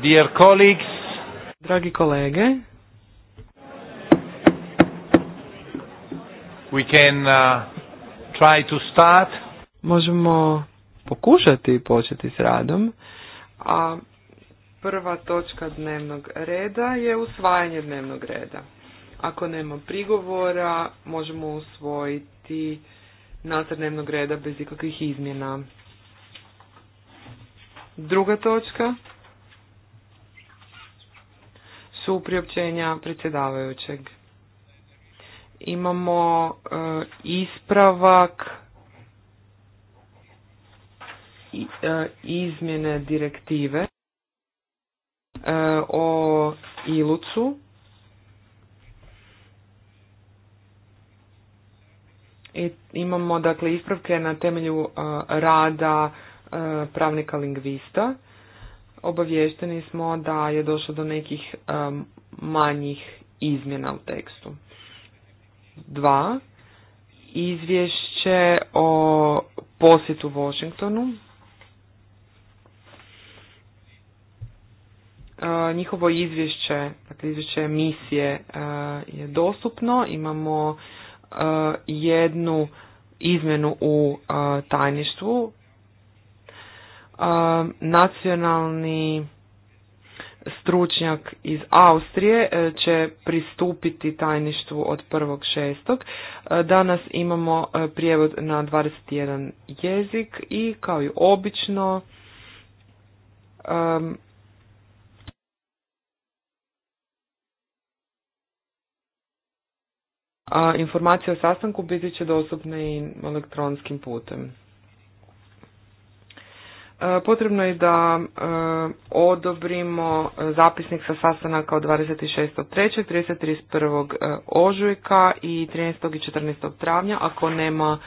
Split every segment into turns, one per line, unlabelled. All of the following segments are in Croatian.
Dear colleagues, dragi kolege,
we can uh, try to start.
Možemo pokušati početi s radom, a prva točka dnevnog reda je usvajanje dnevnog reda. Ako nema prigovora, možemo usvojiti nacrt dnevnog reda bez ikakvih izmjena. Druga točka su priopćenja predsjedavajućeg. Imamo e, ispravak i, e, izmjene direktive e, o ilucu. I imamo dakle ispravke na temelju rada E, pravnika lingvista. Obavješteni smo da je došlo do nekih e, manjih izmjena u tekstu. Dva, izvješće o posjetu Washingtonu. E, njihovo izvješće, dakle izvješće misije je dostupno. Imamo jednu izmjenu u tajništvu nacionalni stručnjak iz Austrije e, će pristupiti tajništvu od 1.6. E, danas imamo e, prijevod na 21 jezik i kao i obično um, informacije o sastanku biti će dostupne i elektronskim putem. E, potrebno je da e, odobrimo e, zapisnik sa sastanaka od 26.3., 31. ožujka i 13. i 14. travnja. Ako nema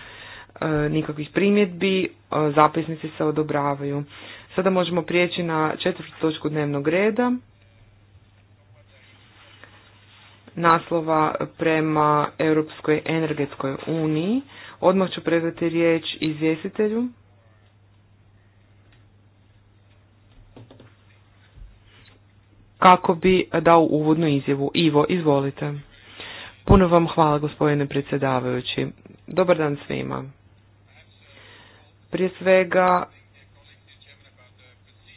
nikakvih primjedbi, zapisnici se odobravaju. Sada možemo prijeći na četvrtu točku dnevnog reda. Naslova prema Europskoj energetskoj uniji. Odmah ću predati riječ izvjestitelju. kako bi dao uvodnu izjavu. Ivo, izvolite. Puno vam hvala gospodine predsjedavajući. Dobar dan svima. Prije svega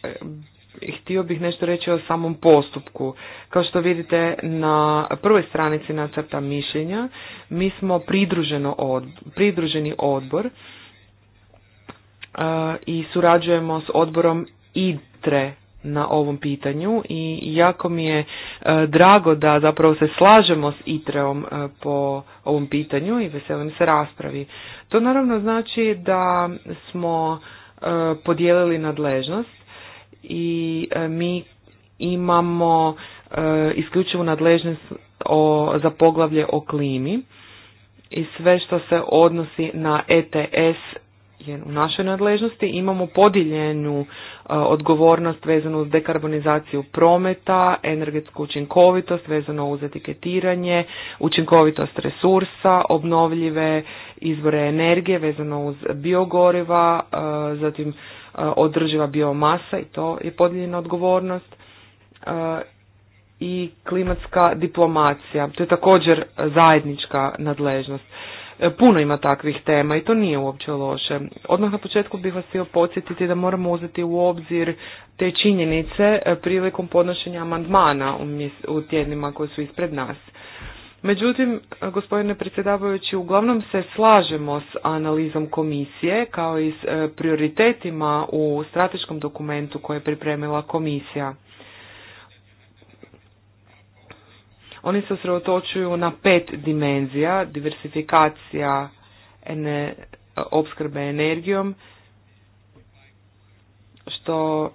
eh, htio bih nešto reći o samom postupku. Kao što vidite na prvoj stranici nacrta mišljenja, mi smo od, pridruženi odbor eh, i surađujemo s odborom IDRE na ovom pitanju i jako mi je e, drago da zapravo se slažemo s ITREom e, po ovom pitanju i veselim se raspravi. To naravno znači da smo e, podijelili nadležnost i mi imamo isključivu nadležnost za poglavlje o klimi i sve što se odnosi na ETS je u našoj nadležnosti. Imamo podijeljenu odgovornost vezano uz dekarbonizaciju prometa, energetsku učinkovitost vezano uz etiketiranje, učinkovitost resursa, obnovljive izvore energije vezano uz biogoriva, zatim održiva biomasa i to je podijeljena odgovornost i klimatska diplomacija. To je također zajednička nadležnost. E, puno ima takvih tema i to nije uopće loše. Odmah na početku bih vas htio podsjetiti da moramo uzeti u obzir te činjenice e, prilikom podnošenja amandmana u tjednima koji su ispred nas. Međutim, gospodine predsjedavajući, uglavnom se slažemo s analizom komisije kao i s e, prioritetima u strateškom dokumentu koje je pripremila komisija. Oni se osredotočuju na pet dimenzija, diversifikacija ene, opskrbe energijom, što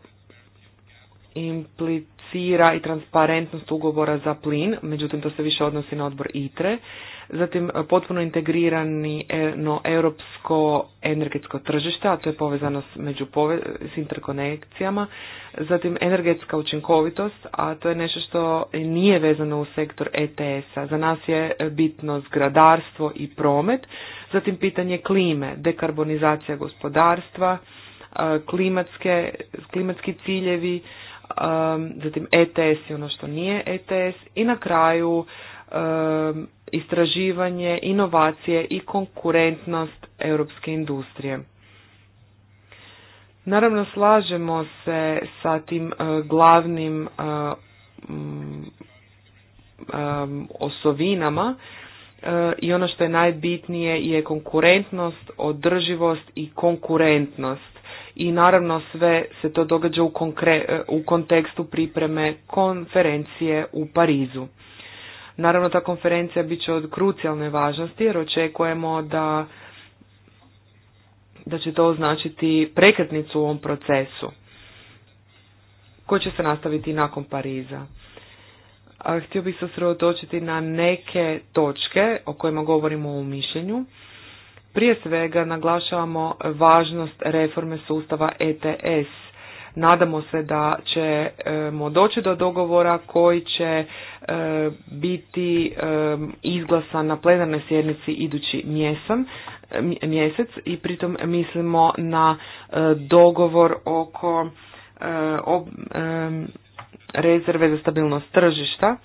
implicira i transparentnost ugovora za plin, međutim to se više odnosi na odbor ITRE zatim e, potpuno integrirani e, no, europsko energetsko tržište, a to je povezano s, s interkonekcijama, zatim energetska učinkovitost, a to je nešto što nije vezano u sektor ETS-a. Za nas je e, bitno zgradarstvo i promet, zatim pitanje klime, dekarbonizacija gospodarstva, klimatske, klimatski ciljevi, zatim ETS i ono što nije ETS i na kraju Um, istraživanje, inovacije i konkurentnost europske industrije. Naravno slažemo se sa tim uh, glavnim uh, um, um, osovinama uh, i ono što je najbitnije je konkurentnost, održivost i konkurentnost. I naravno sve se to događa u, u kontekstu pripreme konferencije u Parizu. Naravno, ta konferencija bit će od krucijalne važnosti jer očekujemo da, da će to označiti prekretnicu u ovom procesu koji će se nastaviti nakon Pariza. A htio bih se sredotočiti na neke točke o kojima govorimo u mišljenju. Prije svega naglašavamo važnost reforme sustava ETS Nadamo se da ćemo doći do dogovora koji će e, biti e, izglasan na plenarnoj sjednici idući mjesec, mjesec i pritom mislimo na e, dogovor oko rezerve za stabilnost tržišta.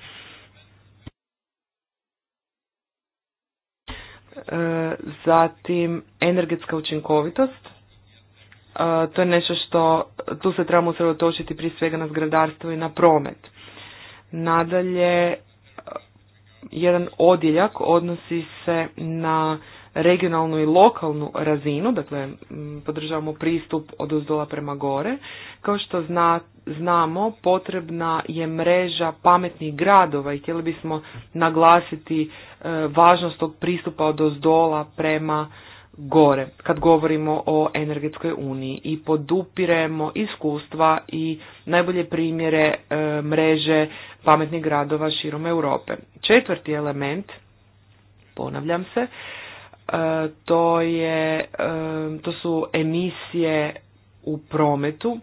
zatim energetska učinkovitost Eh, to je nešto što, tu se trebamo usredotočiti prije svega na zgradarstvo i na promet. Nadalje, eh, jedan odjeljak odnosi se na regionalnu i lokalnu razinu, dakle mm, podržavamo pristup od uzdola prema gore. Kao što znamo, potrebna je mreža pametnih gradova i htjeli bismo naglasiti eh, važnost tog pristupa od uzdola prema gore kad govorimo o energetskoj uniji i podupiremo iskustva i najbolje primjere e, mreže pametnih gradova širom Europe. Četvrti element, ponavljam se, e, to je e, to su emisije u prometu.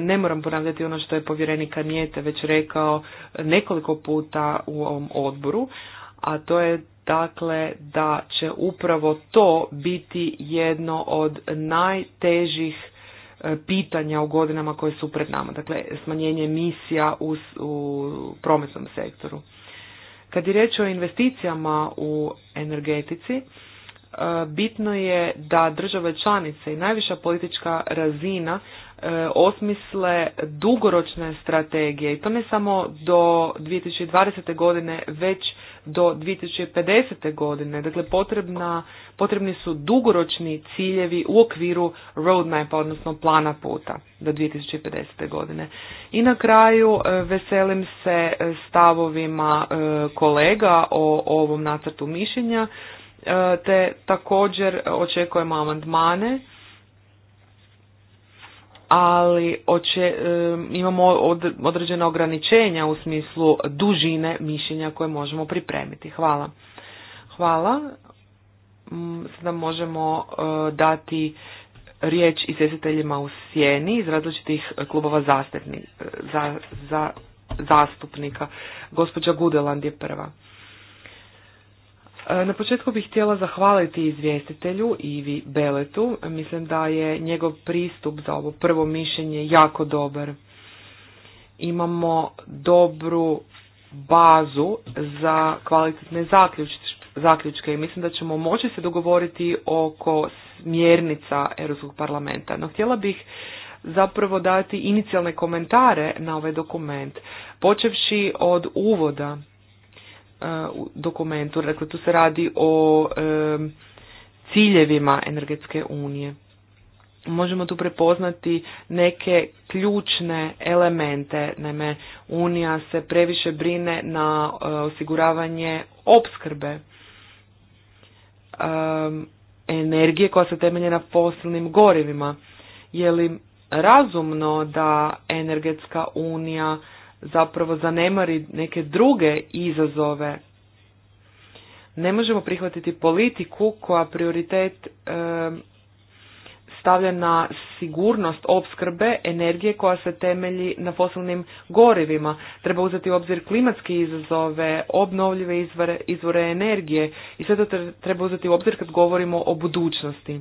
Ne moram ponavljati ono što je povjerenik Kanijete već rekao nekoliko puta u ovom odboru, a to je dakle da će upravo to biti jedno od najtežih e, pitanja u godinama koje su pred nama, dakle smanjenje emisija u, prometnom sektoru. Kad je riječ o investicijama u energetici, e, bitno je da države članice i najviša politička razina e, osmisle dugoročne strategije i to ne samo do 2020. godine, već do 2050. godine. Dakle, potrebna, potrebni su dugoročni ciljevi u okviru roadmapa, odnosno plana puta do 2050. godine. I na kraju e, veselim se e, stavovima e, kolega o ovom nacrtu mišljenja, te također očekujemo amandmane ali oče, imamo određena ograničenja u smislu dužine mišljenja koje možemo pripremiti. Hvala. Hvala. Mm, sada možemo e, dati riječ izvjestiteljima u sjeni iz različitih klubova zastupnika. Za, zastupnika. Gospođa Gudeland je prva. Na početku bih htjela zahvaliti izvjestitelju Ivi Beletu. Mislim da je njegov pristup za ovo prvo mišljenje jako dobar. Imamo dobru bazu za kvalitetne zaključke i mislim da ćemo moći se dogovoriti oko smjernica Europskog parlamenta. No htjela bih zapravo dati inicijalne komentare na ovaj dokument, počevši od uvoda E, dokumentu. Dakle, tu se radi o e, ciljevima energetske unije. Možemo tu prepoznati neke ključne elemente. Naime, Unija se previše brine na e, osiguravanje opskrbe energije koja se temelje na fosilnim gorivima. Je li razumno da energetska unija zapravo zanemari neke druge izazove. Ne možemo prihvatiti politiku koja prioritet stavlja na sigurnost opskrbe energije koja se temelji na fosilnim gorivima. Treba uzeti u obzir klimatske izazove, obnovljive izvore, izvore energije i sve to treba uzeti u obzir kad govorimo o budućnosti.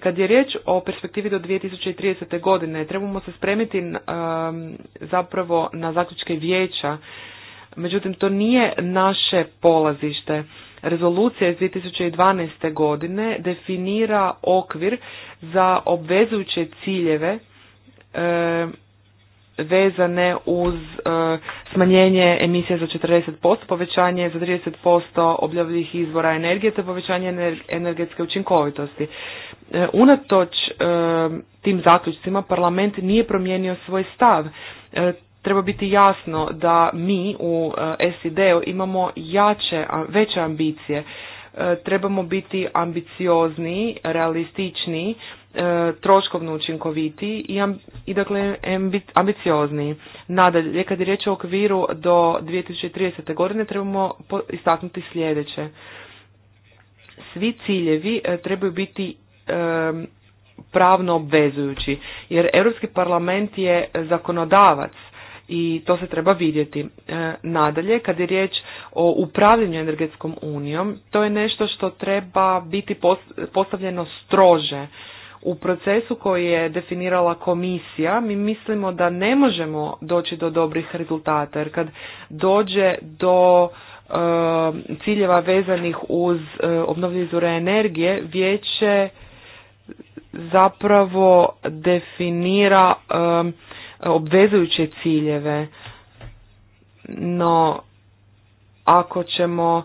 Kad je riječ o perspektivi do 2030. godine, trebamo se spremiti um, zapravo na zaključke vijeća. Međutim, to nije naše polazište. Rezolucija iz 2012. godine definira okvir za obvezujuće ciljeve um, vezane uz e, smanjenje emisija za 40%, povećanje za 30% obljavljivih izvora energije te povećanje energetske učinkovitosti. E, unatoč e, tim zaključcima parlament nije promijenio svoj stav. Treba biti jasno da mi u SID-u imamo jače, veće ambicije. Trebamo biti ambiciozni, realističniji E, troškovno učinkovitiji i, i dakle ambiciozniji. Nadalje, kad je riječ o okviru do 2030. godine trebamo istaknuti sljedeće. Svi ciljevi e, trebaju biti e, pravno obvezujući jer Europski parlament je zakonodavac i to se treba vidjeti. Nadalje, kad je riječ o upravljanju energetskom unijom, to je nešto što treba biti postavljeno strože u procesu koji je definirala komisija mi mislimo da ne možemo doći do dobrih rezultata jer kad dođe do eh, ciljeva vezanih uz e, obnovljive izvore energije vijeće zapravo definira eh, obvezujuće ciljeve. No, ako ćemo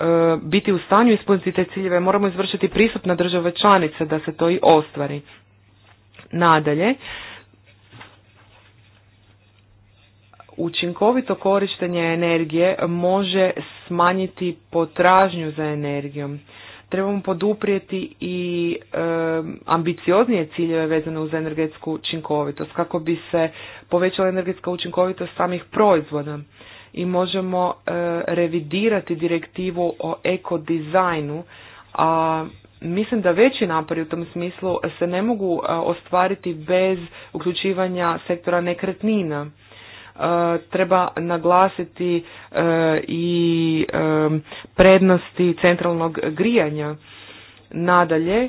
E, biti u stanju ispuniti te ciljeve, moramo izvršiti pristup na države članice da se to i ostvari. Nadalje, učinkovito korištenje energije može smanjiti potražnju za energijom. Trebamo poduprijeti i e, ambicioznije ciljeve vezane uz energetsku učinkovitost kako bi se povećala energetska učinkovitost samih proizvoda i možemo e, revidirati direktivu o ekodizajnu, a mislim da veći napori u tom smislu se ne mogu e, ostvariti bez uključivanja sektora nekretnina. E, treba naglasiti i prednosti centralnog grijanja. Nadalje,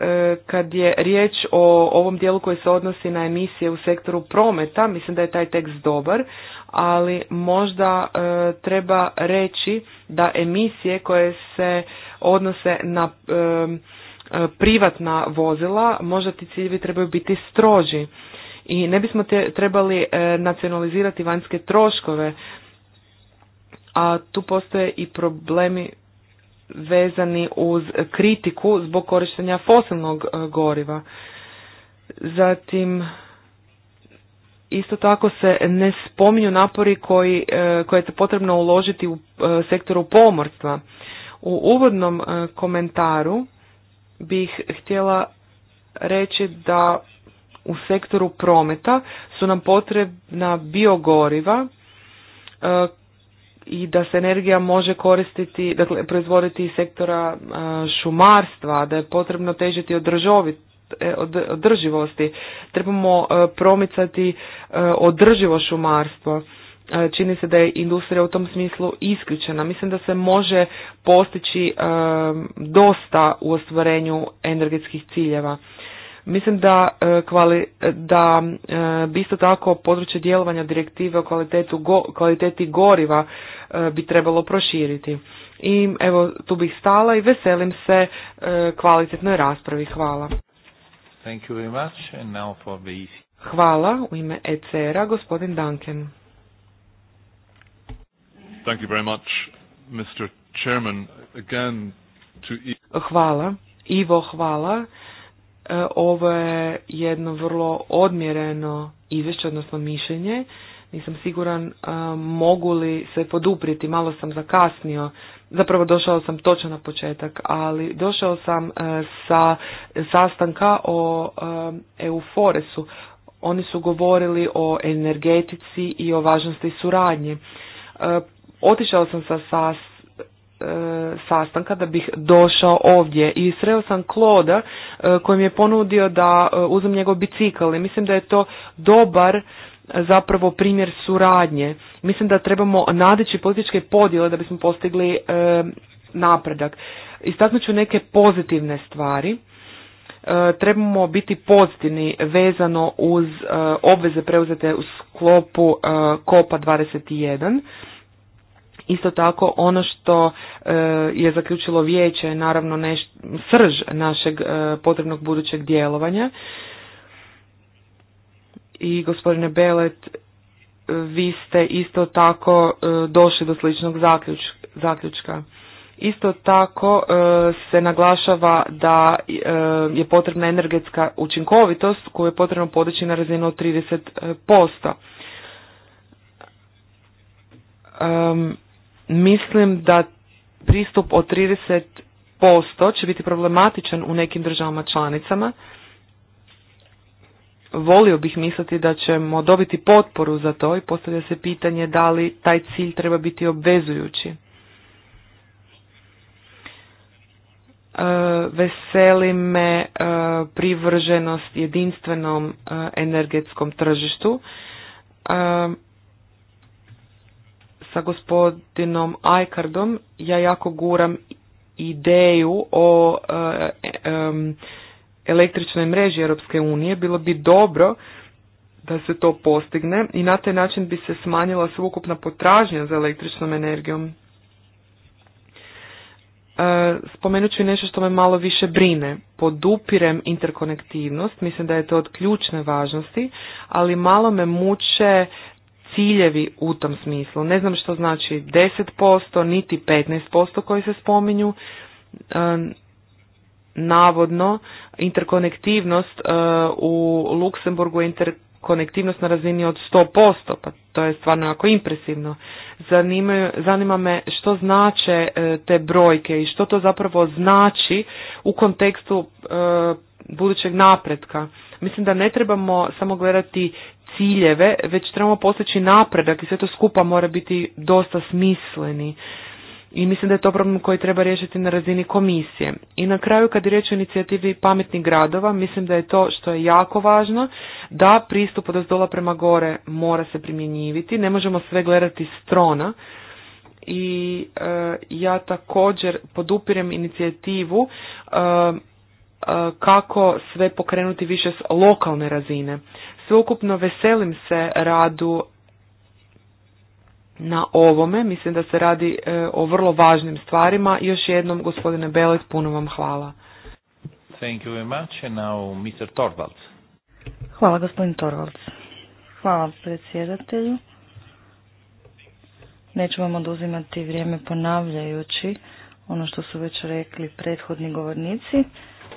E, kad je riječ o ovom dijelu koji se odnosi na emisije u sektoru prometa, mislim da je taj tekst dobar, ali možda e, treba reći da emisije koje se odnose na e, privatna vozila, možda ti ciljevi trebaju biti stroži i ne bismo te, trebali nacionalizirati vanjske troškove, a tu postoje i problemi vezani uz kritiku zbog korištenja fosilnog e, goriva. Zatim, isto tako se ne spominju napori koji, e, koje je potrebno uložiti u e, sektoru pomorstva. U uvodnom komentaru bih htjela reći da u sektoru prometa su nam potrebna biogoriva i da se energija može koristiti, dakle proizvoditi iz sektora šumarstva, da je potrebno težiti održovit, e, održivosti. Trebamo e, promicati e, održivo šumarstvo. Čini se da je industrija u tom smislu isključena. Mislim da se može postići dosta u ostvarenju energetskih ciljeva. Mislim da, e, da e, bi isto tako područje djelovanja direktive o kvalitetu, kvaliteti goriva e, bi trebalo proširiti. I evo tu bih stala i veselim se kvalitetnoj raspravi. Hvala.
Thank you very much. And now for the...
Hvala u ime ecr gospodin Duncan.
Thank you very much, Mr. Chairman. Again, to...
Hvala. Ivo, hvala. E, ovo je jedno vrlo odmjereno izvješće, odnosno mišljenje. Nisam siguran e, mogu li se poduprijeti, malo sam zakasnio, zapravo došao sam točno na početak, ali došao sam e, sa sastanka o Euforesu. Oni su govorili o energetici i o važnosti suradnje. Otišao sam sa E, sastanka da bih došao ovdje i sreo sam Kloda e, koji mi je ponudio da e, uzem njegov bicikl i mislim da je to dobar zapravo primjer suradnje. Mislim da trebamo nadeći političke podjele da bismo postigli napredak. Istaknut ću neke pozitivne stvari. Trebamo biti pozitivni vezano uz obveze preuzete u sklopu Kopa 21 Isto tako ono što e, je zaključilo vijeće je naravno neš, srž našeg e, potrebnog budućeg djelovanja. I gospodine Belet, vi ste isto tako e, došli do sličnog zaključka. Isto tako se naglašava da je potrebna energetska učinkovitost koju je potrebno podići na razinu od 30%. Um, Mislim da pristup od 30% će biti problematičan u nekim državama članicama. Volio bih misliti da ćemo dobiti potporu za to i postavlja se pitanje da li taj cilj treba biti obvezujući. E, veseli me e, privrženost jedinstvenom e, energetskom tržištu sa gospodinom Ajkardom ja jako guram ideju o e, električnoj mreži Europske unije. Bilo bi dobro da se to postigne i na taj način bi se smanjila sveukupna potražnja za električnom energijom. E, spomenut ću i nešto što me malo više brine. Podupirem interkonektivnost, mislim da je to od ključne važnosti, ali malo me muče ciljevi u tom smislu. Ne znam što znači 10%, niti 15% koji se spominju. Navodno, interkonektivnost e, u Luksemburgu je interkonektivnost na razini od 100%, pa to je stvarno jako impresivno. Zanima, zanima me što znače e, te brojke i što to zapravo znači u kontekstu e, budućeg napretka Mislim da ne trebamo samo gledati ciljeve, već trebamo postići napredak i sve to skupa mora biti dosta smisleni. I mislim da je to problem koji treba riješiti na razini komisije. I na kraju kad je riječ o inicijativi pametnih gradova, mislim da je to što je jako važno, da pristup od dola prema gore mora se primjenjiviti, ne možemo sve gledati strona. I e, ja također podupirem inicijativu e, E, kako sve pokrenuti više s lokalne razine. Sveukupno veselim se radu na ovome. Mislim da se radi e, o vrlo važnim stvarima. Još jednom, gospodine Belet, puno vam hvala.
Thank you very much. And now Mr. Torvalds.
Hvala gospodin Torvalds. Hvala predsjedatelju.
Neću vam oduzimati vrijeme ponavljajući ono što su već rekli prethodni govornici.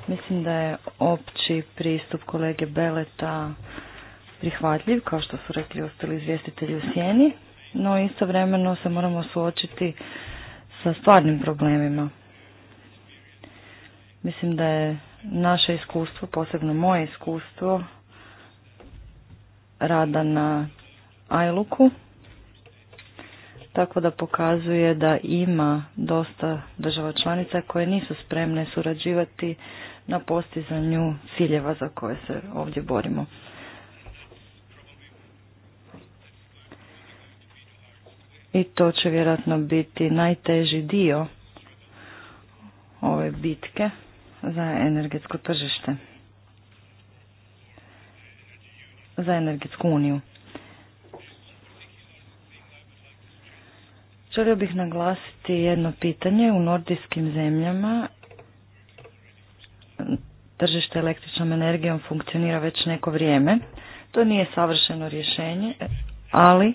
Mislim da je opći pristup kolege Beleta prihvatljiv, kao što su rekli ostali izvjestitelji u sjeni, no istovremeno se moramo suočiti sa stvarnim problemima. Mislim da je naše iskustvo, posebno moje iskustvo, rada na Ajluku, tako da pokazuje da ima dosta država članica koje nisu spremne surađivati na postizanju ciljeva za koje se ovdje borimo. I to će vjerojatno biti najteži dio ove bitke za energetsko tržište. Za energetsku uniju. Želio bih naglasiti jedno pitanje. U nordijskim zemljama tržište električnom energijom funkcionira već neko vrijeme. To nije savršeno rješenje, ali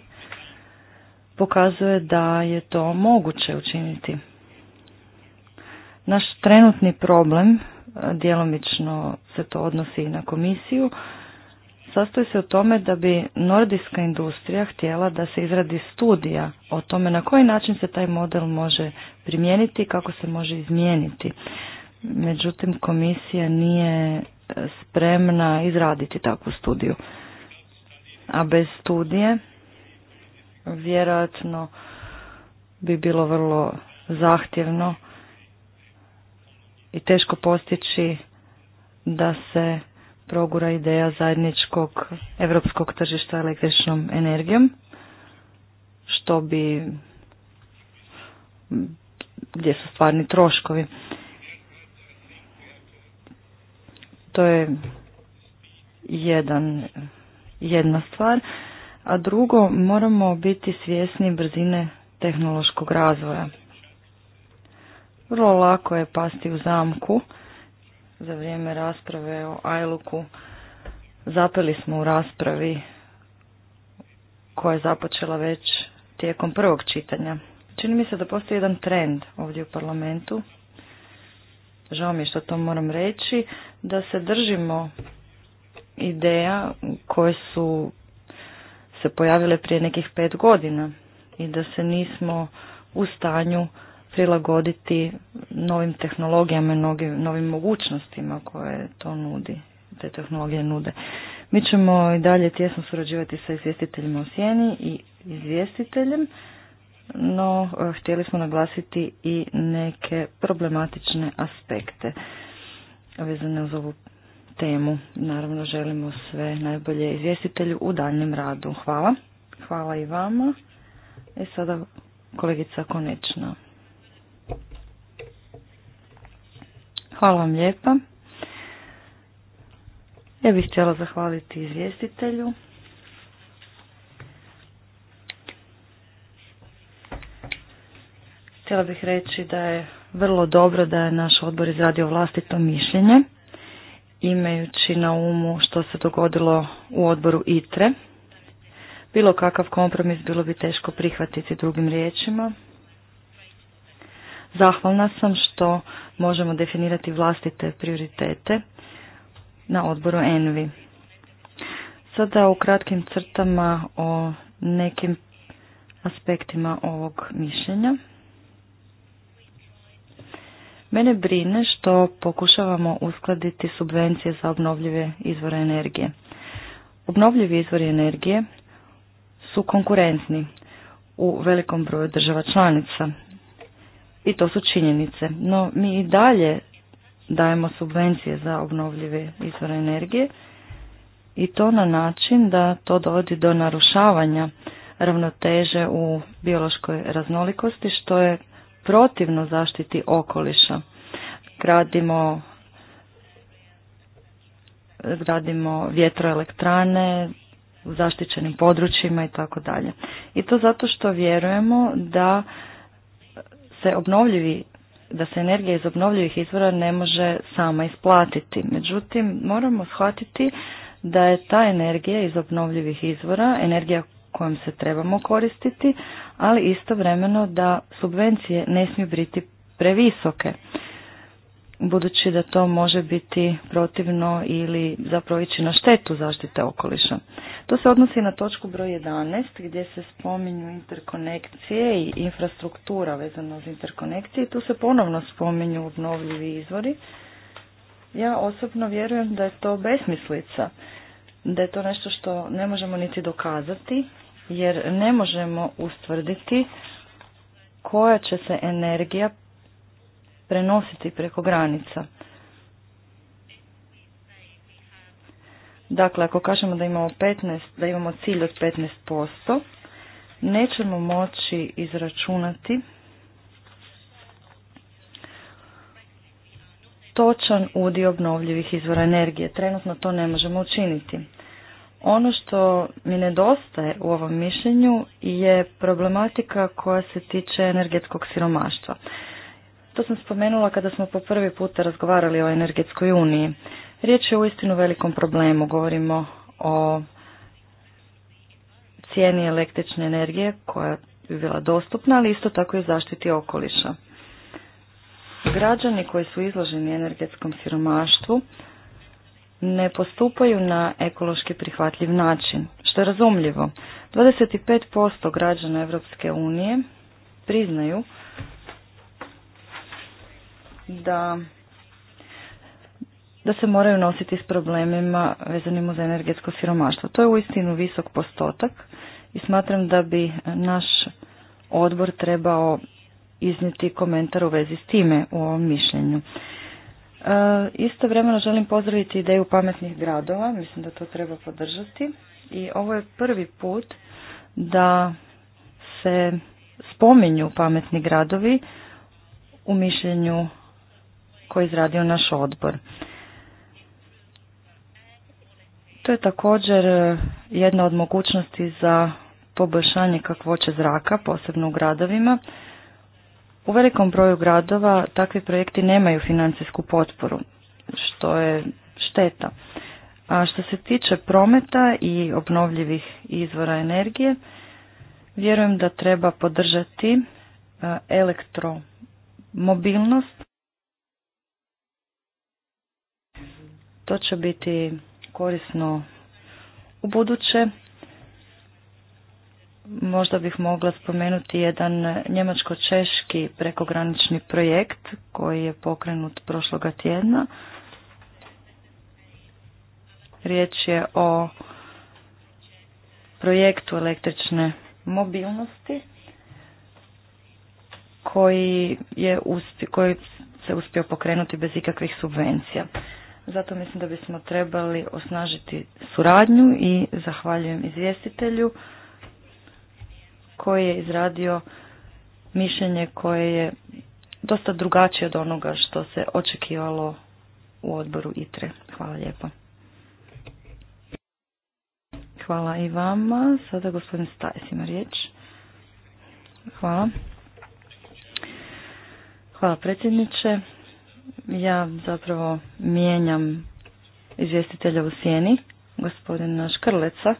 pokazuje da je to moguće učiniti. Naš trenutni problem, djelomično se to odnosi i na komisiju, sastoji se u tome da bi nordijska industrija htjela da se izradi studija o tome na koji način se taj model može primijeniti i kako se može izmijeniti međutim komisija nije e, spremna izraditi takvu studiju. A bez studije vjerojatno bi bilo vrlo zahtjevno i teško postići da se progura ideja zajedničkog europskog tržišta električnom energijom, što bi gdje su stvarni troškovi. To je jedan, jedna stvar. A drugo, moramo biti svjesni brzine tehnološkog razvoja. Vrlo lako je pasti u zamku. Za vrijeme rasprave o Iluku. zapeli smo u raspravi koja je započela već tijekom prvog čitanja. Čini mi se da postoji jedan trend ovdje u parlamentu. Žao mi je što to moram reći da se držimo ideja koje su se pojavile prije nekih pet godina i da se nismo u stanju prilagoditi novim tehnologijama i novim mogućnostima koje to nudi, te tehnologije nude. Mi ćemo i dalje tjesno surađivati sa izvjestiteljima u sjeni i izvjestiteljem, no eh, htjeli smo naglasiti i neke problematične aspekte vezane uz ovu temu. Naravno želimo sve najbolje izvjestitelju u daljnjem radu. Hvala. Hvala i vama. E sada kolegica Konečna. Hvala vam lijepa. Ja bih htjela zahvaliti izvjestitelju. Htjela bih reći da je vrlo dobro da je naš odbor izradio vlastito mišljenje imajući na umu što se dogodilo u odboru ITRE. Bilo kakav kompromis bilo bi teško prihvatiti drugim riječima. Zahvalna sam što možemo definirati vlastite prioritete na odboru ENVI. Sada u kratkim crtama o nekim aspektima ovog mišljenja. Mene brine što pokušavamo uskladiti subvencije za obnovljive izvore energije. Obnovljivi izvori energije su konkurentni u velikom broju država članica i to su činjenice. No mi i dalje dajemo subvencije za obnovljive izvore energije i to na način da to dovodi do narušavanja ravnoteže u biološkoj raznolikosti što je protivno zaštiti okoliša. Gradimo gradimo vjetroelektrane u zaštićenim područjima i tako dalje. I to zato što vjerujemo da se obnovljivi da se energija iz obnovljivih izvora ne može sama isplatiti. Međutim, moramo shvatiti da je ta energija iz obnovljivih izvora energija kojom se trebamo koristiti, ali istovremeno da subvencije ne smiju biti previsoke, budući da to može biti protivno ili zapravo ići na štetu zaštite okoliša. To se odnosi na točku broj 11 gdje se spominju interkonekcije i infrastruktura vezano uz interkonekcije i tu se ponovno spominju obnovljivi izvori. Ja osobno vjerujem da je to besmislica, da je to nešto što ne možemo niti dokazati, jer ne možemo ustvrditi koja će se energija prenositi preko granica. Dakle, ako kažemo da imamo 15, da imamo cilj od 15%, nećemo moći izračunati točan udio obnovljivih izvora energije. Trenutno to ne možemo učiniti. Ono što mi nedostaje u ovom mišljenju je problematika koja se tiče energetskog siromaštva. To sam spomenula kada smo po prvi puta razgovarali o energetskoj uniji. Riječ je istinu velikom problemu. Govorimo o cijeni električne energije koja bi bila dostupna, ali isto tako i zaštiti okoliša. Građani koji su izloženi energetskom siromaštvu ne postupaju na ekološki prihvatljiv način, što je razumljivo. 25% građana Europske unije priznaju da da se moraju nositi s problemima vezanim uz energetsko siromaštvo. To je uistinu visok postotak i smatram da bi naš odbor trebao iznijeti komentar u vezi s time u ovom mišljenju. Isto e, Istovremeno želim pozdraviti ideju pametnih gradova, mislim da to treba podržati i ovo je prvi put da se spominju pametni gradovi u mišljenju koji je izradio naš odbor. To je također e, jedna od mogućnosti za poboljšanje kakvoće zraka, posebno u gradovima. U velikom broju gradova takvi projekti nemaju financijsku potporu, što je šteta. A što se tiče prometa i obnovljivih izvora energije, vjerujem da treba podržati e, elektromobilnost. To će biti korisno u buduće možda bih mogla spomenuti jedan njemačko-češki prekogranični projekt koji je pokrenut prošloga tjedna. Riječ je o projektu električne mobilnosti koji, je koji se uspio pokrenuti bez ikakvih subvencija. Zato mislim da bismo trebali osnažiti suradnju i zahvaljujem izvjestitelju koji je izradio mišljenje koje je dosta drugačije od onoga što se očekivalo u odboru ITRE. Hvala lijepo. Hvala i vama. Sada gospodin Stajs ima riječ. Hvala. Hvala predsjedniče. Ja zapravo mijenjam izvjestitelja u sjeni, gospodina Škrleca.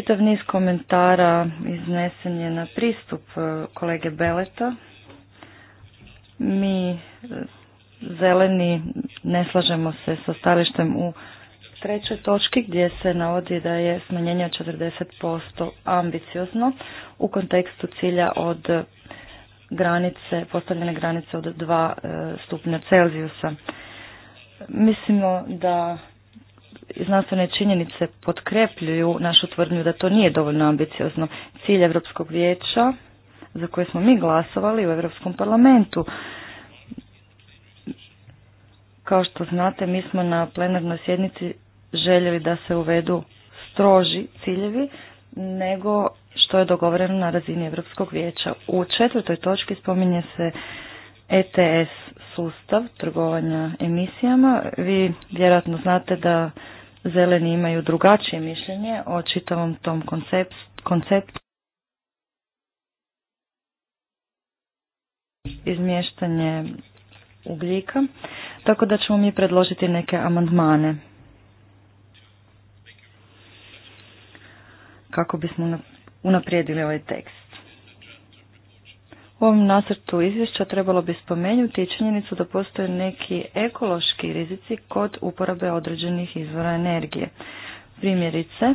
Čitav niz komentara iznesen je na pristup e, kolege Beleta. Mi e, zeleni ne slažemo se sa stalištem u trećoj točki gdje se navodi da je smanjenje od 40% ambiciozno u kontekstu cilja od granice, postavljene granice od 2 e, stupnja Celzijusa. Mislimo da znanstvene činjenice potkrepljuju našu tvrdnju da to nije dovoljno ambiciozno. Cilj Europskog vijeća za koje smo mi glasovali u Europskom parlamentu. Kao što znate, mi smo na plenarnoj sjednici željeli da se uvedu stroži ciljevi nego što je dogovoreno na razini Europskog vijeća. U četvrtoj točki spominje se ETS sustav trgovanja emisijama. Vi vjerojatno znate da zeleni imaju drugačije mišljenje o čitavom tom konceptu. izmještanje ugljika, tako da ćemo mi predložiti neke amandmane. Kako bismo unaprijedili ovaj tekst. U ovom nacrtu izvješća trebalo bi spomenuti činjenicu da postoje neki ekološki rizici kod uporabe određenih izvora energije. Primjerice,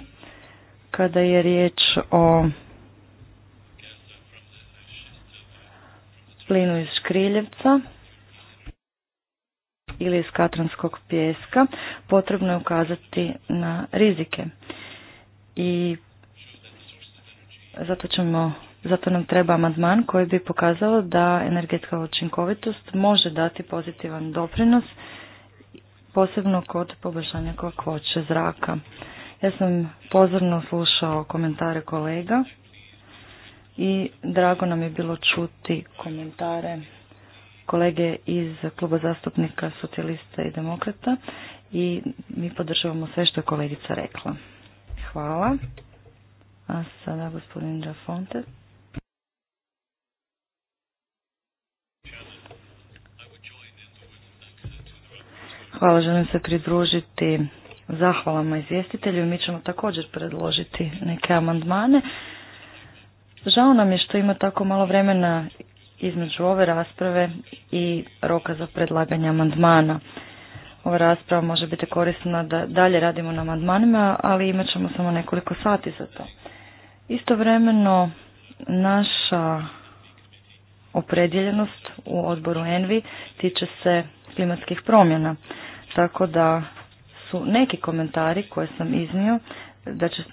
kada je riječ o plinu iz škriljevca ili iz katranskog pjeska, potrebno je ukazati na rizike. I zato ćemo zato nam treba amandman koji bi pokazalo da energetska učinkovitost može dati pozitivan doprinos, posebno kod poboljšanja kakvoće zraka. Ja sam pozorno slušao komentare kolega i drago nam je bilo čuti komentare kolege iz kluba zastupnika socijalista i demokrata i mi podržavamo sve što je kolegica rekla. Hvala. A sada gospodin Rafonte. Hvala, želim se pridružiti zahvalama izvjestitelju. Mi ćemo također predložiti neke amandmane. Žao nam je što ima tako malo vremena između ove rasprave i roka za predlaganje amandmana. Ova rasprava može biti korisna da dalje radimo na amandmanima, ali imat ćemo samo nekoliko sati za to. Istovremeno, naša opredjeljenost u odboru Envi tiče se klimatskih promjena. Tako da su neki komentari koje sam iznio da će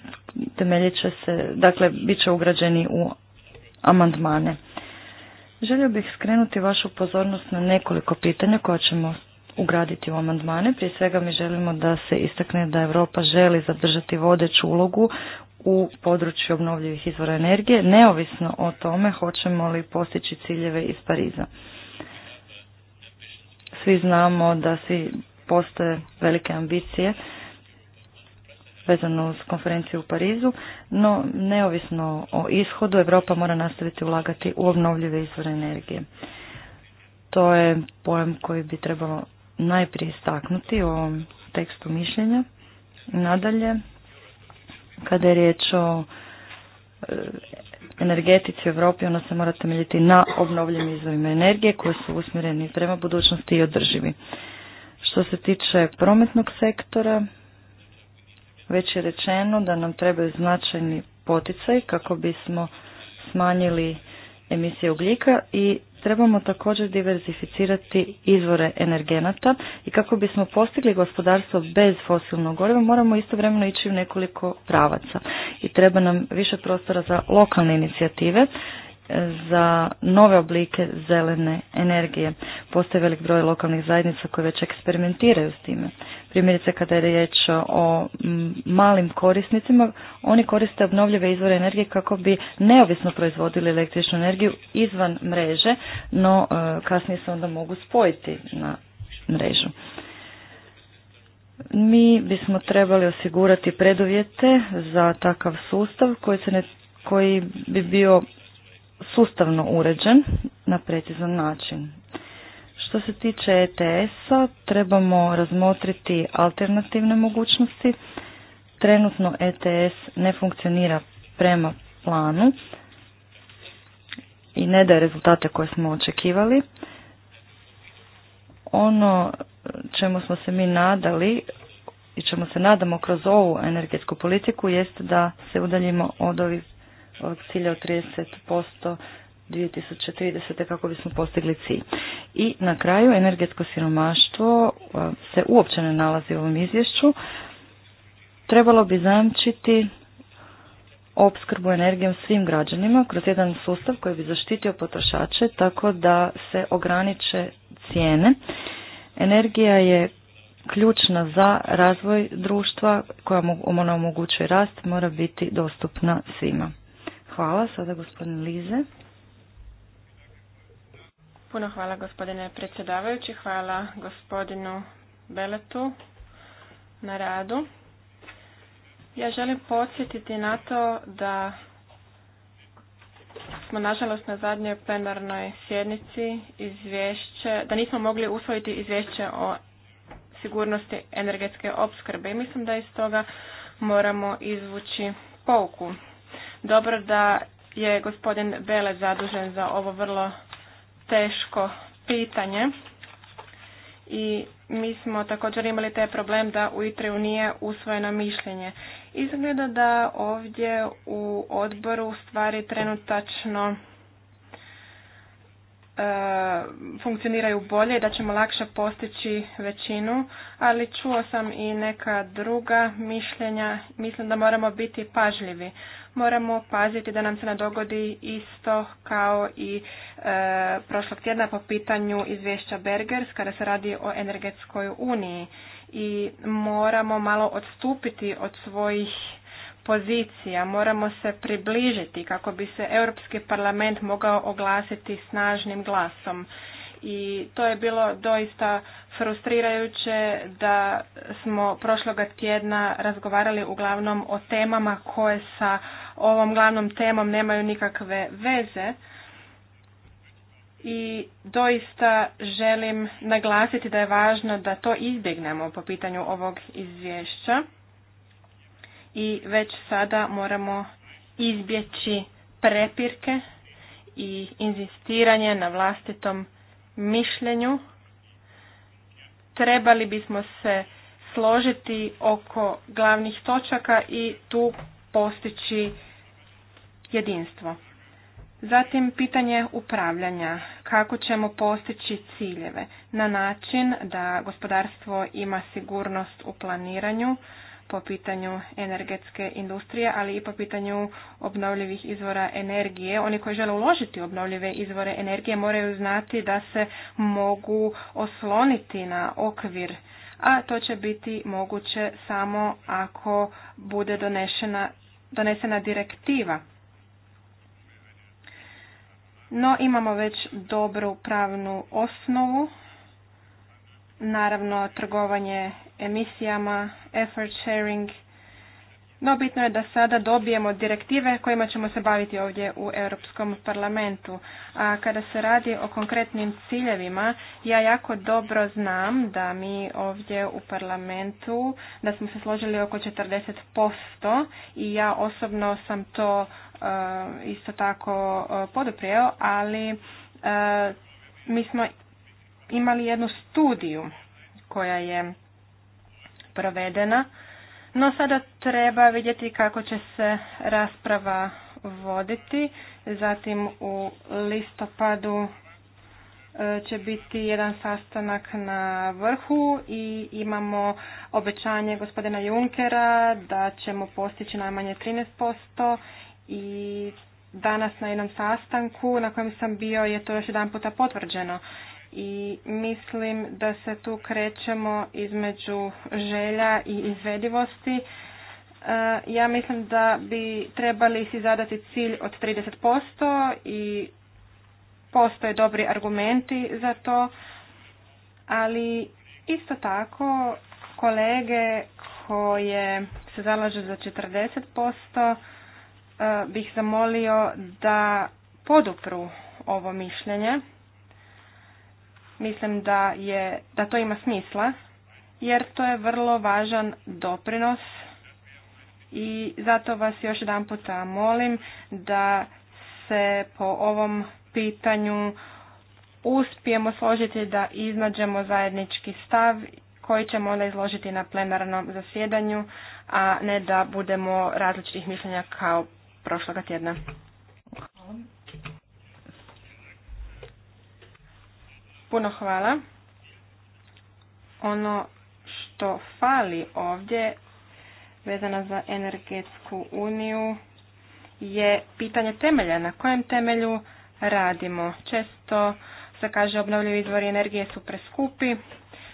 temeljit će se, dakle, bit će ugrađeni u amandmane. Želio bih skrenuti vašu pozornost na nekoliko pitanja koja ćemo ugraditi u amandmane. Prije svega mi želimo da se istakne da Europa želi zadržati vodeću ulogu u području obnovljivih izvora energije, neovisno o tome hoćemo li postići ciljeve iz Pariza. Svi znamo da svi postoje velike ambicije vezano uz konferenciju u Parizu, no neovisno o ishodu Europa mora nastaviti ulagati u obnovljive izvore energije. To je pojam koji bi trebalo najprije istaknuti u ovom tekstu mišljenja. Nadalje, kada je riječ o e, energetici u Europi ona se mora temeljiti na obnovljivim izvorima energije koji su usmjereni prema budućnosti i održivi. Što se tiče prometnog sektora, već je rečeno da nam trebaju značajni poticaj kako bismo smanjili emisije ugljika i trebamo također diverzificirati izvore energenata i kako bismo postigli gospodarstvo bez fosilnog goriva moramo istovremeno ići u nekoliko pravaca i treba nam više prostora za lokalne inicijative e, za nove oblike zelene energije. Postoji velik broj lokalnih zajednica koje već eksperimentiraju s time. Primjerice kada je riječ o malim korisnicima, oni koriste obnovljive izvore energije kako bi neovisno proizvodili električnu energiju izvan mreže, no e, kasnije se onda mogu spojiti na mrežu. Mi bismo trebali osigurati preduvjete za takav sustav koji, se ne, koji bi bio sustavno uređen na precizan način. Što se tiče ETS-a, trebamo razmotriti alternativne mogućnosti. Trenutno ETS ne funkcionira prema planu i ne daje rezultate koje smo očekivali. Ono čemu smo se mi nadali i čemu se nadamo kroz ovu energetsku politiku jeste da se udaljimo od ovih cilja od 30% 2030. kako bismo postigli cilj. I na kraju energetsko siromaštvo se uopće ne nalazi u ovom izvješću. Trebalo bi zamčiti opskrbu energijom svim građanima kroz jedan sustav koji bi zaštitio potrošače tako da se ograniče cijene. Energija je ključna za razvoj društva koja ona omogućuje rast mora biti dostupna svima. Hvala. Sada gospodine Lize.
Puno hvala gospodine predsjedavajući, hvala gospodinu Beletu na radu. Ja želim podsjetiti na to da smo nažalost na zadnjoj plenarnoj sjednici izvješće, da nismo mogli usvojiti izvješće o sigurnosti energetske opskrbe i mislim da iz toga moramo izvući pouku. Dobro da je gospodin Bele zadužen za ovo vrlo teško pitanje i mi smo također imali taj problem da u ITRE-u nije usvojeno mišljenje. Izgleda da ovdje u odboru stvari trenutačno e, funkcioniraju bolje i da ćemo lakše postići većinu, ali čuo sam i neka druga mišljenja. Mislim da moramo biti pažljivi moramo paziti da nam se ne dogodi isto kao i e, prošlog tjedna po pitanju izvješća Bergers kada se radi o energetskoj uniji i moramo malo odstupiti od svojih pozicija, moramo se približiti kako bi se Europski parlament mogao oglasiti snažnim glasom i to je bilo doista frustrirajuće da smo prošloga tjedna razgovarali uglavnom o temama koje sa ovom glavnom temom nemaju nikakve veze i doista želim naglasiti da je važno da to izbjegnemo po pitanju ovog izvješća i već sada moramo izbjeći prepirke i inzistiranje na vlastitom mišljenju trebali bismo se složiti oko glavnih točaka i tu postići jedinstvo. Zatim pitanje upravljanja, kako ćemo postići ciljeve na način da gospodarstvo ima sigurnost u planiranju, po pitanju energetske industrije, ali i po pitanju obnovljivih izvora energije. Oni koji žele uložiti obnovljive izvore energije moraju znati da se mogu osloniti na okvir, a to će biti moguće samo ako bude donešena, donesena direktiva. No imamo već dobru pravnu osnovu Naravno, trgovanje emisijama, effort sharing. No bitno je da sada dobijemo direktive kojima ćemo se baviti ovdje u Europskom parlamentu. A kada se radi o konkretnim ciljevima, ja jako dobro znam da mi ovdje u parlamentu, da smo se složili oko 40% i ja osobno sam to e, isto tako e, poduprijeo, ali e, mi smo imali jednu studiju koja je provedena, no sada treba vidjeti kako će se rasprava voditi. Zatim u listopadu e, će biti jedan sastanak na vrhu i imamo obećanje gospodina Junkera da ćemo postići najmanje 13% i danas na jednom sastanku na kojem sam bio je to još jedan puta potvrđeno i mislim da se tu krećemo između želja i izvedivosti. E, ja mislim da bi trebali si zadati cilj od 30% i postoje dobri argumenti za to, ali isto tako kolege koje se zalažu za 40% e, bih zamolio da podupru ovo mišljenje. Mislim da, je, da to ima smisla jer to je vrlo važan doprinos i zato vas još jedan puta molim da se po ovom pitanju uspijemo složiti da iznađemo zajednički stav koji ćemo onda izložiti na plenarnom zasjedanju, a ne da budemo različitih mišljenja kao prošloga tjedna. Puno hvala. Ono što fali ovdje vezano za energetsku uniju je pitanje temelja. Na kojem temelju radimo? Često se kaže obnovljivi izvori energije su preskupi,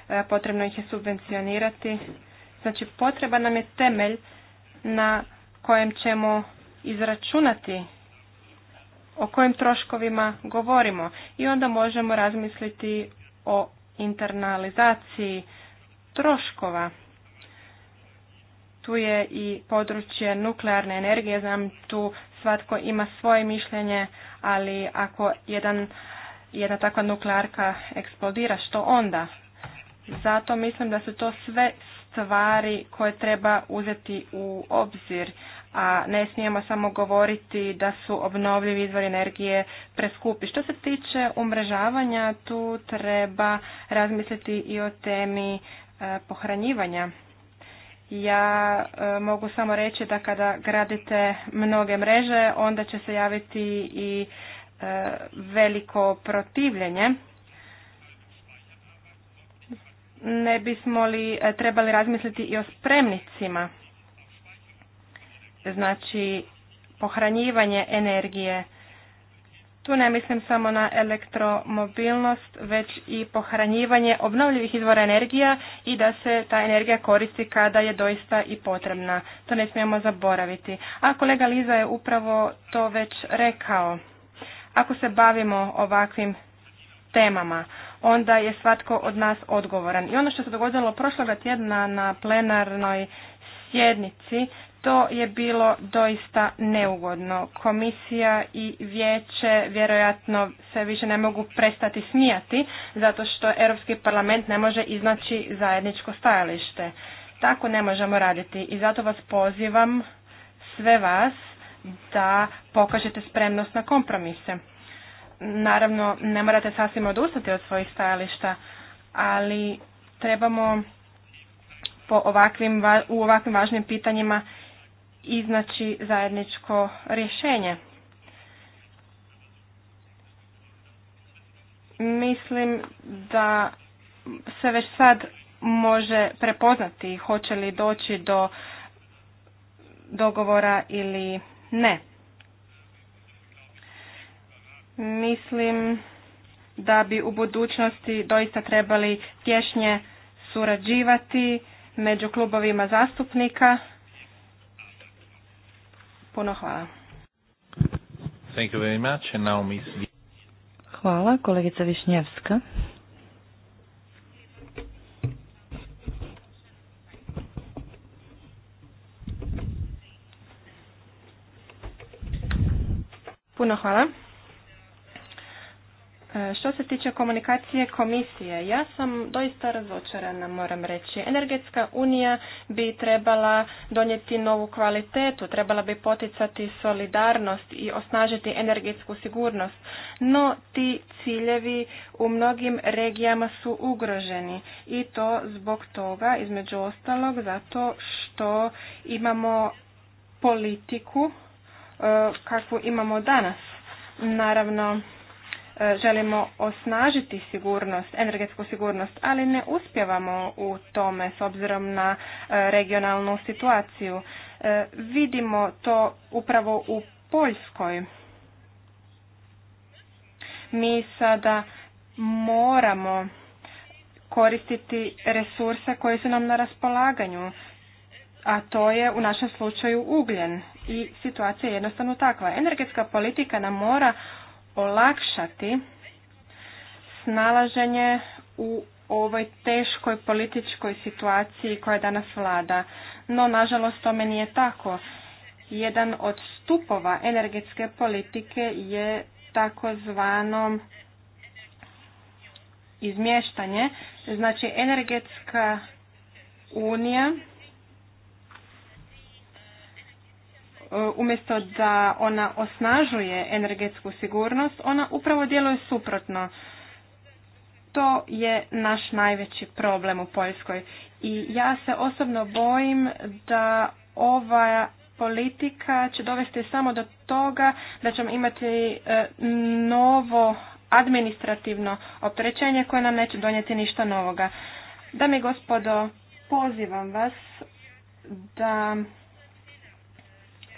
e, potrebno ih je subvencionirati. Znači potreba nam je temelj na kojem ćemo izračunati o kojim troškovima govorimo i onda možemo razmisliti o internalizaciji troškova. Tu je i područje nuklearne energije, znam tu svatko ima svoje mišljenje, ali ako jedan, jedna takva nuklearka eksplodira, što onda? Zato mislim da su to sve stvari koje treba uzeti u obzir a ne smijemo samo govoriti da su obnovljivi izvori energije preskupi. Što se tiče umrežavanja, tu treba razmisliti i o temi e, pohranjivanja. Ja e, mogu samo reći da kada gradite mnoge mreže, onda će se javiti i e, veliko protivljenje. Ne bismo li trebali razmisliti i o spremnicima? znači pohranjivanje energije. Tu ne mislim samo na elektromobilnost, već i pohranjivanje obnovljivih izvora energija i da se ta energija koristi kada je doista i potrebna. To ne smijemo zaboraviti. A kolega Liza je upravo to već rekao. Ako se bavimo ovakvim temama, onda je svatko od nas odgovoran. I ono što se dogodilo prošloga tjedna na plenarnoj sjednici. To je bilo doista neugodno. Komisija i vijeće vjerojatno se više ne mogu prestati smijati zato što Europski parlament ne može iznaći zajedničko stajalište. Tako ne možemo raditi i zato vas pozivam sve vas da pokažete spremnost na kompromise. Naravno, ne morate sasvim odustati od svojih stajališta, ali trebamo po ovakvim, u ovakvim važnim pitanjima iznaći zajedničko rješenje. Mislim da se već sad može prepoznati hoće li doći do dogovora ili ne. Mislim da bi u budućnosti doista trebali tješnje surađivati među klubovima zastupnika. Puno hvala.
Thank you very much. And now miss...
Hvala, kolegica Višnjevska.
Puno hvala. Što se tiče komunikacije komisije, ja sam doista razočarana, moram reći. Energetska unija bi trebala donijeti novu kvalitetu, trebala bi poticati solidarnost i osnažiti energetsku sigurnost, no ti ciljevi u mnogim regijama su ugroženi i to zbog toga, između ostalog, zato što imamo politiku e, kakvu imamo danas. Naravno, E, želimo osnažiti sigurnost, energetsku sigurnost, ali ne uspjevamo u tome s obzirom na e, regionalnu situaciju. E, vidimo to upravo u Poljskoj. Mi sada moramo koristiti resurse koji su nam na raspolaganju, a to je u našem slučaju ugljen i situacija je jednostavno takva. Energetska politika nam mora olakšati snalaženje u ovoj teškoj političkoj situaciji koja danas vlada. No, nažalost, tome nije tako. Jedan od stupova energetske politike je takozvano izmještanje. Znači, energetska unija E, umjesto da ona osnažuje energetsku sigurnost, ona upravo djeluje suprotno. To je naš najveći problem u Poljskoj i ja se osobno bojim da ova politika će dovesti samo do toga da ćemo imati e, novo administrativno opterećenje koje nam neće donijeti ništa novoga. Dame i gospodo, pozivam vas da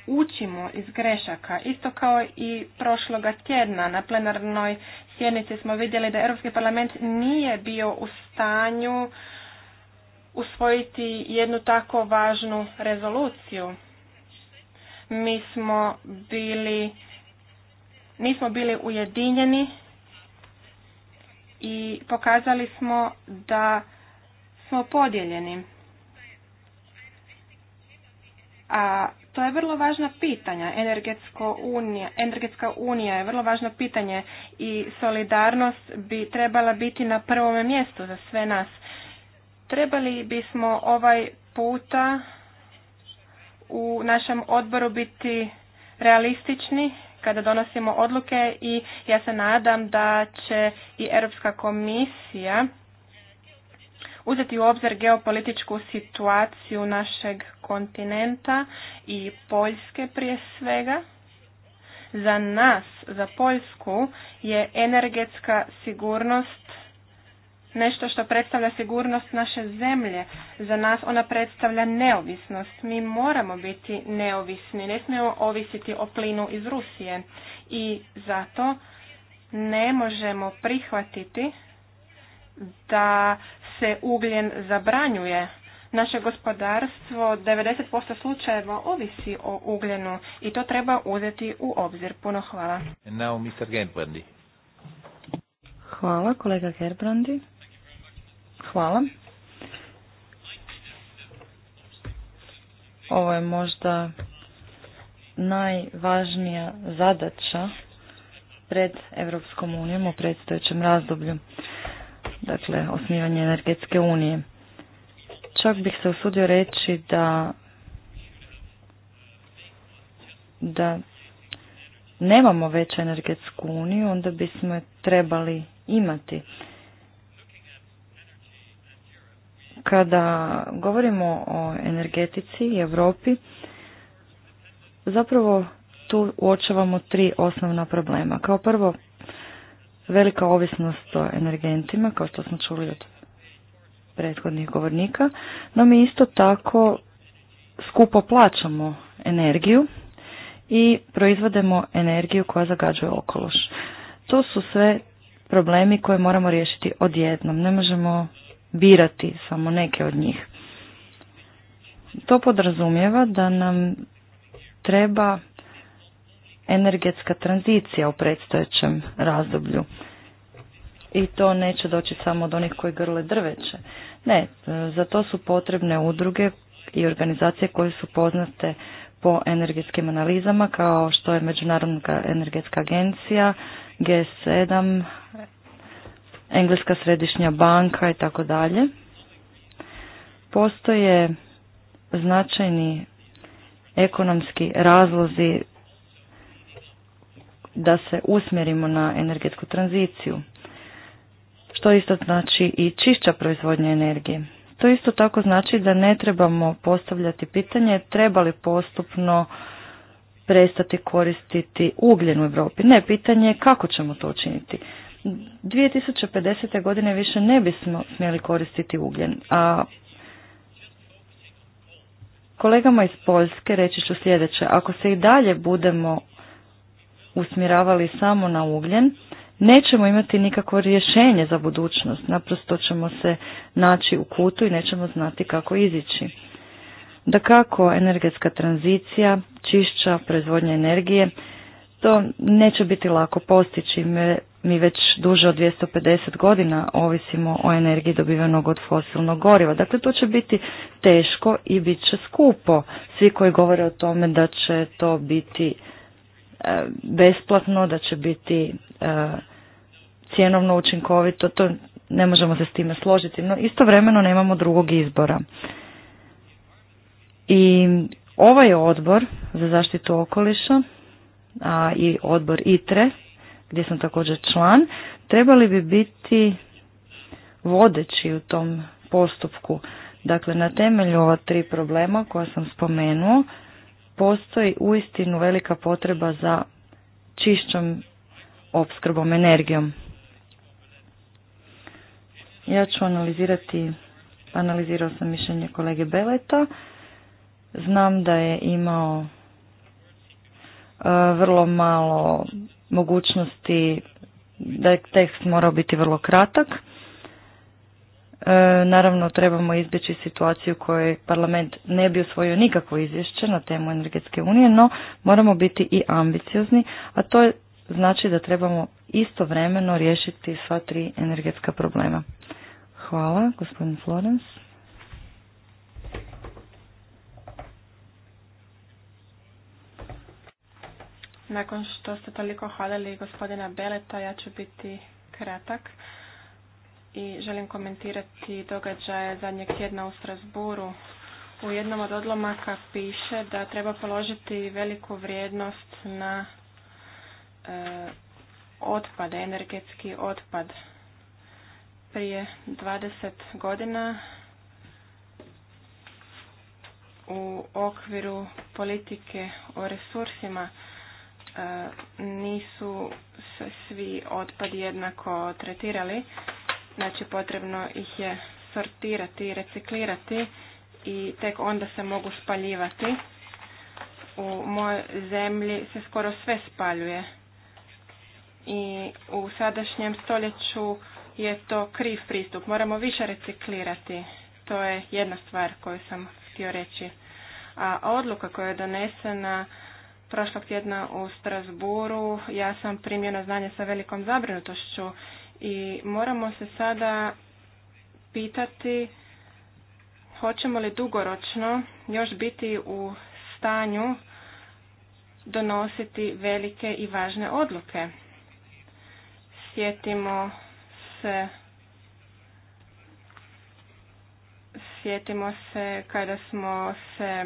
učimo iz grešaka. Isto kao i prošloga tjedna na plenarnoj sjednici smo vidjeli da Europski parlament nije bio u stanju usvojiti jednu tako važnu rezoluciju. Mi smo bili, nismo bili ujedinjeni i pokazali smo da smo podijeljeni. A to je vrlo važna pitanja. Unija, energetska unija je vrlo važno pitanje i solidarnost bi trebala biti na prvom mjestu za sve nas. Trebali bismo ovaj puta u našem odboru biti realistični kada donosimo odluke i ja se nadam da će i Europska komisija uzeti u obzir geopolitičku situaciju našeg kontinenta i Poljske prije svega. Za nas, za Poljsku, je energetska sigurnost nešto što predstavlja sigurnost naše zemlje. Za nas ona predstavlja neovisnost. Mi moramo biti neovisni, ne smijemo ovisiti o plinu iz Rusije. I zato ne možemo prihvatiti da se ugljen zabranjuje. Naše gospodarstvo 90% slučajeva ovisi o ugljenu i to treba uzeti u obzir. Puno hvala.
Hvala kolega Gerbrandi. Hvala. Ovo je možda najvažnija zadaća pred Europskom unijom u predstojećem razdoblju dakle osnivanje energetske unije. Čak bih se usudio reći da da nemamo veću energetsku uniju, onda bismo je trebali imati. Kada govorimo o energetici i Europi, zapravo tu uočavamo tri osnovna problema. Kao prvo, velika ovisnost o energentima, kao što smo čuli od prethodnih govornika, no mi isto tako skupo plaćamo energiju i proizvodimo energiju koja zagađuje okološ. To su sve problemi koje moramo riješiti odjednom. Ne možemo birati samo neke od njih. To podrazumijeva da nam treba energetska tranzicija u predstojećem razdoblju. I to neće doći samo od onih koji grle drveće. Ne, za to su potrebne udruge i organizacije koje su poznate po energetskim analizama kao što je Međunarodna energetska agencija, G7, Engleska središnja banka i tako dalje. Postoje značajni ekonomski razlozi da se usmjerimo na energetsku tranziciju, što isto znači i čišća proizvodnja energije. To isto tako znači da ne trebamo postavljati pitanje treba li postupno prestati koristiti ugljen u Europi. Ne, pitanje je kako ćemo to učiniti. 2050. godine više ne bismo smjeli koristiti ugljen, a kolegama iz Poljske reći ću sljedeće. Ako se i dalje budemo usmjeravali samo na ugljen, nećemo imati nikakvo rješenje za budućnost. Naprosto ćemo se naći u kutu i nećemo znati kako izići. Da kako energetska tranzicija, čišća proizvodnja energije, to neće biti lako postići. Mi već duže od 250 godina ovisimo o energiji dobivenog od fosilnog goriva. Dakle, to će biti teško i bit će skupo. Svi koji govore o tome da će to biti besplatno, da će biti e, cjenovno učinkovito, to ne možemo se s time složiti, no istovremeno nemamo drugog izbora. I ovaj odbor za zaštitu okoliša a i odbor ITRE, gdje sam također član, trebali bi biti vodeći u tom postupku. Dakle, na temelju ova tri problema koja sam spomenuo, postoji uistinu velika potreba za čišćom opskrbom energijom. Ja ću analizirati, analizirao sam mišljenje kolege Beleta. Znam da je imao e, vrlo malo mogućnosti da je tekst morao biti vrlo kratak. E, naravno, trebamo izbjeći situaciju u kojoj parlament ne bi usvojio nikakvo izvješće na temu energetske unije, no moramo biti i ambiciozni, a to je, znači da trebamo istovremeno riješiti sva tri energetska problema. Hvala, gospodin Florence.
Nakon što ste toliko hvalili gospodina Beleta, ja ću biti kratak i želim komentirati događaje zadnjeg tjedna u Strasburu. U jednom od odlomaka piše da treba položiti veliku vrijednost na e, otpad, energetski otpad. Prije 20 godina u okviru politike o resursima e, nisu se svi otpad jednako tretirali Znači potrebno ih je sortirati i reciklirati i tek onda se mogu spaljivati. U mojoj zemlji se skoro sve spaljuje. I u sadašnjem stoljeću je to kriv pristup. Moramo više reciklirati. To je jedna stvar koju sam htio reći. A odluka koja je donesena prošlog tjedna u Strasburu, ja sam primio znanje sa velikom zabrinutošću i moramo se sada pitati hoćemo li dugoročno još biti u stanju donositi velike i važne odluke. Sjetimo se sjetimo se kada smo se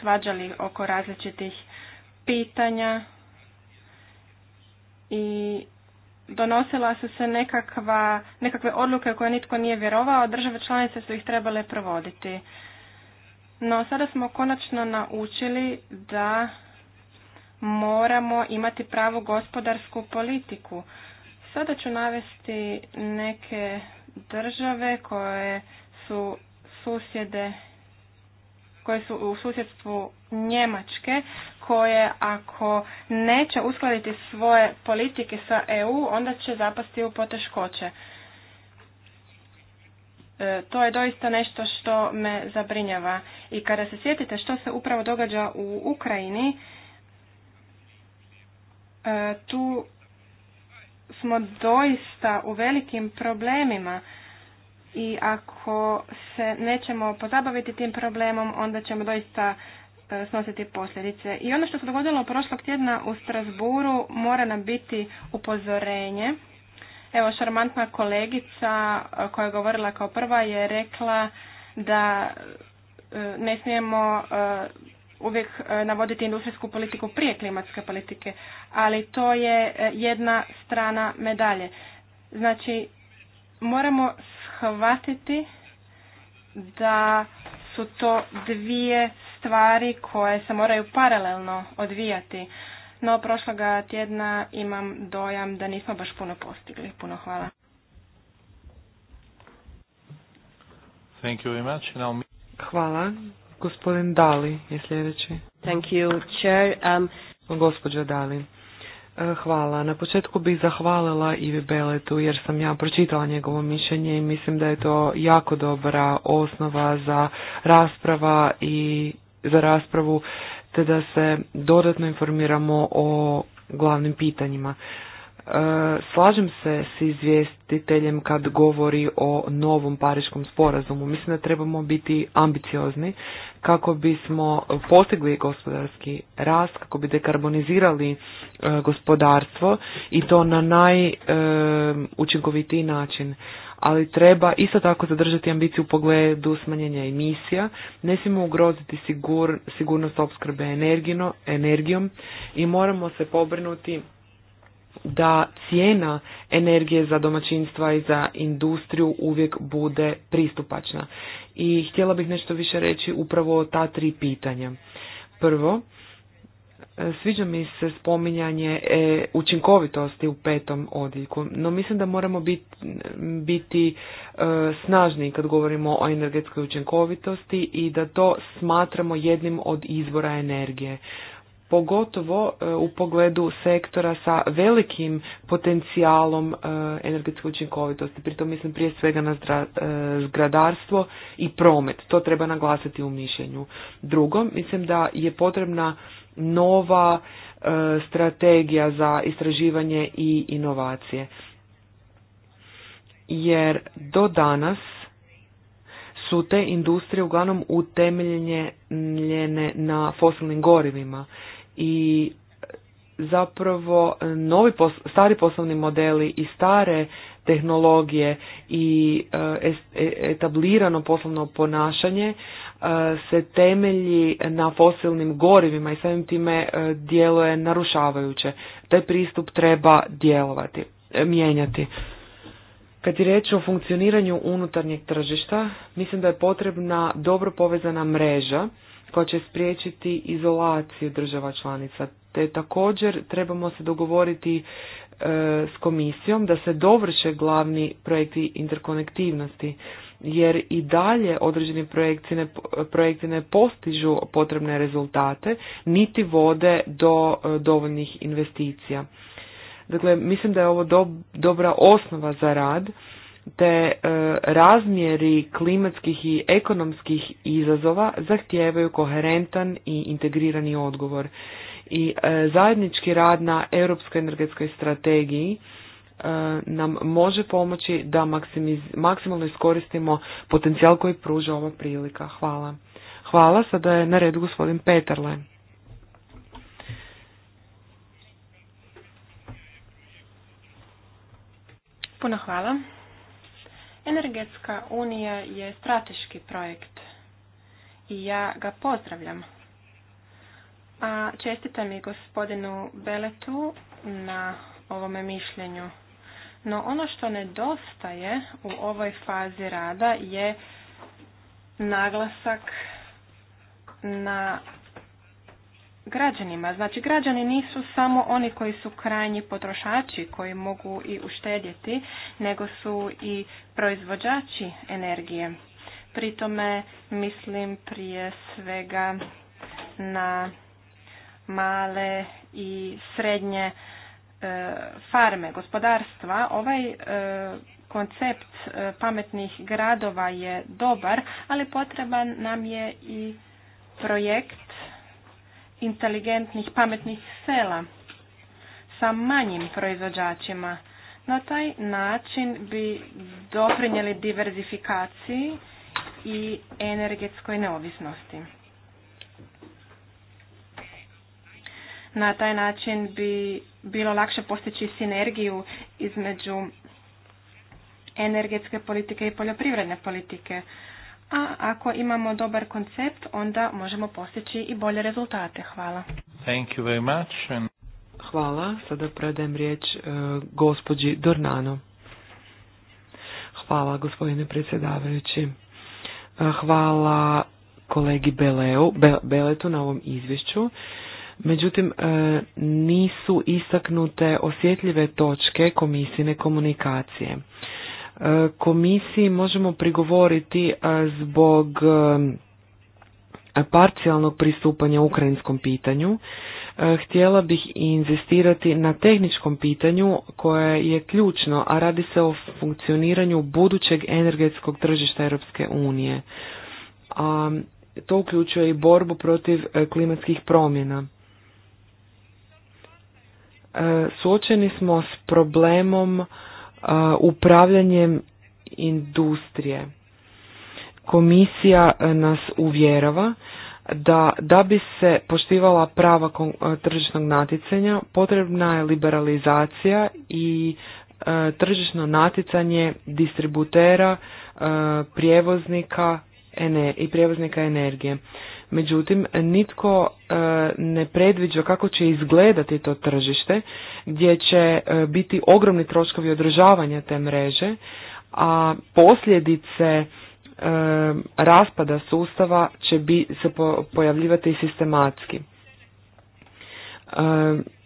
svađali oko različitih pitanja i donosila su se nekakva, nekakve odluke koje nitko nije vjerovao, države članice su ih trebale provoditi. No sada smo konačno naučili da moramo imati pravu gospodarsku politiku. Sada ću navesti neke države koje su susjede koje su u susjedstvu Njemačke, koje ako neće uskladiti svoje politike sa EU, onda će zapasti u poteškoće. E, to je doista nešto što me zabrinjava. I kada se sjetite što se upravo događa u Ukrajini, e, tu smo doista u velikim problemima i ako se nećemo pozabaviti tim problemom, onda ćemo doista e, snositi posljedice. I ono što se dogodilo prošlog tjedna u Strasburu mora nam biti upozorenje. Evo, šarmantna kolegica e, koja je govorila kao prva je rekla da e, ne smijemo uvijek navoditi industrijsku politiku prije klimatske politike, ali to je jedna strana medalje. Znači, moramo shvatiti da su to dvije stvari koje se moraju paralelno odvijati. No, prošloga tjedna imam dojam da nismo baš puno postigli. Puno hvala.
Thank you very much.
Hvala. Gospodin Dali je sljedeći. Thank you, chair. Um... Gospodin Dali. E, hvala. Na početku bih zahvalila Ivi Beletu jer sam ja pročitala njegovo mišljenje i mislim da je to jako dobra osnova za rasprava i za raspravu te da se dodatno informiramo o glavnim pitanjima slažem se s izvjestiteljem kad govori o novom pariškom sporazumu. Mislim da trebamo biti ambiciozni kako bismo postigli gospodarski rast, kako bi dekarbonizirali e, gospodarstvo i to na najučinkovitiji e, način. Ali treba isto tako zadržati ambiciju u pogledu smanjenja emisija, ne smijemo ugroziti sigurnost opskrbe energijom i moramo se pobrinuti da cijena energije za domaćinstva i za industriju uvijek bude pristupačna. I htjela bih nešto više reći upravo o ta tri pitanja. Prvo, sviđa mi se spominjanje e, učinkovitosti u petom odjeljku, no mislim da moramo biti biti e, snažni kad govorimo o energetskoj učinkovitosti i da to smatramo jednim od izvora energije pogotovo e, u pogledu sektora sa velikim potencijalom e, energetske učinkovitosti. Pritom mislim prije svega na e, zgradarstvo i promet. To treba naglasiti u mišljenju. Drugo, mislim da je potrebna nova strategija za istraživanje i inovacije. Jer do danas su te industrije uglavnom utemeljene na fosilnim gorivima i zapravo e, novi pos, stari poslovni modeli i stare tehnologije i e, e, etablirano poslovno ponašanje se temelji na fosilnim gorivima i samim time djeluje narušavajuće. Taj pristup treba djelovati, mijenjati. Kad je riječ o funkcioniranju unutarnjeg tržišta, mislim da je potrebna dobro povezana mreža koja će spriječiti izolaciju država članica. Te također trebamo se dogovoriti e, s komisijom da se dovrše glavni projekti interkonektivnosti, jer i dalje određeni projekti ne, postižu potrebne rezultate, niti vode do e, dovoljnih investicija. Dakle, mislim da je ovo dobra osnova za rad, te e, razmjeri klimatskih i ekonomskih izazova zahtijevaju koherentan i integrirani odgovor. I e, zajednički rad na europskoj energetskoj strategiji e, nam može pomoći da maksimalno iskoristimo potencijal koji pruža ova prilika. Hvala. Hvala, sada je na redu gospodin Petarle.
Puno hvala. Energetska unija je strateški projekt i ja ga pozdravljam. A čestitam i gospodinu Beletu na ovome mišljenju. No ono što nedostaje u ovoj fazi rada je naglasak na građanima. Znači građani nisu samo oni koji su krajnji potrošači koji mogu i uštedjeti, nego su i proizvođači energije. Pri tome mislim prije svega na male i srednje e, farme, gospodarstva. Ovaj e, koncept e, pametnih gradova je dobar, ali potreban nam je i projekt inteligentnih pametnih sela sa manjim proizvođačima. Na taj način bi doprinjeli diverzifikaciji i energetskoj neovisnosti. Na taj način bi bilo lakše postići sinergiju između energetske politike i poljoprivredne politike a ako imamo dobar koncept, onda možemo postići i bolje rezultate. Hvala.
Thank you very much. Hvala. Sada predajem riječ e, gospođi Dornano. Hvala gospodine predsjedavajući. E, hvala kolegi Beleu, Beletu na ovom izvješću. Međutim, e, nisu istaknute osjetljive točke komisijne komunikacije komisiji možemo prigovoriti e, zbog e, parcijalnog pristupanja ukrajinskom pitanju. E, htjela bih inzistirati na tehničkom pitanju koje je ključno, a radi se o funkcioniranju budućeg energetskog tržišta Europske unije. A to uključuje i borbu protiv klimatskih promjena. Suočeni smo s problemom upravljanjem industrije. Komisija e, nas uvjerava da, da bi se poštivala prava e, tržišnog natjecanja potrebna je liberalizacija i e, tržišno natjecanje distributera, e, prijevoznika i prijevoznika energije međutim nitko e, ne predviđa kako će izgledati to tržište gdje će e, biti ogromni troškovi održavanja te mreže, a posljedice e, raspada sustava će se pojavljivati sistematski.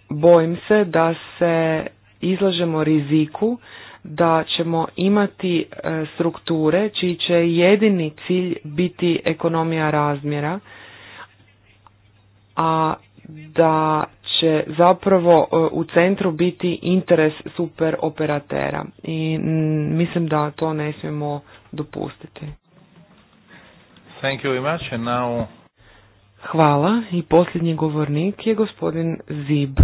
Bojim se da se izlažemo riziku da ćemo imati e, strukture čiji će jedini cilj biti ekonomija razmjera, a da će zapravo e, u centru biti interes super operatera i mislim da to ne smijemo dopustiti.
Thank you much and now...
Hvala i posljednji govornik je gospodin Zib.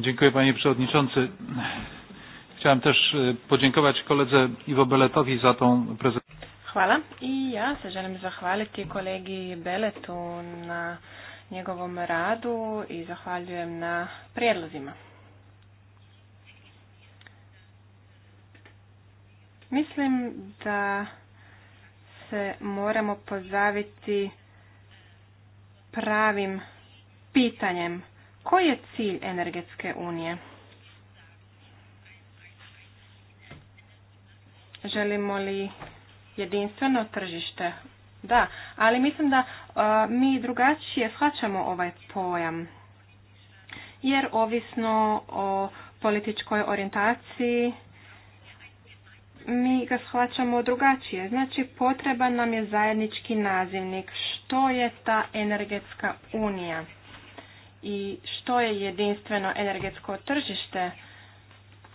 Dziękuję panie przewodniczący. Chciałem też e, podziękować koledze Iwo Beletowi za tą prezentację.
Hvala i ja se želim zahvaliti kolegi Beletu na njegovom radu i zahvaljujem na prijedlozima. Mislim da se moramo pozaviti pravim pitanjem koji je cilj energetske unije? Želimo li jedinstveno tržište? Da, ali mislim da mi drugačije shvaćamo ovaj pojam. Jer ovisno o političkoj orijentaciji mi ga shvaćamo drugačije. Znači potreban nam je zajednički nazivnik. Što je ta energetska unija? i što je jedinstveno energetsko tržište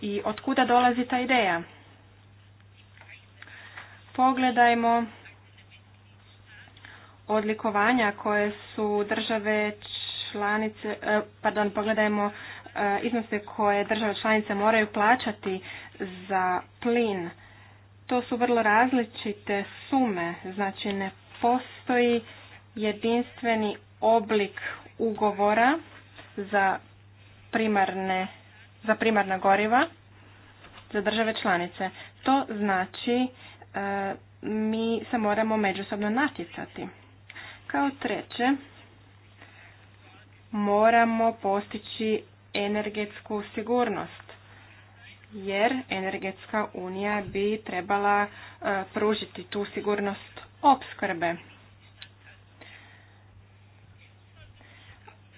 i od kuda dolazi ta ideja. Pogledajmo odlikovanja koje su države članice, e, pardon, pogledajmo e, iznose koje države članice moraju plaćati za plin. To su vrlo različite sume, znači ne postoji jedinstveni oblik ugovora za primarne za primarna goriva za države članice. To znači e, mi se moramo međusobno natjecati. Kao treće, moramo postići energetsku sigurnost, jer energetska unija bi trebala e, pružiti tu sigurnost opskrbe.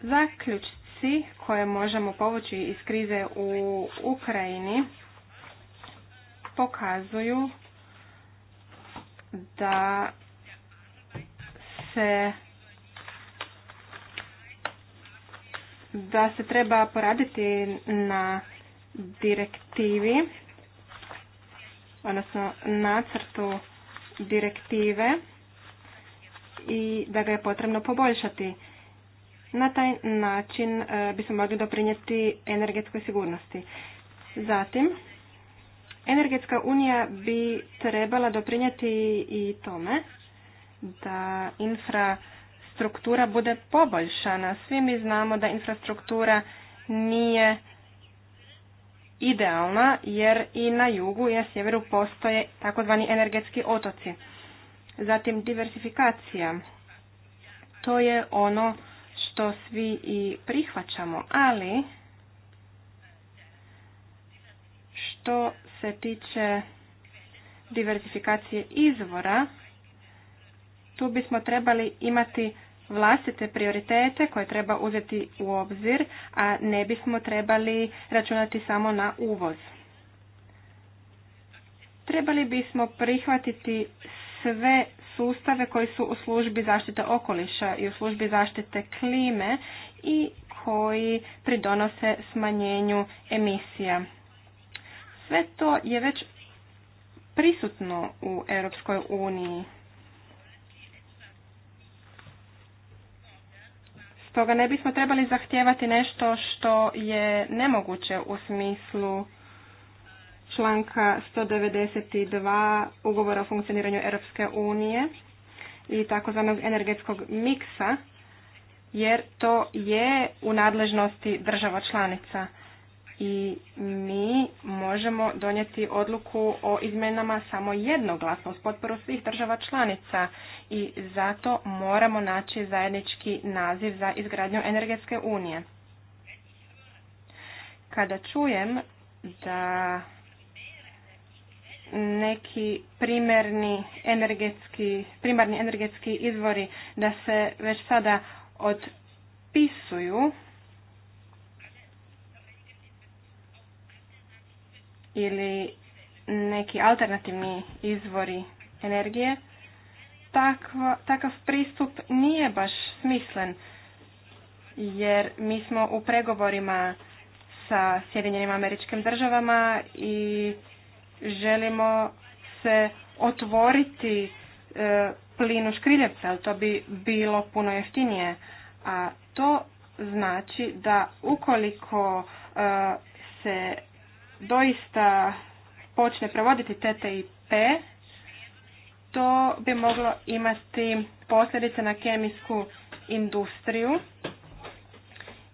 Zaključci koje možemo povući iz krize u Ukrajini pokazuju da se da se treba poraditi na direktivi odnosno nacrtu direktive i da ga je potrebno poboljšati. Na taj način e, bismo mogli doprinijeti energetskoj sigurnosti. Zatim, energetska unija bi trebala doprinijeti i tome da infrastruktura bude poboljšana. Svi mi znamo da infrastruktura nije idealna jer i na jugu i na sjeveru postoje takozvani energetski otoci. Zatim diversifikacija. To je ono što svi i prihvaćamo, ali što se tiče diversifikacije izvora, tu bismo trebali imati vlastite prioritete koje treba uzeti u obzir, a ne bismo trebali računati samo na uvoz. Trebali bismo prihvatiti sve sustave koji su u službi zaštite okoliša i u službi zaštite klime i koji pridonose smanjenju emisija. Sve to je već prisutno u Europskoj uniji. Stoga ne bismo trebali zahtijevati nešto što je nemoguće u smislu članka 192 ugovora o funkcioniranju Europske unije i takozvanog energetskog miksa, jer to je u nadležnosti država članica i mi možemo donijeti odluku o izmjenama samo jednoglasno s potporu svih država članica i zato moramo naći zajednički naziv za izgradnju energetske unije. Kada čujem da neki primarni energetski, primarni energetski izvori da se već sada otpisuju ili neki alternativni izvori energije, takav pristup nije baš smislen, jer mi smo u pregovorima sa Sjedinjenim američkim državama i želimo se otvoriti e, plinu škriljevca, ali to bi bilo puno jeftinije. A to znači da ukoliko e, se doista počne provoditi TTIP, to bi moglo imati posljedice na kemijsku industriju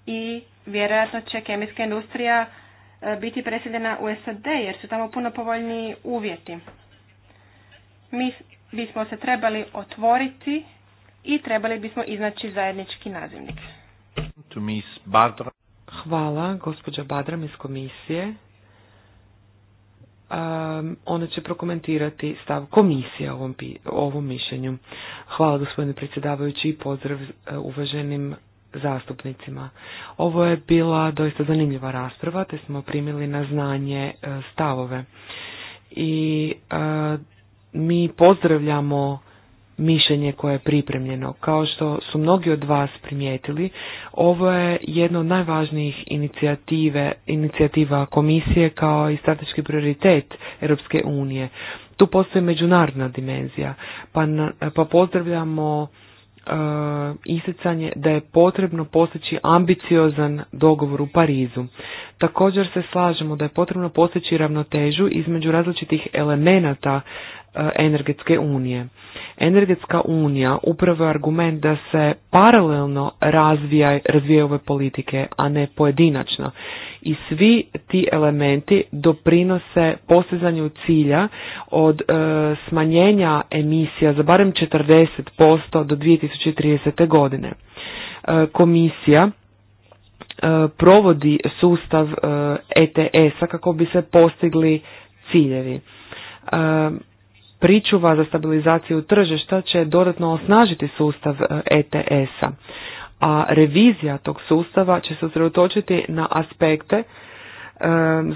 i vjerojatno će kemijska industrija biti preseljena u SAD jer su tamo puno povoljni uvjeti. Mi bismo se trebali otvoriti i trebali bismo iznaći zajednički nazivnik.
Hvala, gospođa Badram iz komisije. Um, ona će prokomentirati stav komisije o ovom, ovom mišljenju. Hvala gospodine predsjedavajući i pozdrav e, uvaženim zastupnicima. Ovo je bila doista zanimljiva rasprava, te smo primili na znanje e, stavove. I e, mi pozdravljamo mišljenje koje je pripremljeno. Kao što su mnogi od vas primijetili, ovo je jedna od najvažnijih inicijative, inicijativa komisije kao i strateški prioritet Europske unije. Tu postoji međunarodna dimenzija, pa, pa pozdravljamo E, isticanje da je potrebno postići ambiciozan dogovor u Parizu. Također se slažemo da je potrebno postići ravnotežu između različitih elemenata e, energetske unije. Energetska unija upravo je argument da se paralelno razvija, razvijaju ove politike, a ne pojedinačno i svi ti elementi doprinose postizanju cilja od e, smanjenja emisija za barem 40% do 2030. godine. E, komisija e, provodi sustav ETS-a kako bi se postigli ciljevi. Pričuva za stabilizaciju tržišta će dodatno osnažiti sustav ETS-a a revizija tog sustava će se usredotočiti na aspekte e,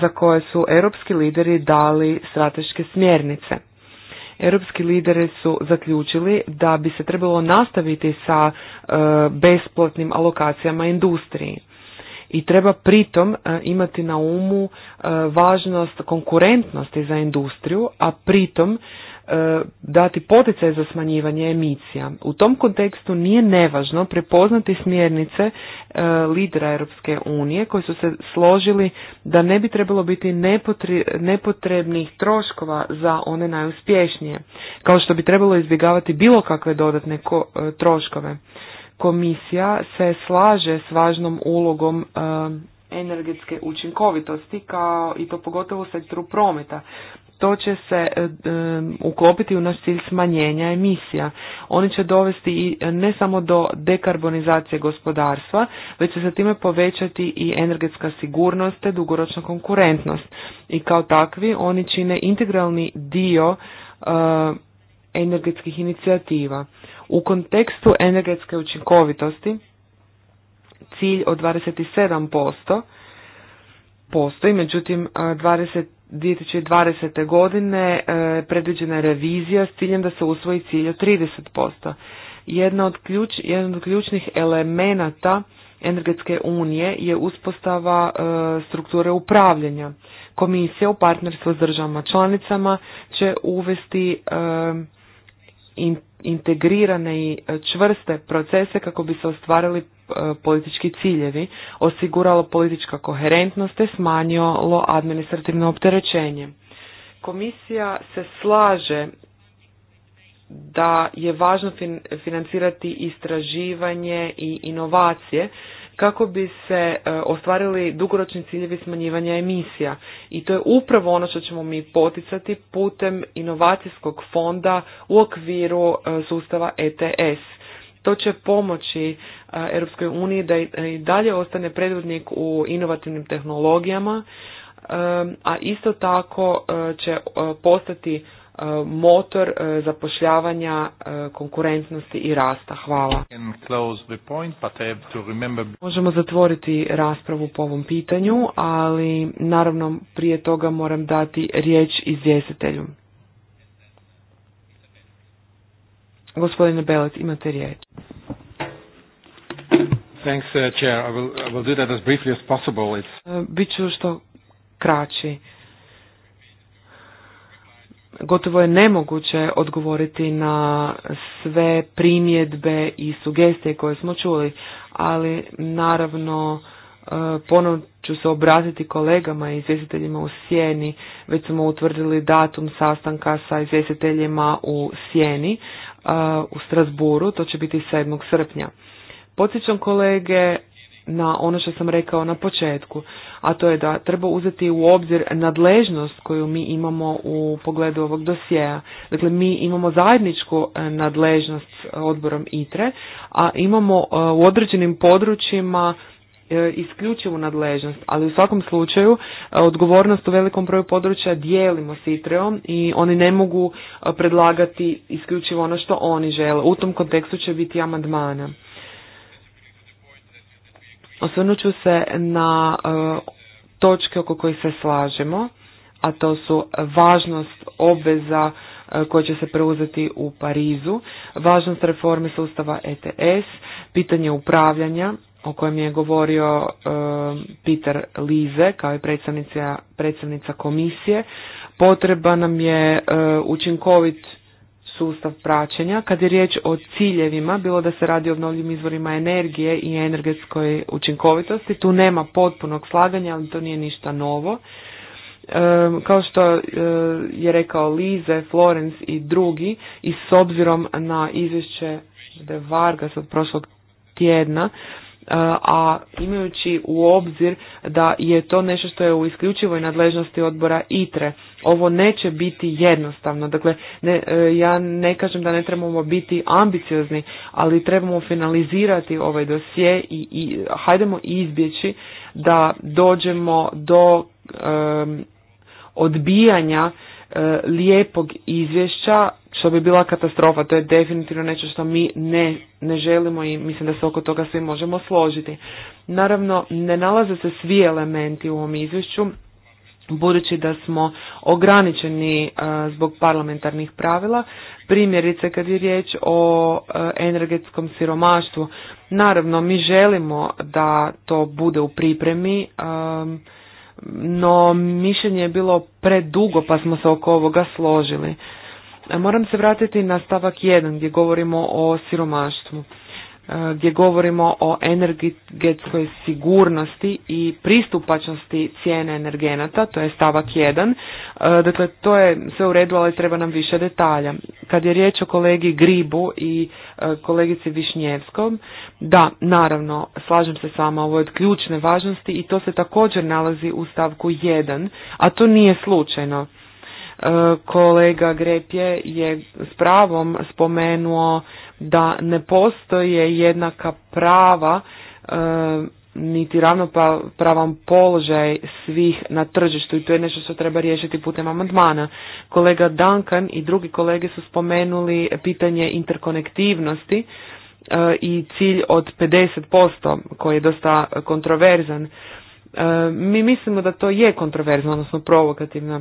za koje su europski lideri dali strateške smjernice. Europski lideri su zaključili da bi se trebalo nastaviti sa e, besplatnim alokacijama industriji i treba pritom e, imati na umu važnost konkurentnosti za industriju, a pritom E, dati poticaj za smanjivanje emisija. U tom kontekstu nije nevažno prepoznati smjernice e, lidera Europske unije koji su se složili da ne bi trebalo biti nepotrebnih troškova za one najuspješnije, kao što bi trebalo izbjegavati bilo kakve dodatne e, troškove. Komisija se slaže s važnom ulogom energetske učinkovitosti kao i to pogotovo u sektoru prometa to će se e, e, uklopiti u naš cilj smanjenja emisija. Oni će dovesti i e, ne samo do dekarbonizacije gospodarstva, već će se time povećati i energetska sigurnost te dugoročna konkurentnost. I kao takvi oni čine integralni dio energetskih inicijativa. U kontekstu energetske učinkovitosti cilj od 27% postoji, međutim 20 2020. godine e, predviđena je revizija s ciljem da se usvoji cilj od 30%. Jedna od ključ, jedan od ključnih elemenata energetske unije je uspostava e, strukture upravljanja. Komisija u partnerstvu s državama članicama će uvesti e, integrirane i čvrste procese kako bi se ostvarili E, politički ciljevi, osiguralo politička koherentnost te smanjilo administrativno opterećenje. Komisija se slaže da je važno financirati istraživanje i inovacije kako bi se e, ostvarili dugoročni ciljevi smanjivanja emisija. I to je upravo ono što ćemo mi poticati putem inovacijskog fonda u okviru e, sustava ETS to će pomoći e, Europskoj uniji da e, i dalje ostane predvodnik u inovativnim tehnologijama, e, a isto tako će postati motor zapošljavanja konkurentnosti i rasta. Hvala. Možemo zatvoriti raspravu po ovom pitanju, ali naravno prije toga moram dati riječ izvjestitelju. Gospodine Belac, imate riječ.
Thanks, uh, Chair. I will, I will do that as briefly as possible.
It's... E, ću što kraći. Gotovo je nemoguće odgovoriti na sve primjedbe i sugestije koje smo čuli, ali naravno e, ponovno ću se obratiti kolegama i izvjestiteljima u sjeni. Već smo utvrdili datum sastanka sa izvjestiteljima u sjeni u Strasburu, to će biti 7. srpnja. Podsjećam kolege na ono što sam rekao na početku, a to je da treba uzeti u obzir nadležnost koju mi imamo u pogledu ovog dosjeja. Dakle, mi imamo zajedničku e, nadležnost odborom ITRE, a imamo e, u određenim područjima E, isključivu nadležnost, ali u svakom slučaju e, odgovornost u velikom broju područja dijelimo s ITRE-om i oni ne mogu e, predlagati isključivo ono što oni žele. U tom kontekstu će biti amandmana. Osvrnut ću se na točke oko kojih se slažemo, a to su važnost obveza koje će se preuzeti u Parizu, važnost reforme sustava ETS, pitanje upravljanja, o kojem je govorio um, Peter Lize kao i predstavnica, predstavnica komisije, potreba nam je uh, učinkovit sustav praćenja. Kad je riječ o ciljevima, bilo da se radi o obnovljivim izvorima energije i energetskoj učinkovitosti, tu nema potpunog slaganja, ali to nije ništa novo. Um, kao što uh, je rekao Lize, Florence i drugi, i s obzirom na izvješće de Vargas od prošlog tjedna, E, a imajući u obzir da je to nešto što je u isključivoj nadležnosti odbora ITRE, ovo neće biti jednostavno. Dakle, ne, e, ja ne kažem da ne trebamo biti ambiciozni, ali trebamo finalizirati ovaj dosje i, i hajdemo izbjeći da dođemo do e, odbijanja lijepog izvješća što bi bila katastrofa. To je definitivno nešto što mi ne, ne želimo i mislim da se oko toga svi možemo složiti. Naravno, ne nalaze se svi elementi u ovom izvješću, budući da smo ograničeni e, zbog parlamentarnih pravila, primjerice kad je riječ o e, energetskom siromaštvu. Naravno, mi želimo da to bude u pripremi, e, no mišljenje je bilo predugo pa smo se oko ovoga složili. Moram se vratiti na stavak 1 gdje govorimo o siromaštvu, e, gdje govorimo o energetskoj sigurnosti i pristupačnosti cijene energenata, to je stavak 1. E, dakle, to je sve u redu, ali treba nam više detalja. Kad je riječ o kolegi Gribu i e, kolegici Višnjevskom, da, naravno, slažem se sama, ovo je od ključne važnosti i to se također nalazi u stavku 1, a to nije slučajno E, kolega Grepje je s pravom spomenuo da ne postoje jednaka prava e, niti ravnopravan položaj svih na tržištu i to je nešto što treba riješiti putem amandmana. Kolega Duncan i drugi kolege su spomenuli pitanje interkonektivnosti e, i cilj od 50% koji je dosta kontroverzan. Mi mislimo da to je kontroverzno, odnosno provokativno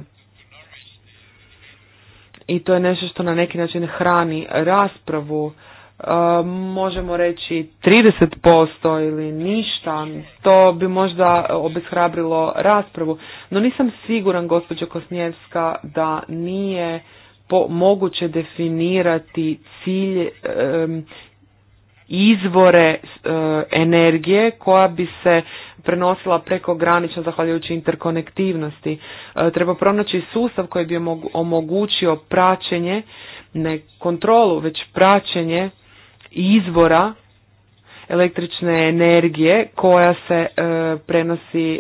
i to je nešto što na neki način hrani raspravu. E, možemo reći 30% ili ništa, to bi možda obeshrabrilo raspravu, no nisam siguran, gospođo Kosnjevska, da nije moguće definirati cilj, izvore e, energije koja bi se prenosila preko granično zahvaljujući interkonektivnosti. E, treba pronaći sustav koji bi omogućio praćenje, ne kontrolu, već praćenje izvora električne energije koja se e, prenosi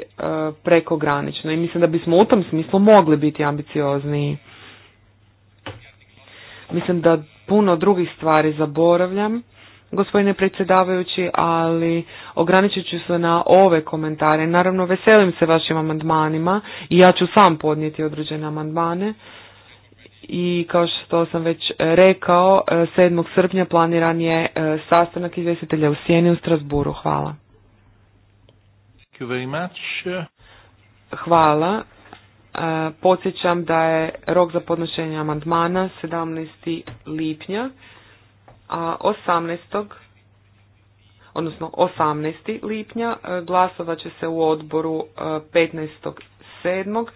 e, granično. i mislim da bismo u tom smislu mogli biti ambiciozniji. Mislim da puno drugih stvari zaboravljam gospodine predsjedavajući, ali ograničit ću se na ove komentare. Naravno, veselim se vašim amandmanima i ja ću sam podnijeti određene amandmane. I kao što sam već rekao, 7. E, srpnja planiran je e, sastanak izvjestitelja u Sjeni u Strasburu. Hvala. Hvala. E, podsjećam da je rok za podnošenje amandmana 17. lipnja a 18. odnosno 18. lipnja e, glasovat će se u odboru 15.7. E,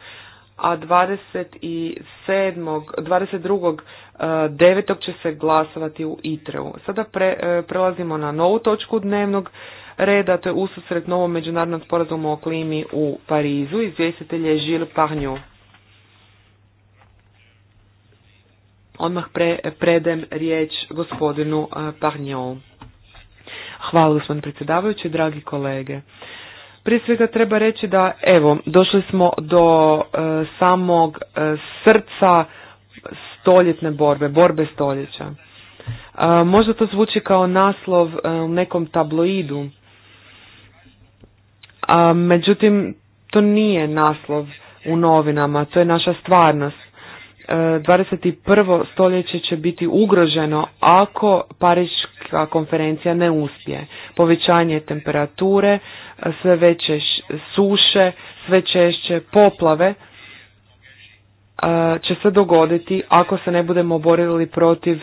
a 27. 22. E, će se glasovati u ITRE-u. Sada pre, prelazimo na novu točku dnevnog reda, to je ususret novom međunarodnom sporazumu o klimi u Parizu. Izvjestitelj je Žil Pahnju. odmah pre, predem riječ gospodinu eh, Parnjou. Hvala gospodin predsjedavajući, dragi kolege. Prije svega treba reći da evo, došli smo do eh, samog eh, srca stoljetne borbe, borbe stoljeća. možda to zvuči kao naslov u nekom tabloidu, a međutim to nije naslov u novinama, to je naša stvarnost. 21. stoljeće će biti ugroženo ako Pariška konferencija ne uspije. Povećanje temperature, sve veće suše, sve češće poplave e, će se dogoditi ako se ne budemo borili protiv e,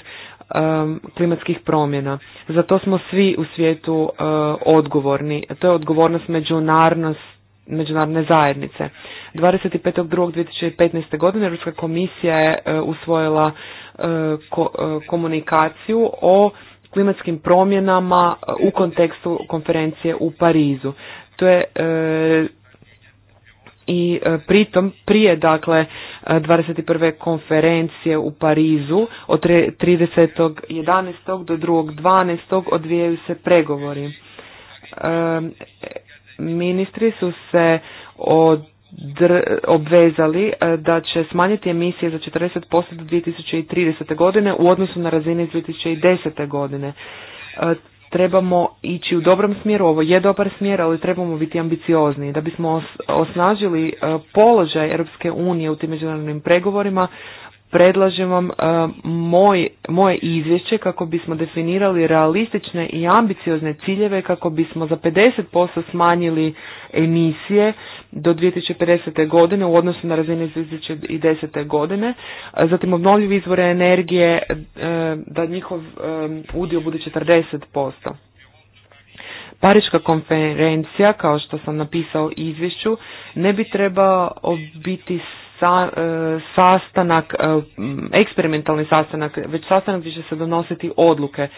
klimatskih promjena. Za to smo svi u svijetu e, odgovorni. To je odgovornost međunarnost, međunarodne zajednice. 25.2.2015. godine Europska komisija je e, usvojila e, e, komunikaciju o klimatskim promjenama u kontekstu konferencije u Parizu. To je i pritom prije dakle 21. konferencije u Parizu od 30.11. do 2.12. odvijaju se pregovori. Ministri su se obvezali e, da će smanjiti emisije za 40% do 2030. godine u odnosu na razine iz 2010. godine. E, trebamo ići u dobrom smjeru, ovo je dobar smjer, ali trebamo biti ambiciozni. Da bismo osnažili e, položaj Europske unije u tim međunarodnim pregovorima, predlažem vam e, moj, moje izvješće kako bismo definirali realistične i ambiciozne ciljeve kako bismo za 50% smanjili emisije do 2050. godine u odnosu na razine 2010. godine. E, zatim obnovljivi izvore energije e, da njihov udio bude 40%. Pariška konferencija, kao što sam napisao izvješću, ne bi trebao biti sa, e, sastanak, e, eksperimentalni sastanak, već sastanak gdje će se donositi odluke. E,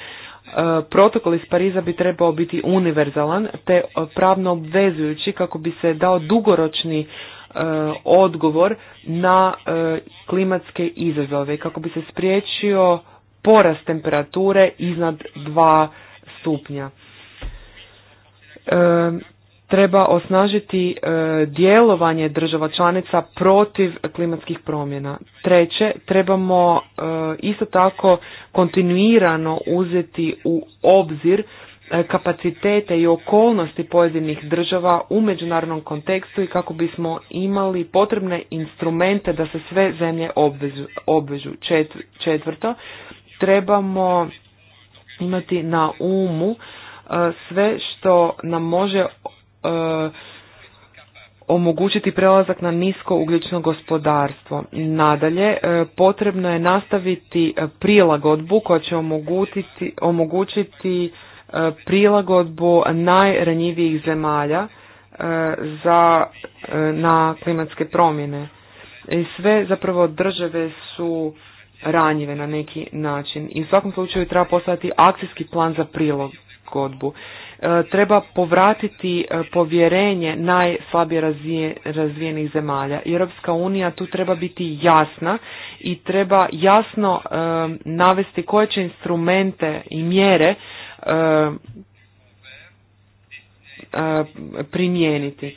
protokol iz Pariza bi trebao biti univerzalan te pravno obvezujući kako bi se dao dugoročni odgovor na klimatske izazove kako bi se spriječio porast temperature iznad 2 stupnja treba osnažiti e, djelovanje država članica protiv klimatskih promjena. Treće, trebamo e, isto tako kontinuirano uzeti u obzir e, kapacitete i okolnosti pojedinih država u međunarodnom kontekstu i kako bismo imali potrebne instrumente da se sve zemlje obvežu. obvežu. četvrto, trebamo imati na umu e, sve što nam može E, omogućiti prelazak na nisko ugljično gospodarstvo. Nadalje, e, potrebno je nastaviti e, prilagodbu koja će omogućiti, prilagodbu najranjivijih zemalja za, na klimatske promjene. Sve zapravo države su ranjive na neki način i u svakom slučaju treba postaviti akcijski plan za prilagodbu. E, treba povratiti e, povjerenje najslabije razvijenih zemalja. Europska unija tu treba biti jasna i treba jasno e, navesti koje će instrumente i mjere primijeniti.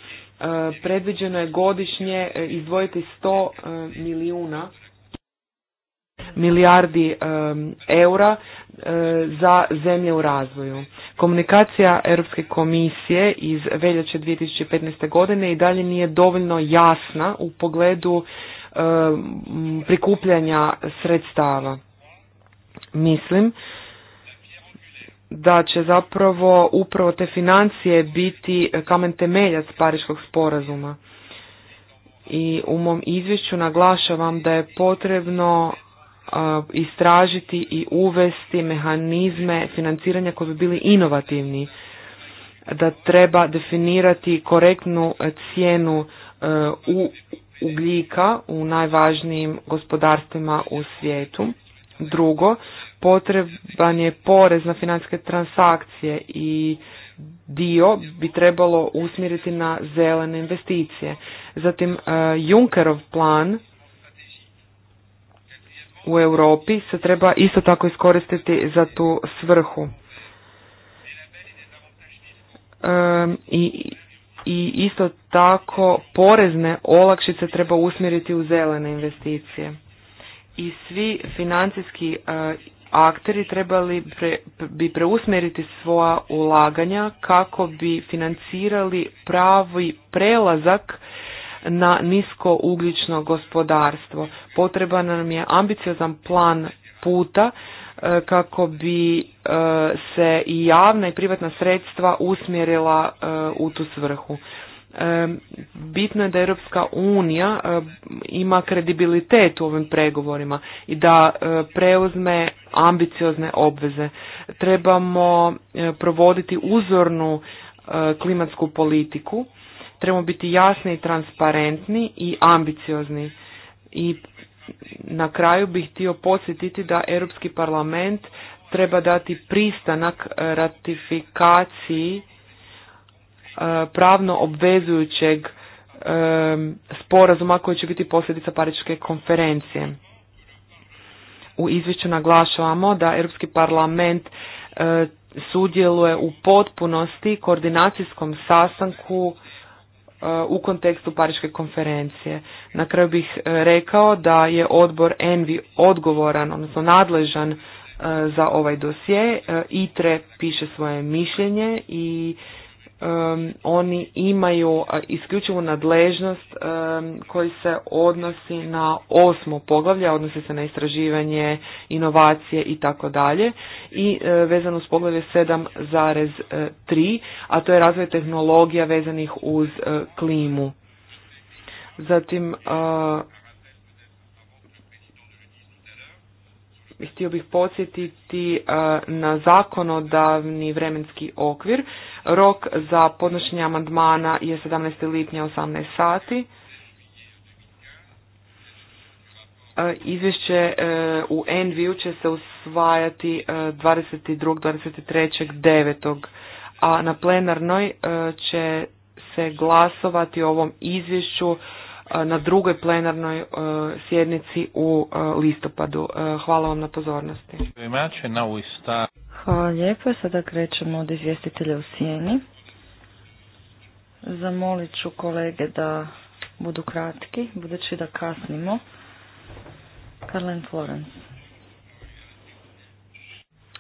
Predviđeno je godišnje izdvojiti 100 milijuna milijardi eura eh, za zemlje u razvoju. Komunikacija Europske komisije iz veljače 2015. godine i dalje nije dovoljno jasna u pogledu prikupljanja sredstava. Mislim da će zapravo upravo te financije biti kamen temeljac Pariškog sporazuma. I u mom izvješću naglašavam da je potrebno istražiti i uvesti mehanizme financiranja koji bi bili inovativni, da treba definirati korektnu cijenu e, u ugljika u najvažnijim gospodarstvima u svijetu. Drugo, potreban je porez na financijske transakcije i dio bi trebalo usmjeriti na zelene investicije. Zatim, e, Junkerov plan u Europi se treba isto tako iskoristiti za tu svrhu. i, I isto tako porezne olakšice treba usmjeriti u zelene investicije. I svi financijski e, akteri trebali bi preusmjeriti svoja ulaganja kako bi financirali pravi prelazak na nisko ugljično gospodarstvo. Potreban nam je ambiciozan plan puta e, kako bi e, se i javna i privatna sredstva usmjerila e, u tu svrhu. Bitno je da Europska unija ima kredibilitet u ovim pregovorima i da preuzme ambiciozne obveze. Trebamo provoditi uzornu klimatsku politiku trebamo biti jasni i transparentni i ambiciozni. I na kraju bih htio podsjetiti da Europski parlament treba dati pristanak ratifikaciji e, pravno obvezujućeg e, sporazuma koji će biti posljedica Pariške konferencije. U izvješću naglašavamo da Europski parlament e, sudjeluje u potpunosti koordinacijskom sastanku u kontekstu Pariške konferencije. Na kraju bih e, rekao da je odbor Envi odgovoran, odnosno nadležan e, za ovaj dosje. E, ITRE piše svoje mišljenje i oni imaju isključivu nadležnost koji se odnosi na osmo poglavlje, odnosi se na istraživanje, inovacije i tako dalje i e, vezano uz poglavlje 7,3, a to je razvoj tehnologija vezanih uz e, klimu. Zatim htio bih podsjetiti na zakonodavni vremenski okvir Rok za podnošenje amandmana je 17. lipnja 18 sati. E, izvješće e, u Enviju će se usvajati 22. 23. 9. A na plenarnoj e, će se glasovati o ovom izvješću na drugoj plenarnoj sjednici u listopadu. Hvala vam na pozornosti. Hvala lijepo. Sada krećemo od izvjestitelja
u sjeni. Zamolit ću kolege da budu kratki, budući da kasnimo. Karlen Florence.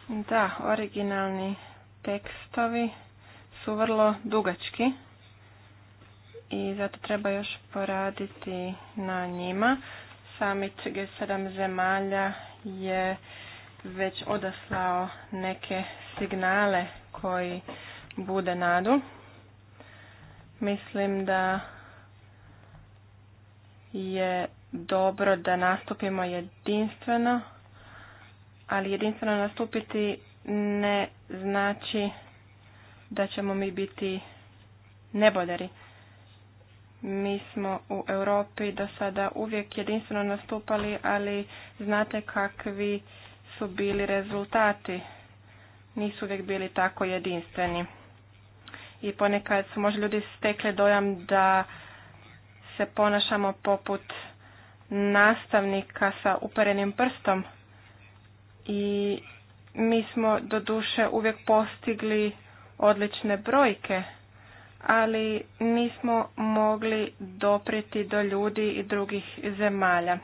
Da, originalni tekstovi su vrlo dugački i zato treba još poraditi na njima. Summit G7 zemalja je već odaslao neke signale koji bude nadu. Mislim da je dobro da nastupimo jedinstveno, ali jedinstveno nastupiti ne znači da ćemo mi biti neboderi. Mi smo u Europi do sada uvijek jedinstveno nastupali, ali znate kakvi su bili rezultati, nisu uvijek bili tako jedinstveni. I ponekad su možda ljudi stekli dojam da se ponašamo poput nastavnika sa uperenim prstom i mi smo doduše uvijek postigli odlične brojke, ali nismo mogli dopriti do ljudi i drugih zemalja.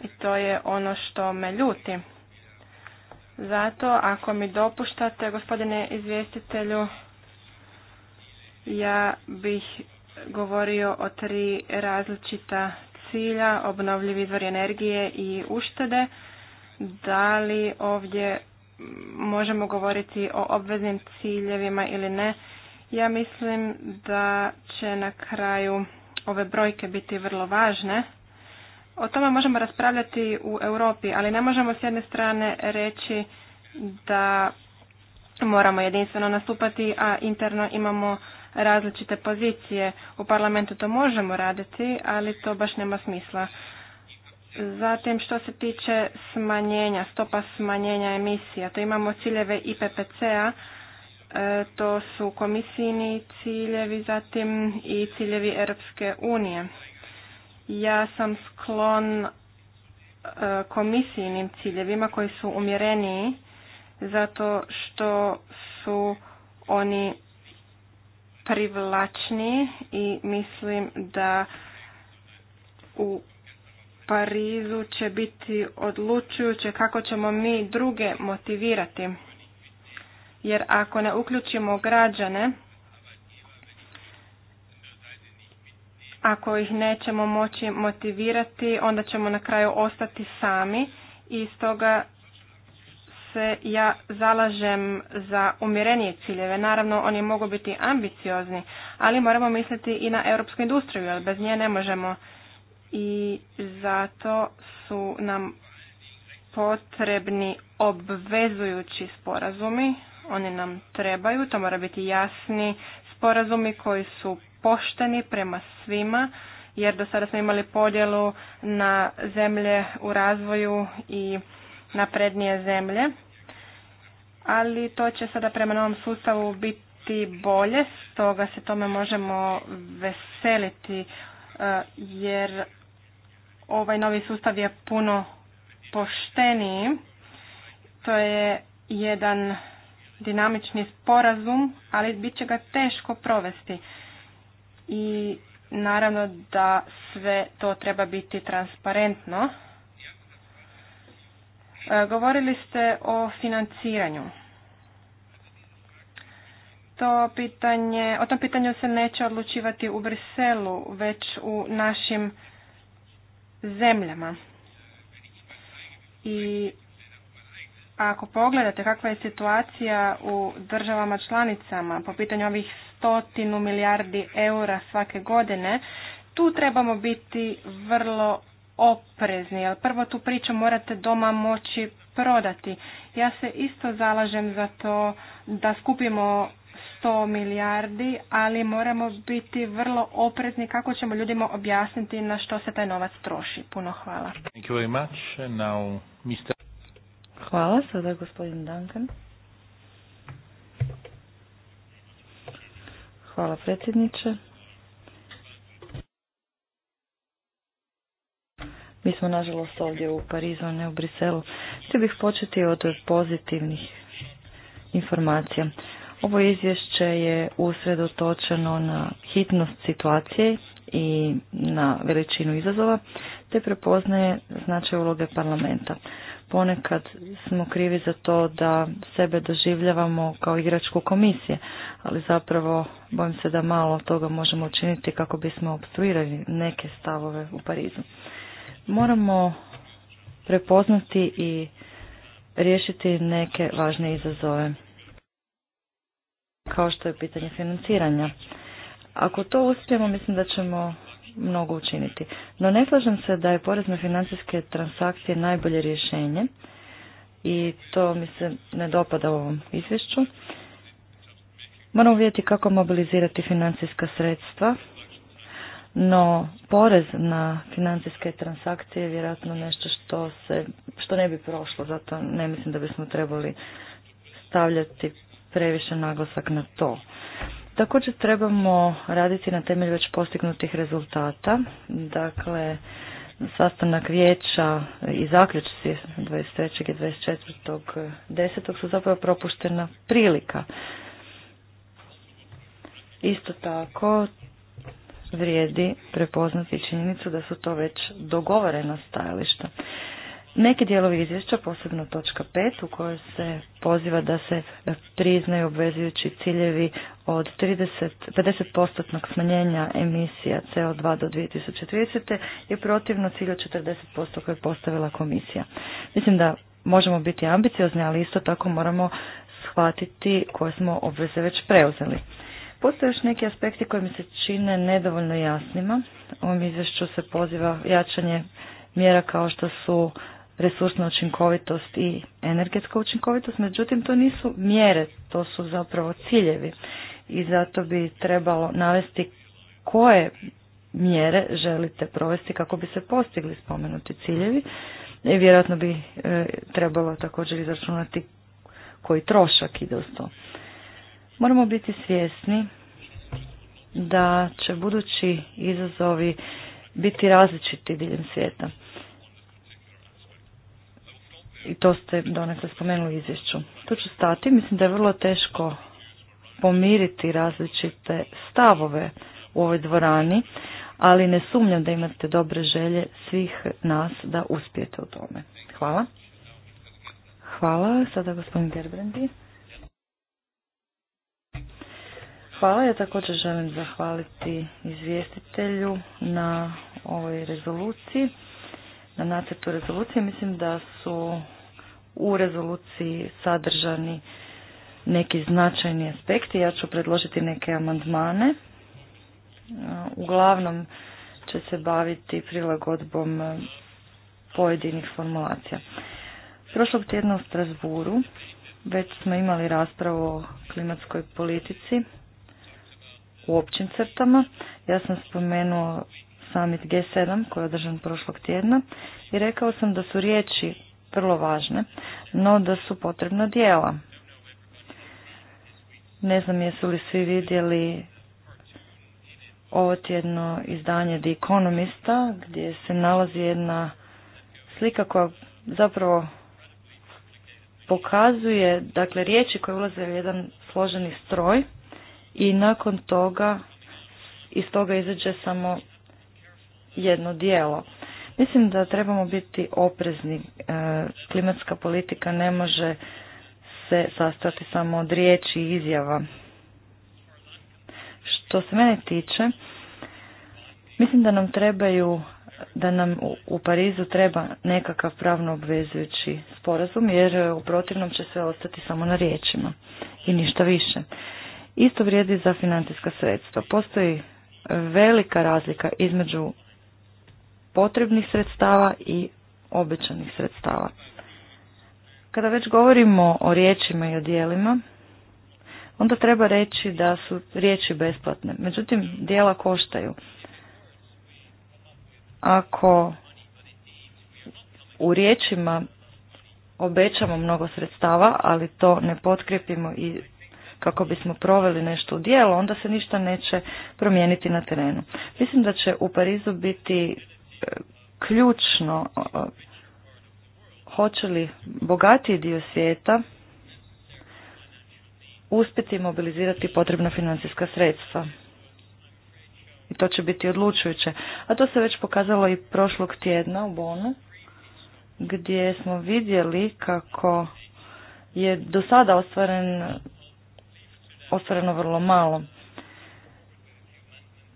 I to je ono što me ljuti. Zato, ako mi dopuštate, gospodine izvjestitelju, ja bih govorio o tri različita cilja, obnovljivi izvori energije i uštede. Da li ovdje možemo govoriti o obveznim ciljevima ili ne? Ja mislim da će na kraju ove brojke biti vrlo važne. O tome možemo raspravljati u Europi, ali ne možemo s jedne strane reći da moramo jedinstveno nastupati, a interno imamo različite pozicije. U parlamentu to možemo raditi, ali to baš nema smisla. Zatim što se tiče smanjenja, stopa smanjenja emisija, to imamo ciljeve IPPC-a, e, to su komisijni ciljevi, zatim i ciljevi Europske unije. Ja sam sklon e, komisijnim ciljevima koji su umjereniji zato što su oni privlačni i mislim da u Parizu će biti odlučujuće kako ćemo mi druge motivirati. Jer ako ne uključimo građane, Ako ih nećemo moći motivirati, onda ćemo na kraju ostati sami i stoga se ja zalažem za umjerenije ciljeve. Naravno, oni mogu biti ambiciozni, ali moramo misliti i na europsku industriju, jer bez nje ne možemo. I zato su nam potrebni obvezujući sporazumi, oni nam trebaju, to mora biti jasni sporazumi koji su pošteni prema svima jer do sada smo imali podjelu na zemlje u razvoju i naprednije zemlje. Ali to će sada prema novom sustavu biti bolje, stoga se tome možemo veseliti e, jer ovaj novi sustav je puno pošteniji. To je jedan dinamični sporazum, ali bit će ga teško provesti i naravno da sve to treba biti transparentno. E, govorili ste o financiranju. To pitanje, o tom pitanju se neće odlučivati u Briselu, već u našim zemljama. I ako pogledate kakva je situacija u državama članicama po pitanju ovih stotinu milijardi eura svake godine, tu trebamo biti vrlo oprezni, jer prvo tu priču morate doma moći prodati. Ja se isto zalažem za to da skupimo 100 milijardi, ali moramo biti vrlo oprezni kako ćemo ljudima objasniti na što se taj novac troši. Puno hvala. Hvala, sada gospodin Duncan.
Hvala predsjedniče. Mi smo nažalost ovdje u Parizu, a ne u Briselu. Htio bih početi od pozitivnih informacija. Ovo izvješće je usredotočeno na hitnost situacije i na veličinu izazova, te prepoznaje značaj uloge parlamenta. Ponekad smo krivi za to da sebe doživljavamo kao igračku komisije, ali zapravo bojim se da malo toga možemo učiniti kako bismo obstruirali neke stavove u Parizu. Moramo prepoznati i riješiti neke važne izazove, kao što je pitanje financiranja. Ako to uspijemo, mislim da ćemo mnogo učiniti. No ne slažem se da je porez na financijske transakcije najbolje rješenje i to mi se ne dopada u ovom izvješću. Moramo vidjeti kako mobilizirati financijska sredstva, no porez na financijske transakcije je vjerojatno nešto što, se, što ne bi prošlo, zato ne mislim da bismo trebali stavljati previše naglasak na to. Također trebamo raditi na temelju već postignutih rezultata. Dakle, sastanak vijeća i zaključci 23. i 24. 10. su zapravo propuštena prilika. Isto tako vrijedi prepoznati činjenicu da su to već dogovorena stajališta. Neki dijelovi izvješća, posebno točka 5, u kojoj se poziva da se priznaju obvezujući ciljevi od 30, 50% smanjenja emisija CO2 do 2030. je protivno cilju 40% koje je postavila komisija. Mislim da možemo biti ambiciozni, ali isto tako moramo shvatiti koje smo obveze već preuzeli. Postoje još neki aspekti koji mi se čine nedovoljno jasnima. U ovom izvješću se poziva jačanje mjera kao što su resursna učinkovitost i energetska učinkovitost, međutim to nisu mjere, to su zapravo ciljevi i zato bi trebalo navesti koje mjere želite provesti kako bi se postigli spomenuti ciljevi. I vjerojatno bi e, trebalo također izračunati koji trošak ide uz to. Moramo biti svjesni da će budući izazovi biti različiti diljem svijeta i to ste donekle spomenuli u izvješću. Tu ću stati, mislim da je vrlo teško pomiriti različite stavove u ovoj dvorani, ali ne sumnjam da imate dobre želje svih nas da uspijete u tome. Hvala. Hvala, sada gospodin Gerbrandi. Hvala, ja također želim zahvaliti izvjestitelju na ovoj rezoluciji, na nacrtu rezolucije. Mislim da su u rezoluciji sadržani neki značajni aspekti. Ja ću predložiti neke amandmane. E, uglavnom će se baviti prilagodbom e, pojedinih formulacija. Prošlog tjedna u Strasburu već smo imali raspravu o klimatskoj politici u općim crtama. Ja sam spomenuo summit G7 koji je održan prošlog tjedna i rekao sam da su riječi vrlo važne, no da su potrebna dijela. Ne znam jesu li svi vidjeli ovo tjedno izdanje The Economista gdje se nalazi jedna slika koja zapravo pokazuje dakle riječi koje ulaze u jedan složeni stroj i nakon toga iz toga izađe samo jedno dijelo. Mislim da trebamo biti oprezni. E, klimatska politika ne može se sastojati samo od riječi i izjava. Što se mene tiče, mislim da nam trebaju da nam u Parizu treba nekakav pravno obvezujući sporazum, jer u protivnom će sve ostati samo na riječima i ništa više. Isto vrijedi za financijska sredstva. Postoji velika razlika između potrebnih sredstava i obećanih sredstava. Kada već govorimo o riječima i o dijelima, onda treba reći da su riječi besplatne. Međutim, dijela koštaju. Ako u riječima obećamo mnogo sredstava, ali to ne potkrijepimo i kako bismo proveli nešto u dijelu, onda se ništa neće promijeniti na terenu. Mislim da će u Parizu biti ključno hoće li bogatiji dio svijeta uspjeti mobilizirati potrebna financijska sredstva. I to će biti odlučujuće. A to se već pokazalo i prošlog tjedna u Bonu, gdje smo vidjeli kako je do sada ostvaren, ostvareno vrlo malo.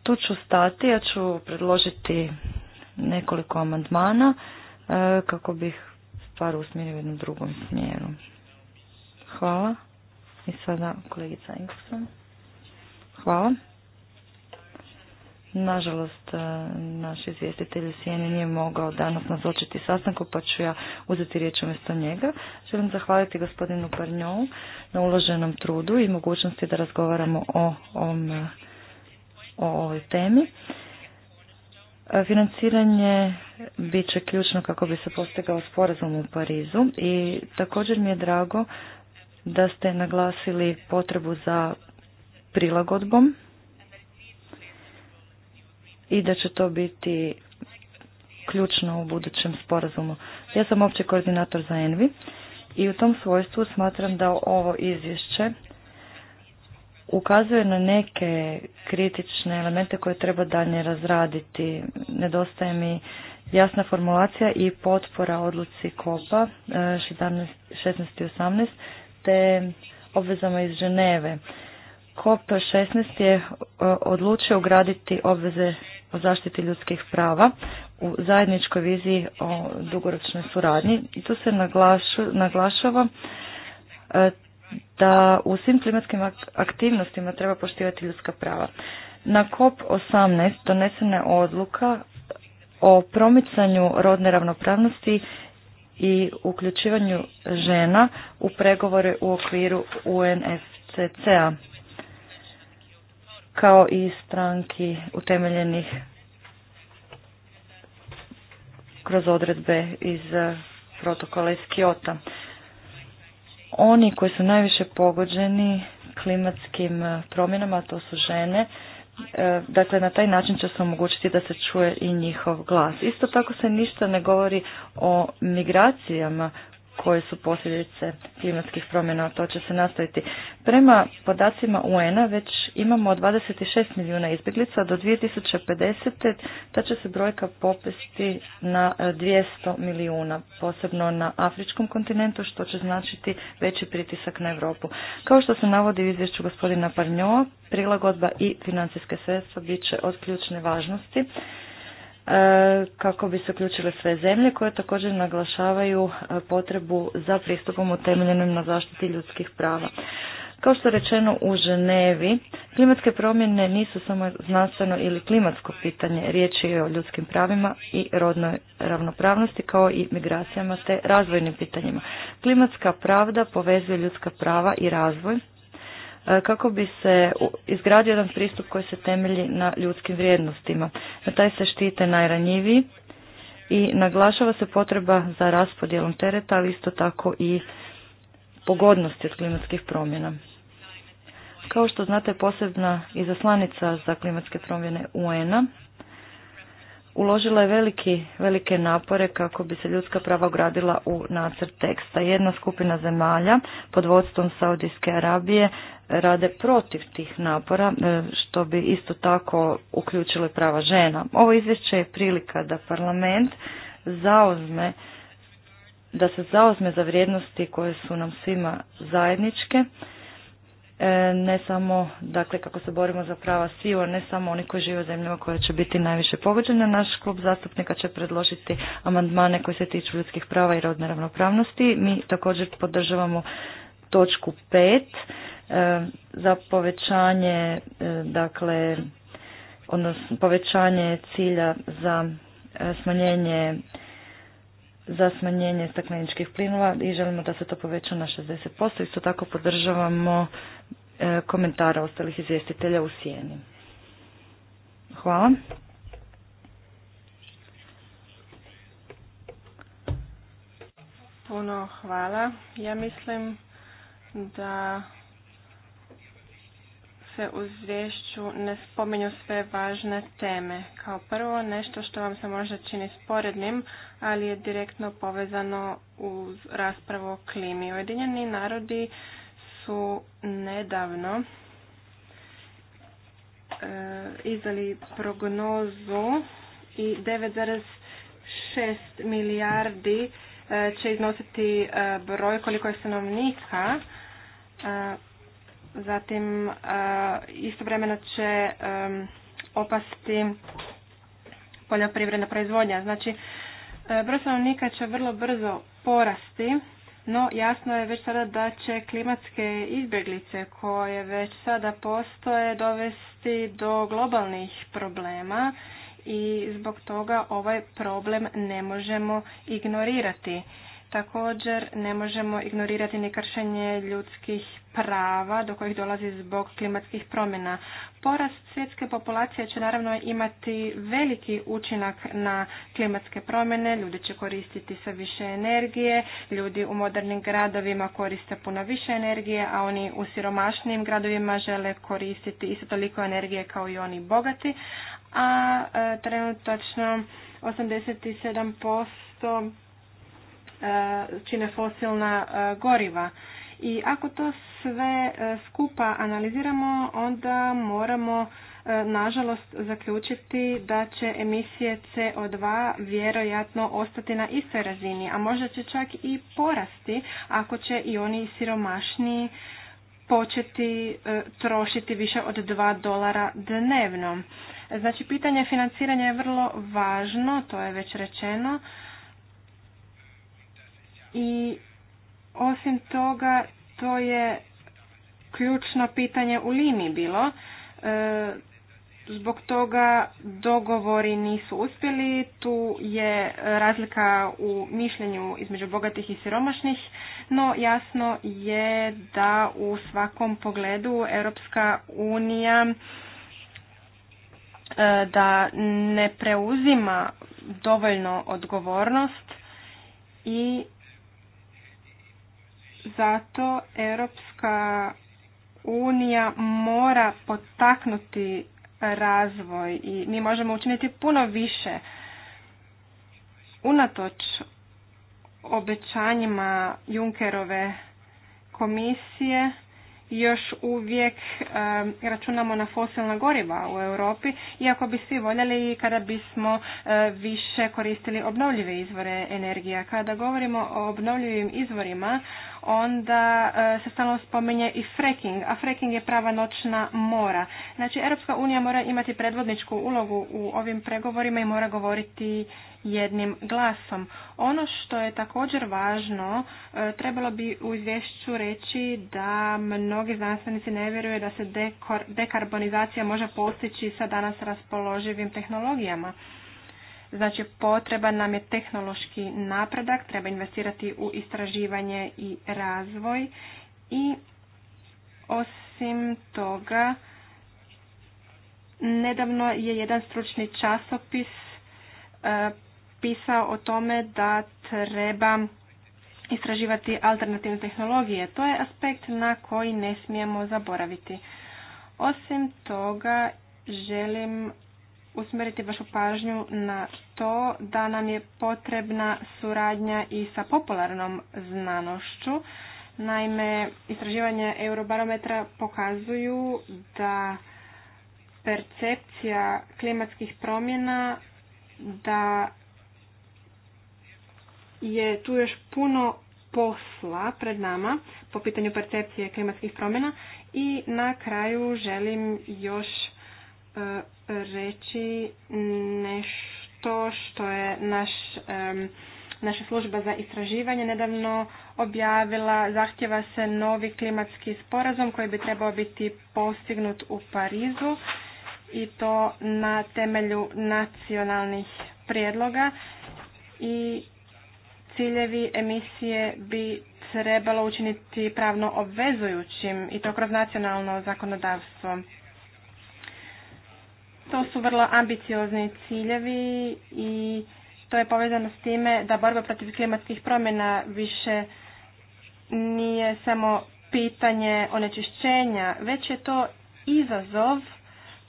Tu ću stati, ja ću predložiti nekoliko amandmana e, kako bih stvar usmjerio u jednom drugom smjeru. Hvala. I sada kolegica Hvala. Nažalost, e, naš izvjestitelj Sijeni nije mogao danas nazočiti sastanku, pa ću ja uzeti riječ umjesto njega. Želim zahvaliti gospodinu Parnjovu na uloženom trudu i mogućnosti da razgovaramo o ovoj temi. Financiranje bit će ključno kako bi se postigao sporazum u Parizu i također mi je drago da ste naglasili potrebu za prilagodbom i da će to biti ključno u budućem sporazumu. Ja sam opći koordinator za Envi i u tom svojstvu smatram da ovo izvješće ukazuje na neke kritične elemente koje treba dalje razraditi. Nedostaje mi jasna formulacija i potpora odluci KOPA 16 e, i te obvezama iz Ženeve. KOP 16 je e, odlučio ugraditi obveze o zaštiti ljudskih prava u zajedničkoj viziji o dugoročnoj suradnji i tu se naglašava e, da u svim klimatskim aktivnostima treba poštivati ljudska prava. Na COP18 donesena je odluka o promicanju rodne ravnopravnosti i uključivanju žena u pregovore u okviru UNFCCA kao i stranki utemeljenih kroz odredbe iz protokola iz Kiota oni koji su najviše pogođeni klimatskim e, promjenama, a to su žene, e, dakle na taj način će se omogućiti da se čuje i njihov glas. Isto tako se ništa ne govori o migracijama koje su posljedice klimatskih promjena, to će se nastaviti. Prema podacima UN-a već imamo 26 milijuna izbjeglica, do 2050. ta će se brojka popesti na 200 e, milijuna, posebno na afričkom kontinentu, što će značiti veći pritisak na Europu. Kao što se navodi u izvješću gospodina Parnjoa, prilagodba i financijske sredstva bit će od ključne važnosti. E, kako bi se uključile sve zemlje koje također naglašavaju e, potrebu za pristupom utemeljenim na zaštiti ljudskih prava. Kao što je rečeno u Ženevi, klimatske promjene nisu samo znanstveno ili klimatsko pitanje, riječ je o ljudskim pravima i rodnoj ravnopravnosti kao i migracijama te razvojnim pitanjima. Klimatska pravda povezuje ljudska prava i razvoj E, kako bi se izgradio jedan pristup koji se temelji na ljudskim vrijednostima. Na taj se štite najranjiviji i naglašava se potreba za raspodjelom tereta, ali isto tako i pogodnosti od klimatskih promjena. Kao što znate, posebna izaslanica za klimatske promjene UN-a uložila je veliki, velike napore kako bi se ljudska prava ugradila u nacrt teksta. Jedna skupina zemalja pod vodstvom Saudijske Arabije rade protiv tih napora, e, što bi isto tako uključilo prava žena. Ovo izvješće je prilika da parlament zauzme da se zauzme za vrijednosti koje su nam svima zajedničke E, ne samo, dakle, kako se borimo za prava sila, ne samo oni koji žive u zemljama koje će biti najviše pogođena. Naš klub zastupnika će predložiti amandmane koji se tiču ljudskih prava i rodne ravnopravnosti. Mi također podržavamo točku 5 e, za povećanje, e, dakle, odnosno povećanje cilja za smanjenje za smanjenje stakleničkih plinova i želimo da se to poveća na 60%. Isto tako podržavamo e, komentara ostalih izvjestitelja u sjeni. Hvala.
Puno hvala. Ja mislim da se dakle, u izvješću ne spominju sve važne teme. Kao prvo, nešto što vam se možda čini sporednim, ali je direktno povezano uz raspravu o klimi. Ujedinjeni narodi su nedavno eh, izdali prognozu i 9,6 milijardi eh, će iznositi eh, broj koliko je stanovnika Zatim, e, istovremeno će e, opasti poljoprivredna proizvodnja. Znači, e, broj stanovnika će vrlo brzo porasti, no jasno je već sada da će klimatske izbjeglice koje već sada postoje dovesti do globalnih problema i zbog toga ovaj problem ne možemo ignorirati Također ne možemo ignorirati ni kršenje ljudskih prava do kojih dolazi zbog klimatskih promjena. Porast svjetske populacije će naravno imati veliki učinak na klimatske promjene, ljudi će koristiti sve više energije, ljudi u modernim gradovima koriste puno više energije, a oni u siromašnim gradovima žele koristiti isto toliko energije kao i oni bogati, a e, trenutačno 87% Eh, čine fosilna eh, goriva. I ako to sve eh, skupa analiziramo, onda moramo nažalost zaključiti da će emisije CO2 vjerojatno ostati na istoj razini, a možda će čak i porasti ako će i oni siromašniji početi trošiti više od 2 dolara dnevno. Znači, pitanje financiranja je vrlo važno, to je već rečeno, i osim toga, to je ključno pitanje u liniji bilo. E, zbog toga dogovori nisu uspjeli, tu je razlika u mišljenju između bogatih i siromašnih, no jasno je da u svakom pogledu Europska unija e, da ne preuzima dovoljno odgovornost i zato Europska unija mora potaknuti razvoj i mi možemo učiniti puno više unatoč obećanjima Junkerove komisije još uvijek računamo na fosilna goriva u Europi, iako bi svi voljeli kada bismo e, više koristili obnovljive izvore energija. Kada govorimo o obnovljivim izvorima, onda e, se stalno spominje i fracking, a fracking je prava noćna mora. Znači, Europska unija mora imati predvodničku ulogu u ovim pregovorima i mora govoriti jednim glasom. Ono što je također važno, e, trebalo bi u izvješću reći da mnogi znanstvenici ne vjeruju da se dekarbonizacija može postići sa danas raspoloživim tehnologijama. Znači potreban nam je tehnološki napredak, treba investirati u istraživanje i razvoj i osim toga nedavno je jedan stručni časopis e, pisao o tome da treba istraživati alternativne tehnologije. To je aspekt na koji ne smijemo zaboraviti. Osim toga, želim usmjeriti vašu pažnju na to da nam je potrebna suradnja i sa popularnom znanošću. Naime, istraživanje Eurobarometra pokazuju da percepcija klimatskih promjena da je tu još puno posla pred nama po pitanju percepcije klimatskih promjena i na kraju želim još reći nešto što je naš, naša služba za istraživanje nedavno objavila. Zahtjeva se novi klimatski sporazum koji bi trebao biti postignut u Parizu i to na temelju nacionalnih prijedloga i ciljevi emisije bi trebalo učiniti pravno obvezujućim i to kroz nacionalno zakonodavstvo. To su vrlo ambiciozni ciljevi i to je povezano s time da borba protiv klimatskih promjena više nije samo pitanje onečišćenja, već je to izazov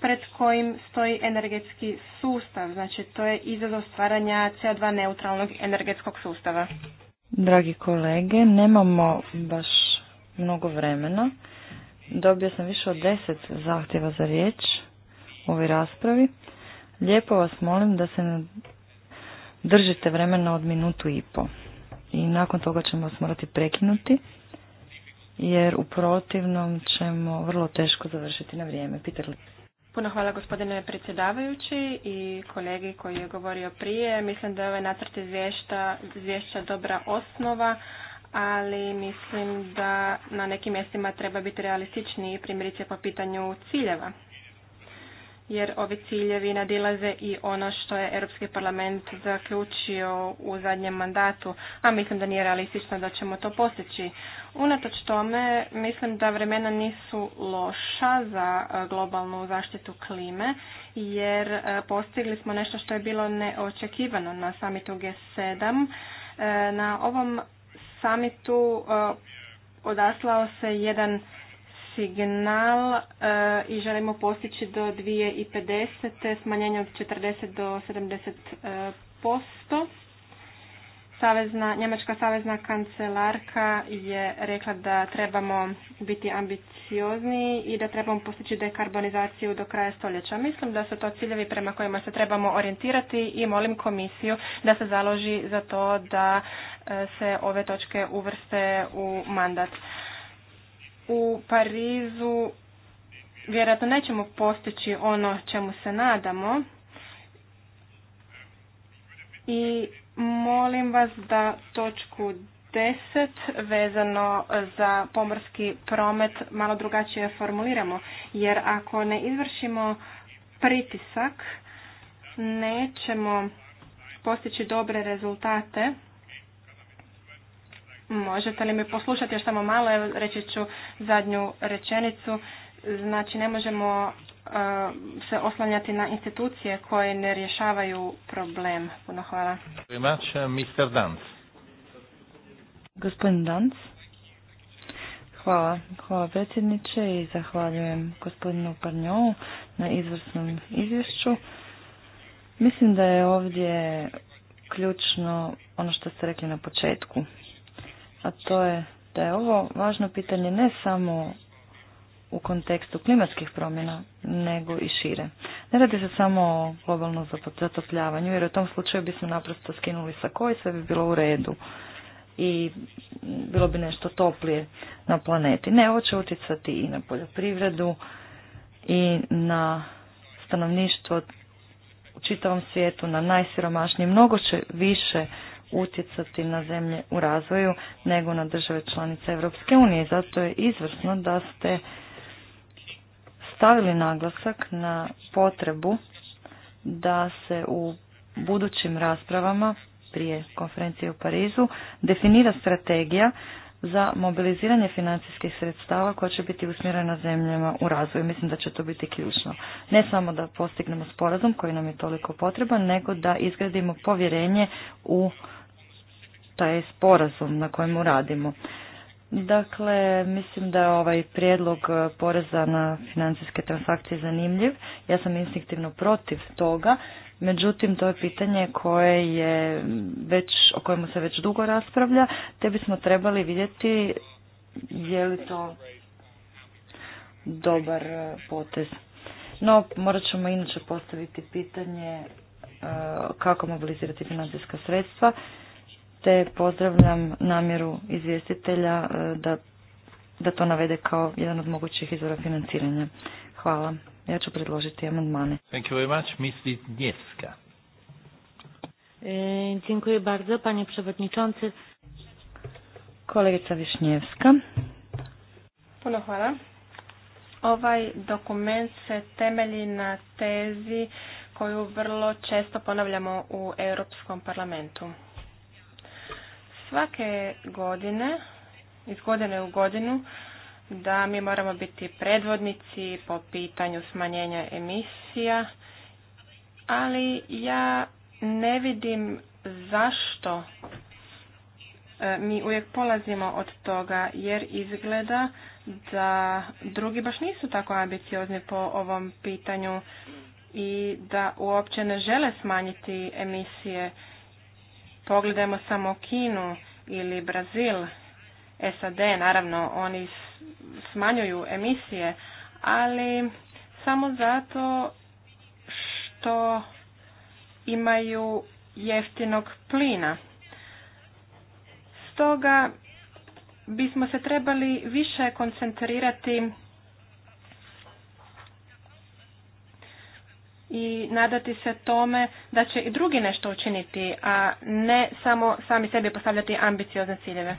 pred kojim stoji energetski sustav. Znači, to je izazov stvaranja CO2 neutralnog energetskog sustava.
Dragi kolege, nemamo baš mnogo vremena. Dobio sam više od deset zahtjeva za riječ ovoj raspravi. Lijepo vas molim da se držite vremena od minutu i po. I nakon toga ćemo vas morati prekinuti, jer u protivnom ćemo vrlo teško završiti na vrijeme. Peter
Puno hvala gospodine predsjedavajući i kolegi koji je govorio prije. Mislim da je ovaj nacrt izvješća, izvješća dobra osnova, ali mislim da na nekim mjestima treba biti realističniji primjerice po pitanju ciljeva jer ovi ciljevi nadilaze i ono što je Europski parlament zaključio u zadnjem mandatu, a mislim da nije realistično da ćemo to postići. Unatoč tome, mislim da vremena nisu loša za e, globalnu zaštitu klime, jer e, postigli smo nešto što je bilo neočekivano na samitu G7. E, na ovom samitu odaslao se jedan signal eh, i želimo postići do 2,50 smanjenje od 40 do 70%. Savezna, Njemačka savezna kancelarka je rekla da trebamo biti ambiciozni i da trebamo postići dekarbonizaciju do kraja stoljeća. Mislim da su to ciljevi prema kojima se trebamo orijentirati i molim komisiju da se založi za to da eh, se ove točke uvrste u mandat u Parizu vjerojatno nećemo postići ono čemu se nadamo i molim vas da točku 10 vezano za pomorski promet malo drugačije formuliramo jer ako ne izvršimo pritisak nećemo postići dobre rezultate Možete li mi poslušati još samo malo, evo reći ću zadnju rečenicu. Znači ne možemo e, se oslanjati na institucije koje ne rješavaju problem. Puno hvala.
Mr. Uh, Danc. Gospodin
Danc. Hvala. Hvala predsjedniče i zahvaljujem gospodinu Parnjovu na izvrsnom izvješću. Mislim da je ovdje ključno ono što ste rekli na početku a to je da je ovo važno pitanje ne samo u kontekstu klimatskih promjena, nego i šire. Ne radi se samo o globalnom zatopljavanju, jer u tom slučaju bismo naprosto skinuli sa koji sve bi bilo u redu i bilo bi nešto toplije na planeti. Ne, ovo će utjecati i na poljoprivredu i na stanovništvo u čitavom svijetu, na najsiromašnije. Mnogo će više utjecati na zemlje u razvoju nego na države članice Europske unije. Zato je izvrsno da ste stavili naglasak na potrebu da se u budućim raspravama prije konferencije u Parizu definira strategija za mobiliziranje financijskih sredstava koja će biti usmjerena zemljama u razvoju. Mislim da će to biti ključno. Ne samo da postignemo sporazum koji nam je toliko potreban, nego da izgradimo povjerenje u taj sporazum na kojemu radimo. Dakle, mislim da je ovaj prijedlog e, poreza na financijske transakcije zanimljiv. Ja sam instinktivno protiv toga, međutim to je pitanje koje je već, o kojemu se već dugo raspravlja, te bismo trebali vidjeti je li to dobar e, potez. No, morat ćemo inače postaviti pitanje e, kako mobilizirati financijska sredstva te pozdravljam namjeru izvjestitelja e, da, da to navede kao jedan od mogućih izvora financiranja. Hvala. Ja ću predložiti amandmane.
Thank you very much, Miss e,
dziękuję bardzo, panie przewodniczący. Kolegica
Višnjevska.
Puno hvala. Ovaj dokument
se temelji na tezi koju vrlo često ponavljamo u Europskom parlamentu svake godine, iz godine u godinu, da mi moramo biti predvodnici po pitanju smanjenja emisija, ali ja ne vidim zašto e, mi uvijek polazimo od toga jer izgleda da drugi baš nisu tako ambiciozni po ovom pitanju i da uopće ne žele smanjiti emisije Pogledajmo samo Kinu ili Brazil, SAD, naravno oni smanjuju emisije, ali samo zato što imaju jeftinog plina. Stoga bismo se trebali više koncentrirati i nadati se tome da će i drugi nešto učiniti, a ne samo sami sebi postavljati ambiciozne ciljeve.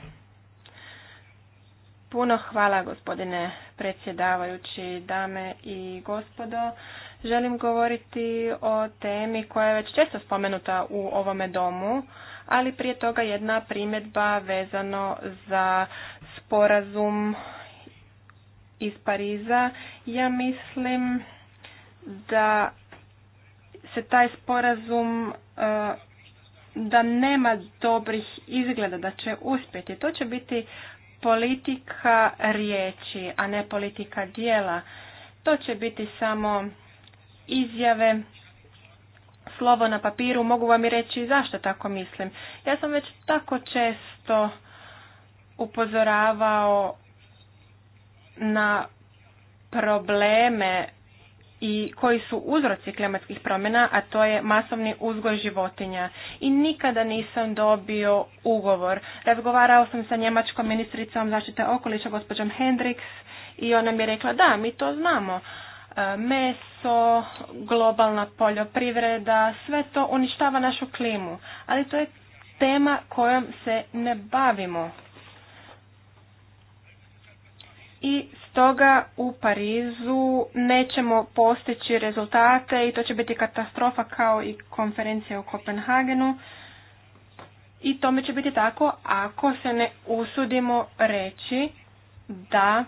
Puno hvala gospodine predsjedavajući, dame i gospodo. Želim govoriti o temi koja je već često spomenuta u ovome domu, ali prije toga jedna primjedba vezano za sporazum iz Pariza. Ja mislim da se taj sporazum e, da nema dobrih izgleda da će uspjeti. To će biti politika riječi, a ne politika dijela. To će biti samo izjave, slovo na papiru. Mogu vam i reći zašto tako mislim. Ja sam već tako često upozoravao na probleme i koji su uzroci klimatskih promjena, a to je masovni uzgoj životinja. I nikada nisam dobio ugovor. Razgovarao sam sa njemačkom ministricom zaštite okoliša, gospođom Hendriks, i ona mi je rekla da, mi to znamo. E, meso, globalna poljoprivreda, sve to uništava našu klimu. Ali to je tema kojom se ne bavimo. I toga u Parizu nećemo postići rezultate i to će biti katastrofa kao i konferencija u Kopenhagenu. I tome će biti tako ako se ne usudimo reći da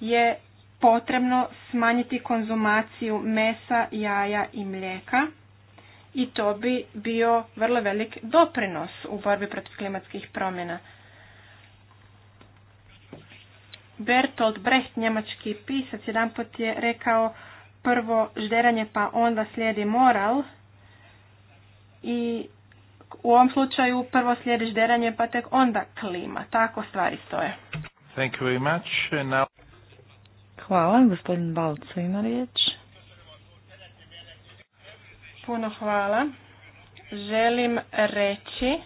je potrebno smanjiti konzumaciju mesa, jaja i mlijeka i to bi bio vrlo velik doprinos u borbi protiv klimatskih promjena. Bertolt Brecht, njemački pisac, jedanput je rekao prvo žderanje pa onda slijedi moral i u ovom slučaju prvo slijedi žderanje pa tek onda klima. Tako stvari stoje.
Thank you very much. Now... Hvala. Gospodin Balco ima riječ.
Puno hvala. Želim reći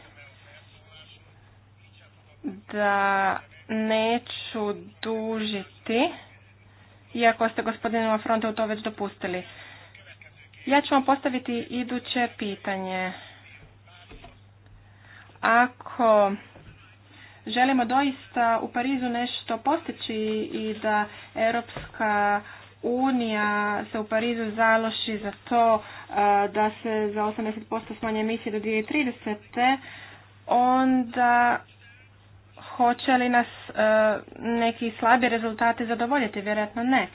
da neću dužiti, iako ste gospodinu Afrontu to već dopustili. Ja ću vam postaviti iduće pitanje. Ako želimo doista u Parizu nešto postići i da Europska Unija se u Parizu zaloši za to da se za 80% smanje emisije do 2030. onda hoće li nas e, neki slabi rezultati zadovoljiti? Vjerojatno ne.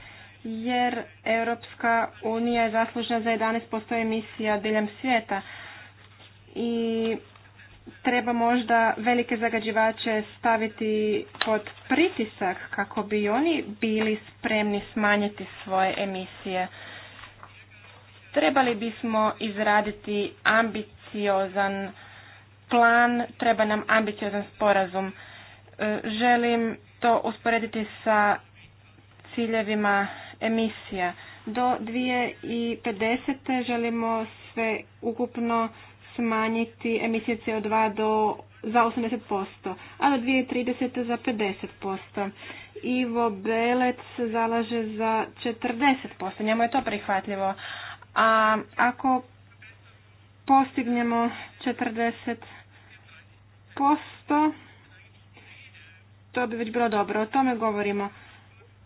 Jer Europska unija je zaslužna za 11% emisija diljem svijeta i treba možda velike zagađivače staviti pod pritisak kako bi oni bili spremni smanjiti svoje emisije. Trebali bismo izraditi ambiciozan plan, treba nam ambiciozan sporazum E, želim to usporediti sa ciljevima emisija. Do 2050. želimo sve ukupno smanjiti emisije CO2 do, za 80%, a do 2030. za 50%. Ivo Belec zalaže za 40%, njemu je to prihvatljivo. A ako postignemo 40%, to bi već bilo dobro, o tome govorimo.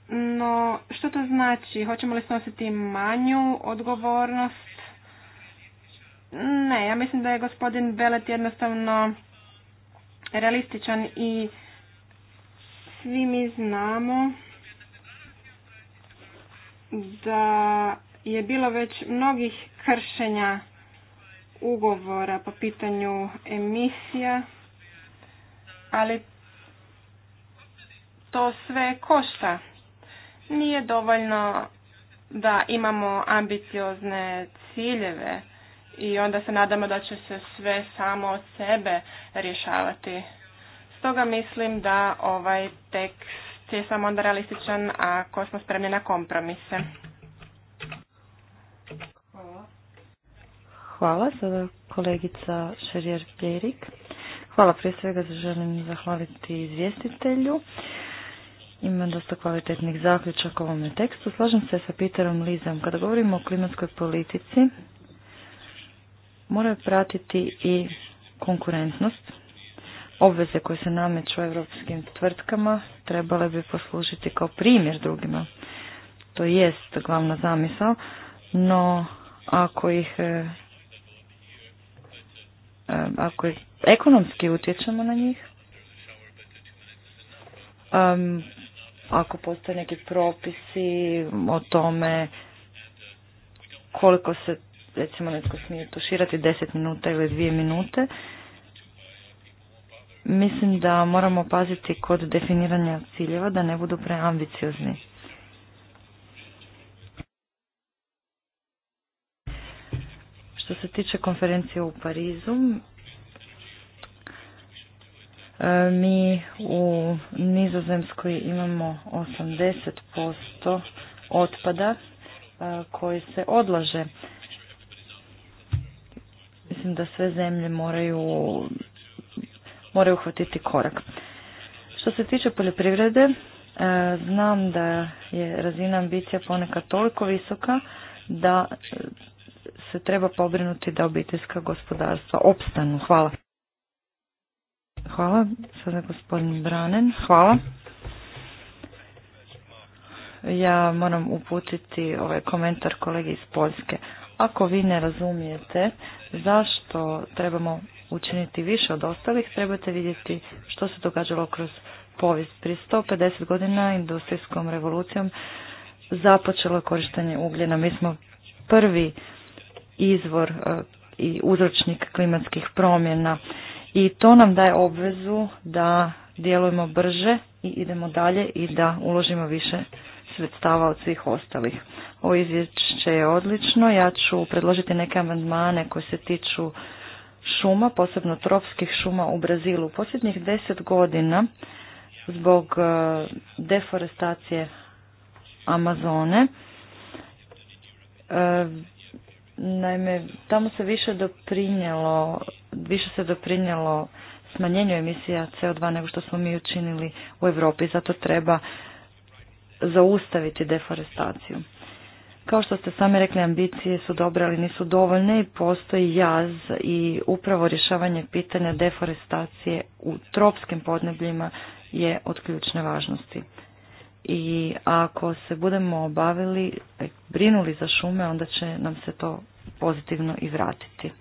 No, što to znači? Hoćemo li snositi manju odgovornost? Ne, ja mislim da je gospodin Belet jednostavno realističan i svi mi znamo da je bilo već mnogih kršenja ugovora po pitanju emisija, ali to sve košta. Nije dovoljno da imamo ambiciozne ciljeve i onda se nadamo da će se sve samo od sebe rješavati. Stoga mislim da ovaj tekst je samo onda realističan ako smo spremni na kompromise.
Hvala. Sada kolegica Šerijer Pjerik. Hvala prije svega želim zahvaliti izvjestitelju. Ima dosta kvalitetnih zaključaka u ovom tekstu. Slažem se sa Peterom Lizom. Kada govorimo o klimatskoj politici, moraju pratiti i konkurentnost. Obveze koje se nameću europskim tvrtkama trebale bi poslužiti kao primjer drugima. To jest glavna zamisao, no ako ih e, e, ako ekonomski utječemo na njih, ako postoje neki propisi o tome koliko se recimo netko smije tuširati deset minuta ili dvije minute. Mislim da moramo paziti kod definiranja ciljeva da ne budu preambiciozni. Što se tiče konferencije u Parizu, E, mi u Nizozemskoj imamo 80% otpada e, koji se odlaže. Mislim da sve zemlje moraju, moraju uhvatiti korak. Što se tiče poljoprivrede, e, znam da je razina ambicija ponekad toliko visoka da se treba pobrinuti da obiteljska gospodarstva opstanu. Hvala. Hvala. Sada gospodin Branen. Hvala. Ja moram uputiti ovaj komentar kolege iz Poljske. Ako vi ne razumijete zašto trebamo učiniti više od ostalih, trebate vidjeti što se događalo kroz povijest. Prije 150 godina industrijskom revolucijom započelo korištenje ugljena. Mi smo prvi izvor e, i uzročnik klimatskih promjena i to nam daje obvezu da djelujemo brže i idemo dalje i da uložimo više sredstava od svih ostalih. Ovo izvješće je odlično. Ja ću predložiti neke amandmane koje se tiču šuma, posebno tropskih šuma u Brazilu. U posljednjih deset godina zbog e, deforestacije Amazone e, Naime, tamo se više doprinjelo više se doprinjelo smanjenju emisija CO2 nego što smo mi učinili u Europi. Zato treba zaustaviti deforestaciju. Kao što ste sami rekli, ambicije su dobre, ali nisu dovoljne i postoji jaz i upravo rješavanje pitanja deforestacije u tropskim podnebljima je od ključne važnosti. I ako se budemo obavili, brinuli za šume, onda će nam se to pozitivno i vratiti.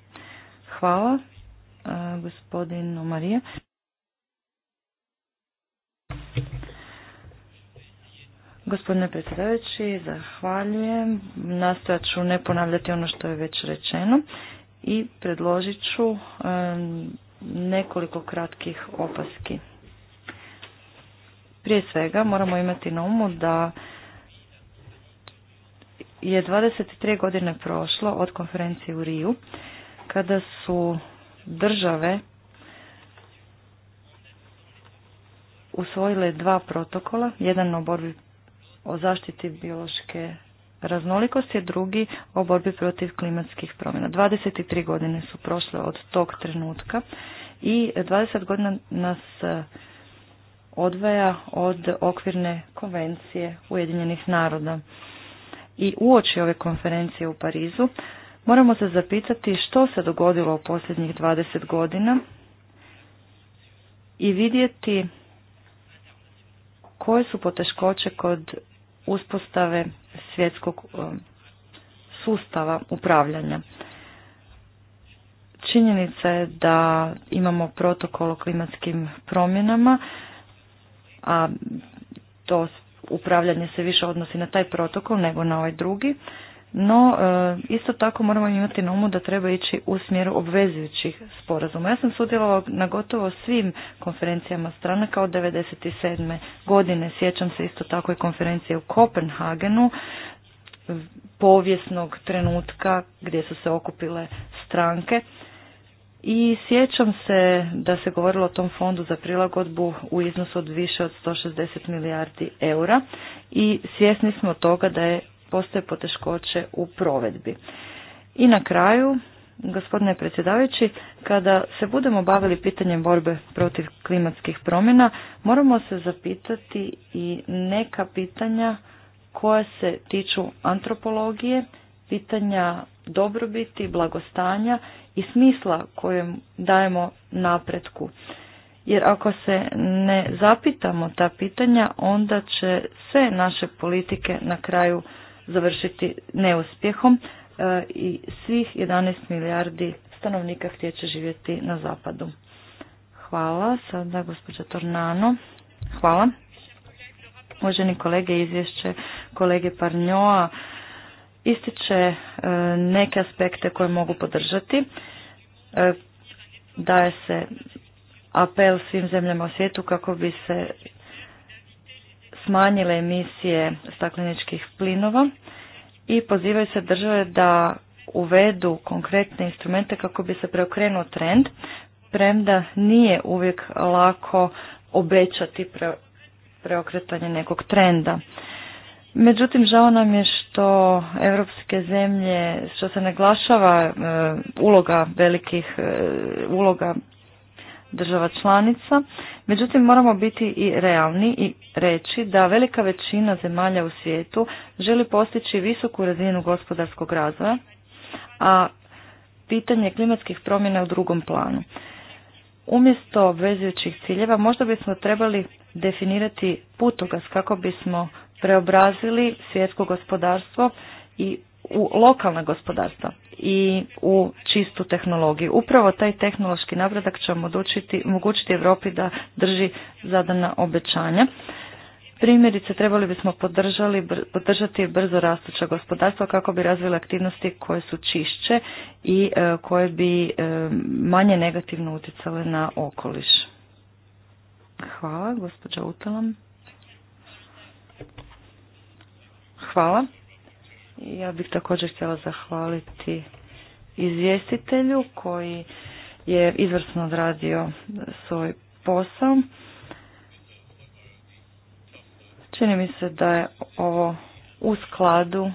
Hvala. Gospodin Marija Gospodine predsjedavajući, zahvaljujem. Nastojat ću ne ponavljati ono što je već rečeno i predložit ću nekoliko kratkih opaski. Prije svega moramo imati na umu da je 23 godine prošlo od konferencije u Riju kada su države usvojile dva protokola, jedan o borbi o zaštiti biološke raznolikosti, drugi o borbi protiv klimatskih promjena. 23 godine su prošle od tog trenutka i 20 godina nas odvaja od okvirne konvencije Ujedinjenih naroda. I uoči ove konferencije u Parizu Moramo se zapitati što se dogodilo u posljednjih 20 godina i vidjeti koje su poteškoće kod uspostave svjetskog e, sustava upravljanja. Činjenica je da imamo protokol o klimatskim promjenama, a to upravljanje se više odnosi na taj protokol nego na ovaj drugi no e, isto tako moramo imati na umu da treba ići u smjeru obvezujućih sporazuma. Ja sam sudjelovao na gotovo svim konferencijama stranaka od 1997. godine. Sjećam se isto tako i konferencije u Kopenhagenu povijesnog trenutka gdje su se okupile stranke. I sjećam se da se govorilo o tom fondu za prilagodbu u iznosu od više od 160 milijardi eura i svjesni smo toga da je postoje poteškoće u provedbi. I na kraju, gospodine predsjedavajući, kada se budemo bavili pitanjem borbe protiv klimatskih promjena, moramo se zapitati i neka pitanja koja se tiču antropologije, pitanja dobrobiti, blagostanja i smisla kojem dajemo napretku. Jer ako se ne zapitamo ta pitanja, onda će sve naše politike na kraju završiti neuspjehom e, i svih 11 milijardi stanovnika htje živjeti na zapadu. Hvala. Sada gospođa Tornano. Hvala. Uvaženi kolege, izvješće kolege Parnjoa ističe e, neke aspekte koje mogu podržati. E, daje se apel svim zemljama u svijetu kako bi se smanjile emisije stakleničkih plinova i pozivaju se države da uvedu konkretne instrumente kako bi se preokrenuo trend, premda nije uvijek lako obećati preokretanje nekog trenda. Međutim, žao nam je što evropske zemlje, što se naglašava e, uloga velikih, e, uloga država članica. Međutim, moramo biti i realni i reći da velika većina zemalja u svijetu želi postići visoku razinu gospodarskog razvoja, a pitanje klimatskih promjena u drugom planu. Umjesto obvezujućih ciljeva možda bismo trebali definirati putogas kako bismo preobrazili svjetsko gospodarstvo i u lokalna gospodarstva i u čistu tehnologiju. Upravo taj tehnološki napredak će omogućiti Europi da drži zadana obećanja. Primjerice, trebali bismo podržali, podržati brzo rastuća gospodarstva kako bi razvili aktivnosti koje su čišće i e, koje bi e, manje negativno utjecale na okoliš. Hvala, gospođa Utalam. Hvala. Ja bih također htjela zahvaliti izvjestitelju koji je izvrsno odradio svoj posao. Čini mi se da je ovo u skladu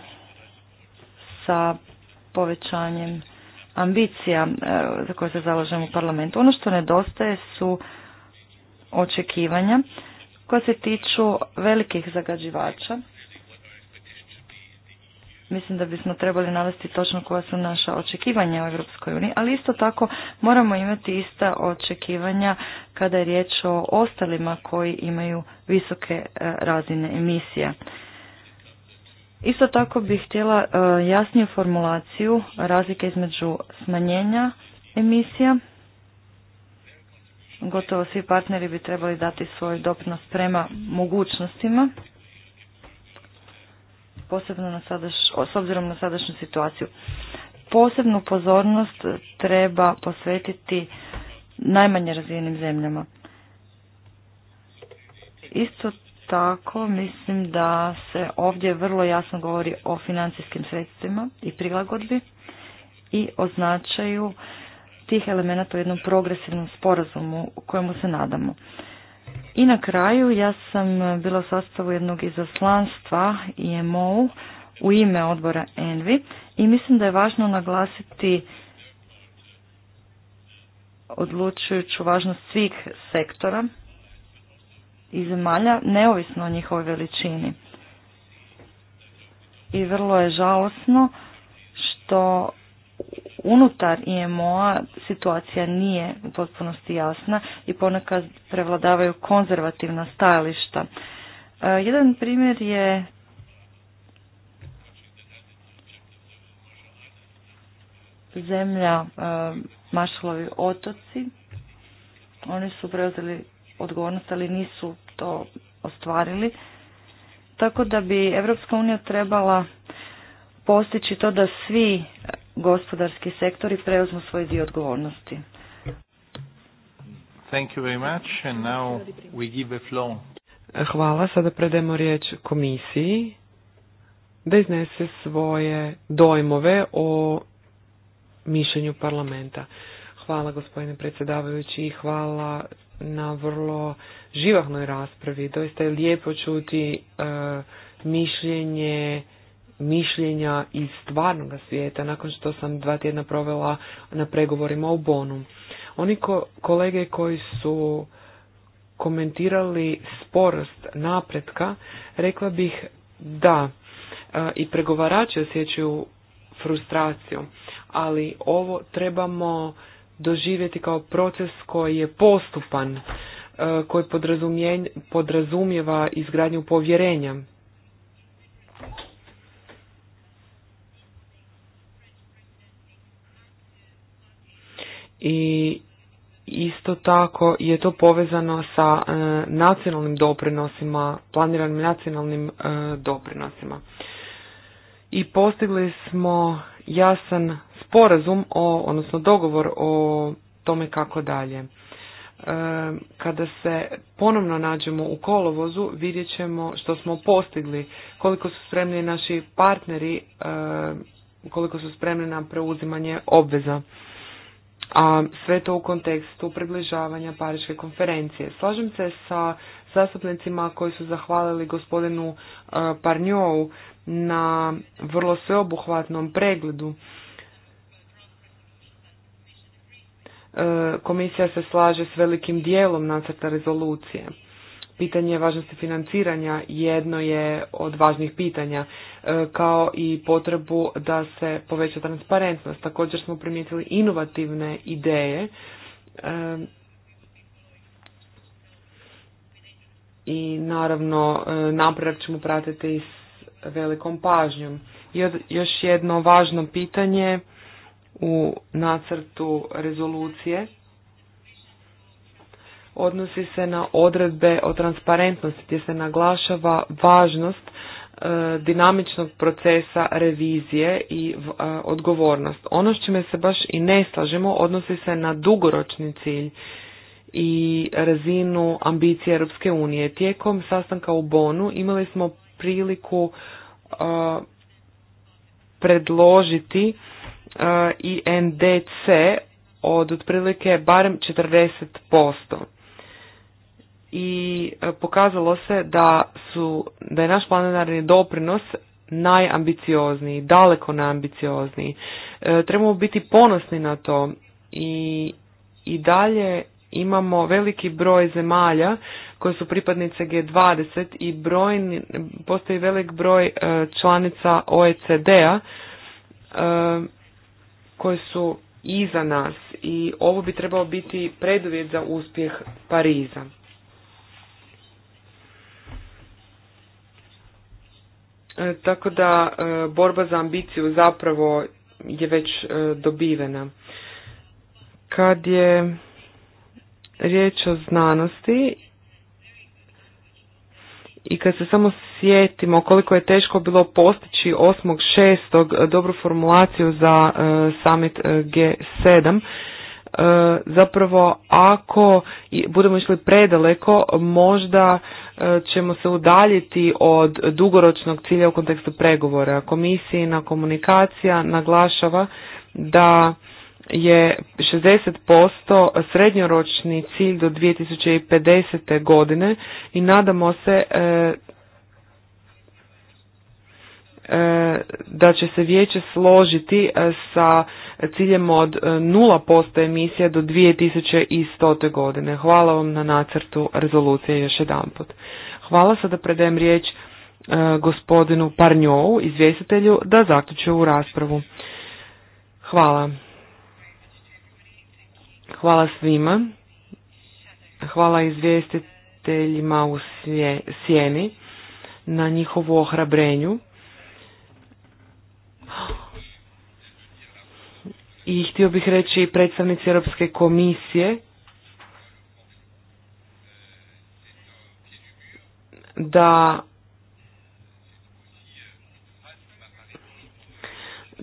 sa povećanjem ambicija e, za koje se zalažemo u parlamentu. Ono što nedostaje su očekivanja koja se tiču velikih zagađivača mislim da bismo trebali navesti točno koja su naša očekivanja u Europskoj uniji, ali isto tako moramo imati ista očekivanja kada je riječ o ostalima koji imaju visoke e, razine emisija. Isto tako bih htjela e, jasniju formulaciju razlike između smanjenja emisija. Gotovo svi partneri bi trebali dati svoj doprinos prema mogućnostima posebno na sadaš, s obzirom na sadašnju situaciju. Posebnu pozornost treba posvetiti najmanje razvijenim zemljama. Isto tako mislim da se ovdje vrlo jasno govori o financijskim sredstvima i prilagodbi i o značaju tih elemenata u jednom progresivnom sporazumu kojemu se nadamo. I na kraju ja sam bila u sastavu jednog izaslanstva IMO u ime odbora ENVI i mislim da je važno naglasiti odlučujuću važnost svih sektora i zemalja, neovisno o njihovoj veličini. I vrlo je žalosno što unutar IMO-a situacija nije u potpunosti jasna i ponekad prevladavaju konzervativna stajališta. E, jedan primjer je zemlja e, Mašalovi otoci. Oni su preuzeli odgovornost, ali nisu to ostvarili. Tako da bi Evropska unija trebala postići to da svi gospodarski sektori preuzmu svoj dio odgovornosti.
Thank you very much and now we give a floor.
Hvala, sada predajemo riječ komisiji da iznese svoje dojmove o mišljenju parlamenta. Hvala gospodine predsjedavajući i hvala na vrlo živahnoj raspravi. Doista je lijepo čuti e, mišljenje mišljenja iz stvarnog svijeta nakon što sam dva tjedna provela na pregovorima u Bonu. Oni kolege koji su komentirali sporost napretka, rekla bih da e, i pregovarači osjećaju frustraciju, ali ovo trebamo doživjeti kao proces koji je postupan, e, koji podrazumijeva izgradnju povjerenja i isto tako je to povezano sa e, nacionalnim doprinosima, planiranim nacionalnim e, doprinosima. I postigli smo jasan sporazum o, odnosno dogovor o tome kako dalje. E, kada se ponovno nađemo u kolovozu vidjet ćemo što smo postigli, koliko su spremni naši partneri, koliko su spremni na preuzimanje obveza a sve to u kontekstu približavanja Pariške konferencije. Slažem se sa zastupnicima koji su zahvalili gospodinu e, Parnjou na vrlo sveobuhvatnom pregledu. E, komisija se slaže s velikim dijelom nacrta rezolucije pitanje važnosti financiranja jedno je od važnih pitanja, e, kao i potrebu da se poveća transparentnost. Također smo primijetili inovativne ideje e, i naravno e, napredak ćemo pratiti s velikom pažnjom. Još jedno važno pitanje u nacrtu rezolucije odnosi se na odredbe o transparentnosti gdje se naglašava važnost e, dinamičnog procesa revizije i e, odgovornost. Ono s čime se baš i ne slažemo odnosi se na dugoročni cilj i razinu ambicije Europske unije. Tijekom sastanka u Bonu imali smo priliku e, predložiti i NDC od otprilike barem 40% i e, pokazalo se da su da je naš planetarni doprinos najambiciozniji, daleko najambiciozniji. E, trebamo biti ponosni na to i, i dalje imamo veliki broj zemalja koje su pripadnice G20 i broj, postoji velik broj e, članica OECD-a koje su iza nas i ovo bi trebao biti preduvjet za uspjeh Pariza. E, tako da e, borba za ambiciju zapravo je već e, dobivena. Kad je riječ o znanosti i kad se samo sjetimo koliko je teško bilo postići 8.6. dobru formulaciju za summit G7, E, zapravo ako budemo išli predaleko možda e, ćemo se udaljiti od dugoročnog cilja u kontekstu pregovora. na komunikacija naglašava da je 60% srednjoročni cilj do 2050. godine i nadamo se e, da će se vijeće složiti e, sa ciljem od 0% e, emisija do 2100. godine. Hvala vam na nacrtu rezolucije još jedanput. Hvala sada predajem riječ e, gospodinu Parnjovu, izvjestitelju, da zaključe u raspravu. Hvala. Hvala svima. Hvala izvjestiteljima u sjeni na njihovu ohrabrenju i htio bih reći predstavnici Europske komisije da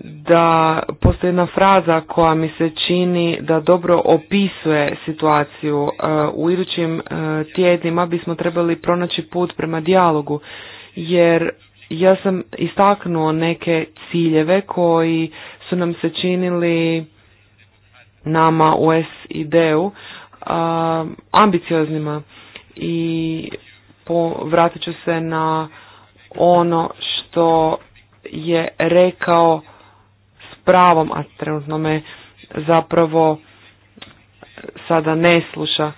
da postoji jedna fraza koja mi se čini da dobro opisuje situaciju. E, u idućim e, tjednima bismo trebali pronaći put prema dijalogu, jer ja sam istaknuo neke ciljeve koji su nam se činili nama u SID-u ambicioznima i vratit ću se na ono što je rekao s pravom, a trenutno me zapravo sada ne sluša,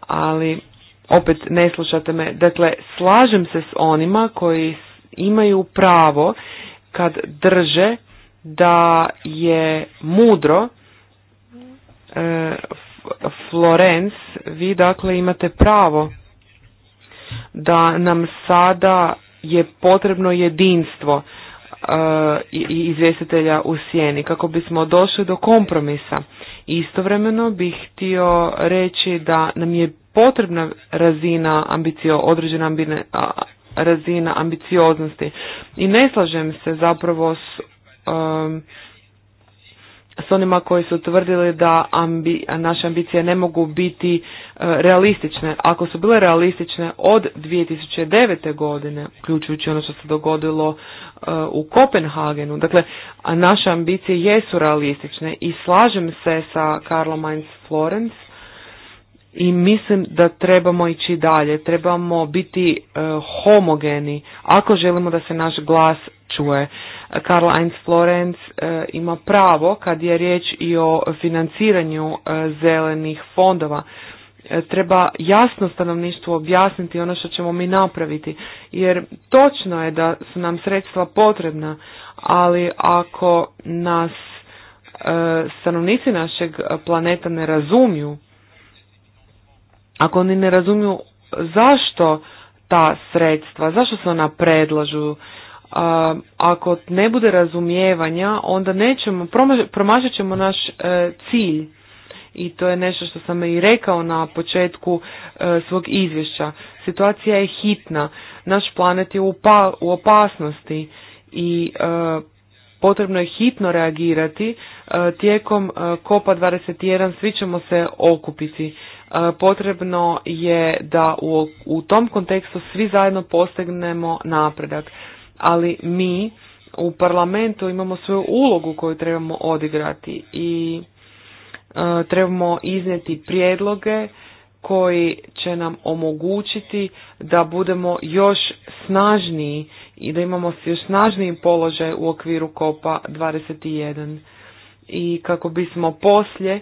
ali opet ne slušate me. Dakle, slažem se s onima koji imaju pravo kad drže da je mudro e, Florence, vi dakle imate pravo da nam sada je potrebno jedinstvo e, i izvjestitelja u sjeni kako bismo došli do kompromisa. Istovremeno bih htio reći da nam je potrebna razina ambicio, određena razina ambicioznosti. I ne slažem se zapravo s Um, s onima koji su tvrdili da ambi, naše ambicije ne mogu biti uh, realistične. Ako su bile realistične od 2009. godine, uključujući ono što se dogodilo uh, u Kopenhagenu, dakle, naše ambicije jesu realistične i slažem se sa Karlo Mainz Florence i mislim da trebamo ići dalje, trebamo biti e, homogeni ako želimo da se naš glas čuje. Karl Heinz Florenz e, ima pravo kad je riječ i o financiranju e, zelenih fondova. Treba jasno stanovništvu objasniti ono što ćemo mi napraviti, jer točno je da su nam sredstva potrebna, ali ako nas stanovnici našeg planeta ne razumiju, ako oni ne razumiju zašto ta sredstva, zašto se ona predlažu, ako ne bude razumijevanja, onda nećemo, promažit ćemo naš e, cilj. I to je nešto što sam i rekao na početku e, svog izvješća. Situacija je hitna, naš planet je u opasnosti i e, Potrebno je hitno reagirati. E, tijekom e, Kopa 21 svi ćemo se okupiti. E, potrebno je da u, u tom kontekstu svi zajedno postignemo napredak. Ali mi u parlamentu imamo svoju ulogu koju trebamo odigrati i trebamo iznijeti prijedloge koji će nam omogućiti da budemo još snažniji i da imamo još snažniji položaj u okviru kopa 21 i kako bismo poslije e,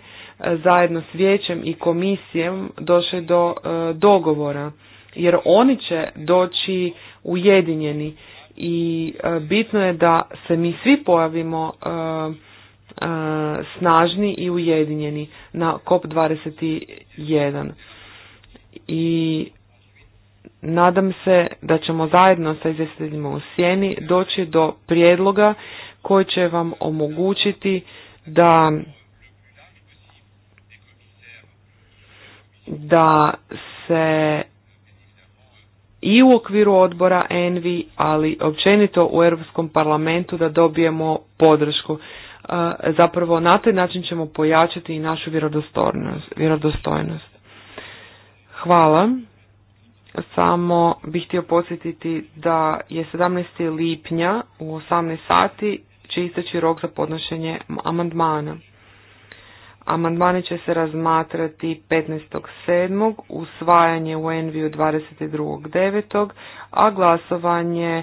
zajedno s vijećem i komisijem došli do e, dogovora jer oni će doći ujedinjeni i e, bitno je da se mi svi pojavimo E, snažni i ujedinjeni na COP21. I nadam se da ćemo zajedno sa izvjestiteljima u sjeni doći do prijedloga koji će vam omogućiti da da se i u okviru odbora Envi, ali općenito u Europskom parlamentu da dobijemo podršku zapravo na taj način ćemo pojačati i našu vjerodostojnost. Hvala. Samo bih htio podsjetiti da je 17. lipnja u 18 sati će isteći rok za podnošenje amandmana. Amandmani će se razmatrati 15.7. usvajanje u Enviju 22.9. a glasovanje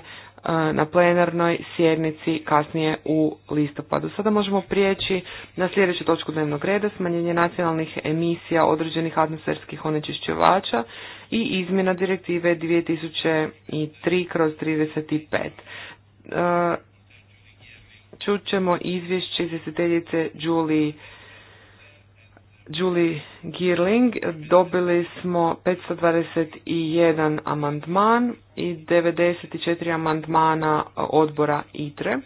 na plenarnoj sjednici kasnije u listopadu. Sada možemo prijeći na sljedeću točku dnevnog reda, smanjenje nacionalnih emisija određenih atmosferskih onečišćivača i izmjena direktive 2003 kroz 35. E, Čućemo izvješće izvjestiteljice Julie Julie Girling dobili smo 521 amandman i 94 amandmana odbora ITRE.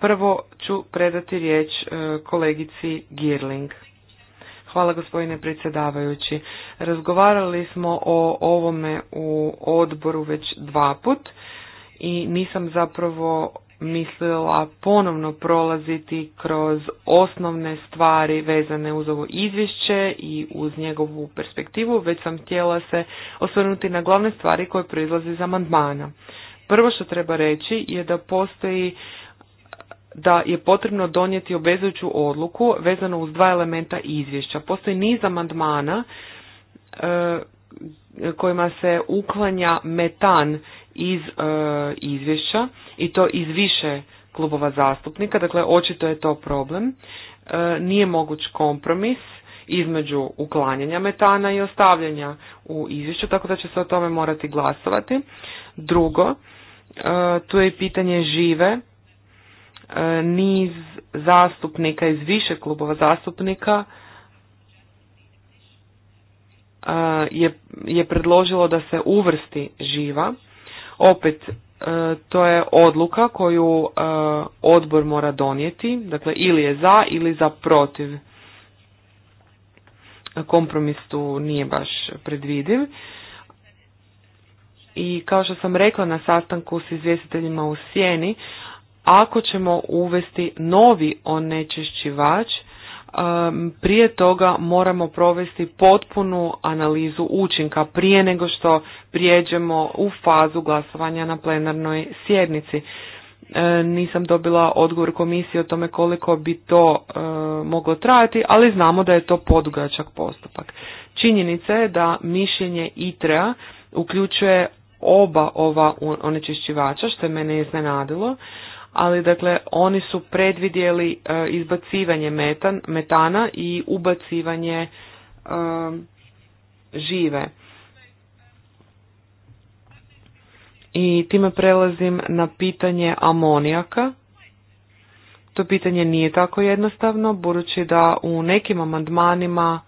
Prvo ću predati riječ e, kolegici Girling. Hvala gospodine predsjedavajući. Razgovarali smo o ovome u odboru već dva put i nisam zapravo mislila ponovno prolaziti kroz osnovne stvari vezane uz ovo izvješće i uz njegovu perspektivu, već sam htjela se osvrnuti na glavne stvari koje proizlaze iz amandmana. Prvo što treba reći je da postoji da je potrebno donijeti obvezujuću odluku vezano uz dva elementa izvješća. Postoji niz amandmana e, kojima se uklanja metan iz e, izvješća i to iz više klubova zastupnika, dakle očito je to problem. E, nije moguć kompromis između uklanjanja metana i ostavljanja u izvješću, tako da će se o tome morati glasovati. Drugo, e, tu je pitanje žive. E, niz zastupnika iz više klubova zastupnika je, je predložilo da se uvrsti živa. Opet, e, to je odluka koju e, odbor mora donijeti, dakle ili je za ili za protiv. Kompromis tu nije baš predvidiv. I kao što sam rekla na sastanku s izvjestiteljima u sjeni, ako ćemo uvesti novi onečišćivač, prije toga moramo provesti potpunu analizu učinka prije nego što prijeđemo u fazu glasovanja na plenarnoj sjednici. Nisam dobila odgovor komisije o tome koliko bi to moglo trajati, ali znamo da je to podugačak postupak. Činjenica je da mišljenje ITREA uključuje oba ova onečišćivača, što je mene iznenadilo, ali dakle oni su predvidjeli e, izbacivanje metan, metana i ubacivanje e, žive. I time prelazim na pitanje amonijaka. To pitanje nije tako jednostavno, budući da u nekim amandmanima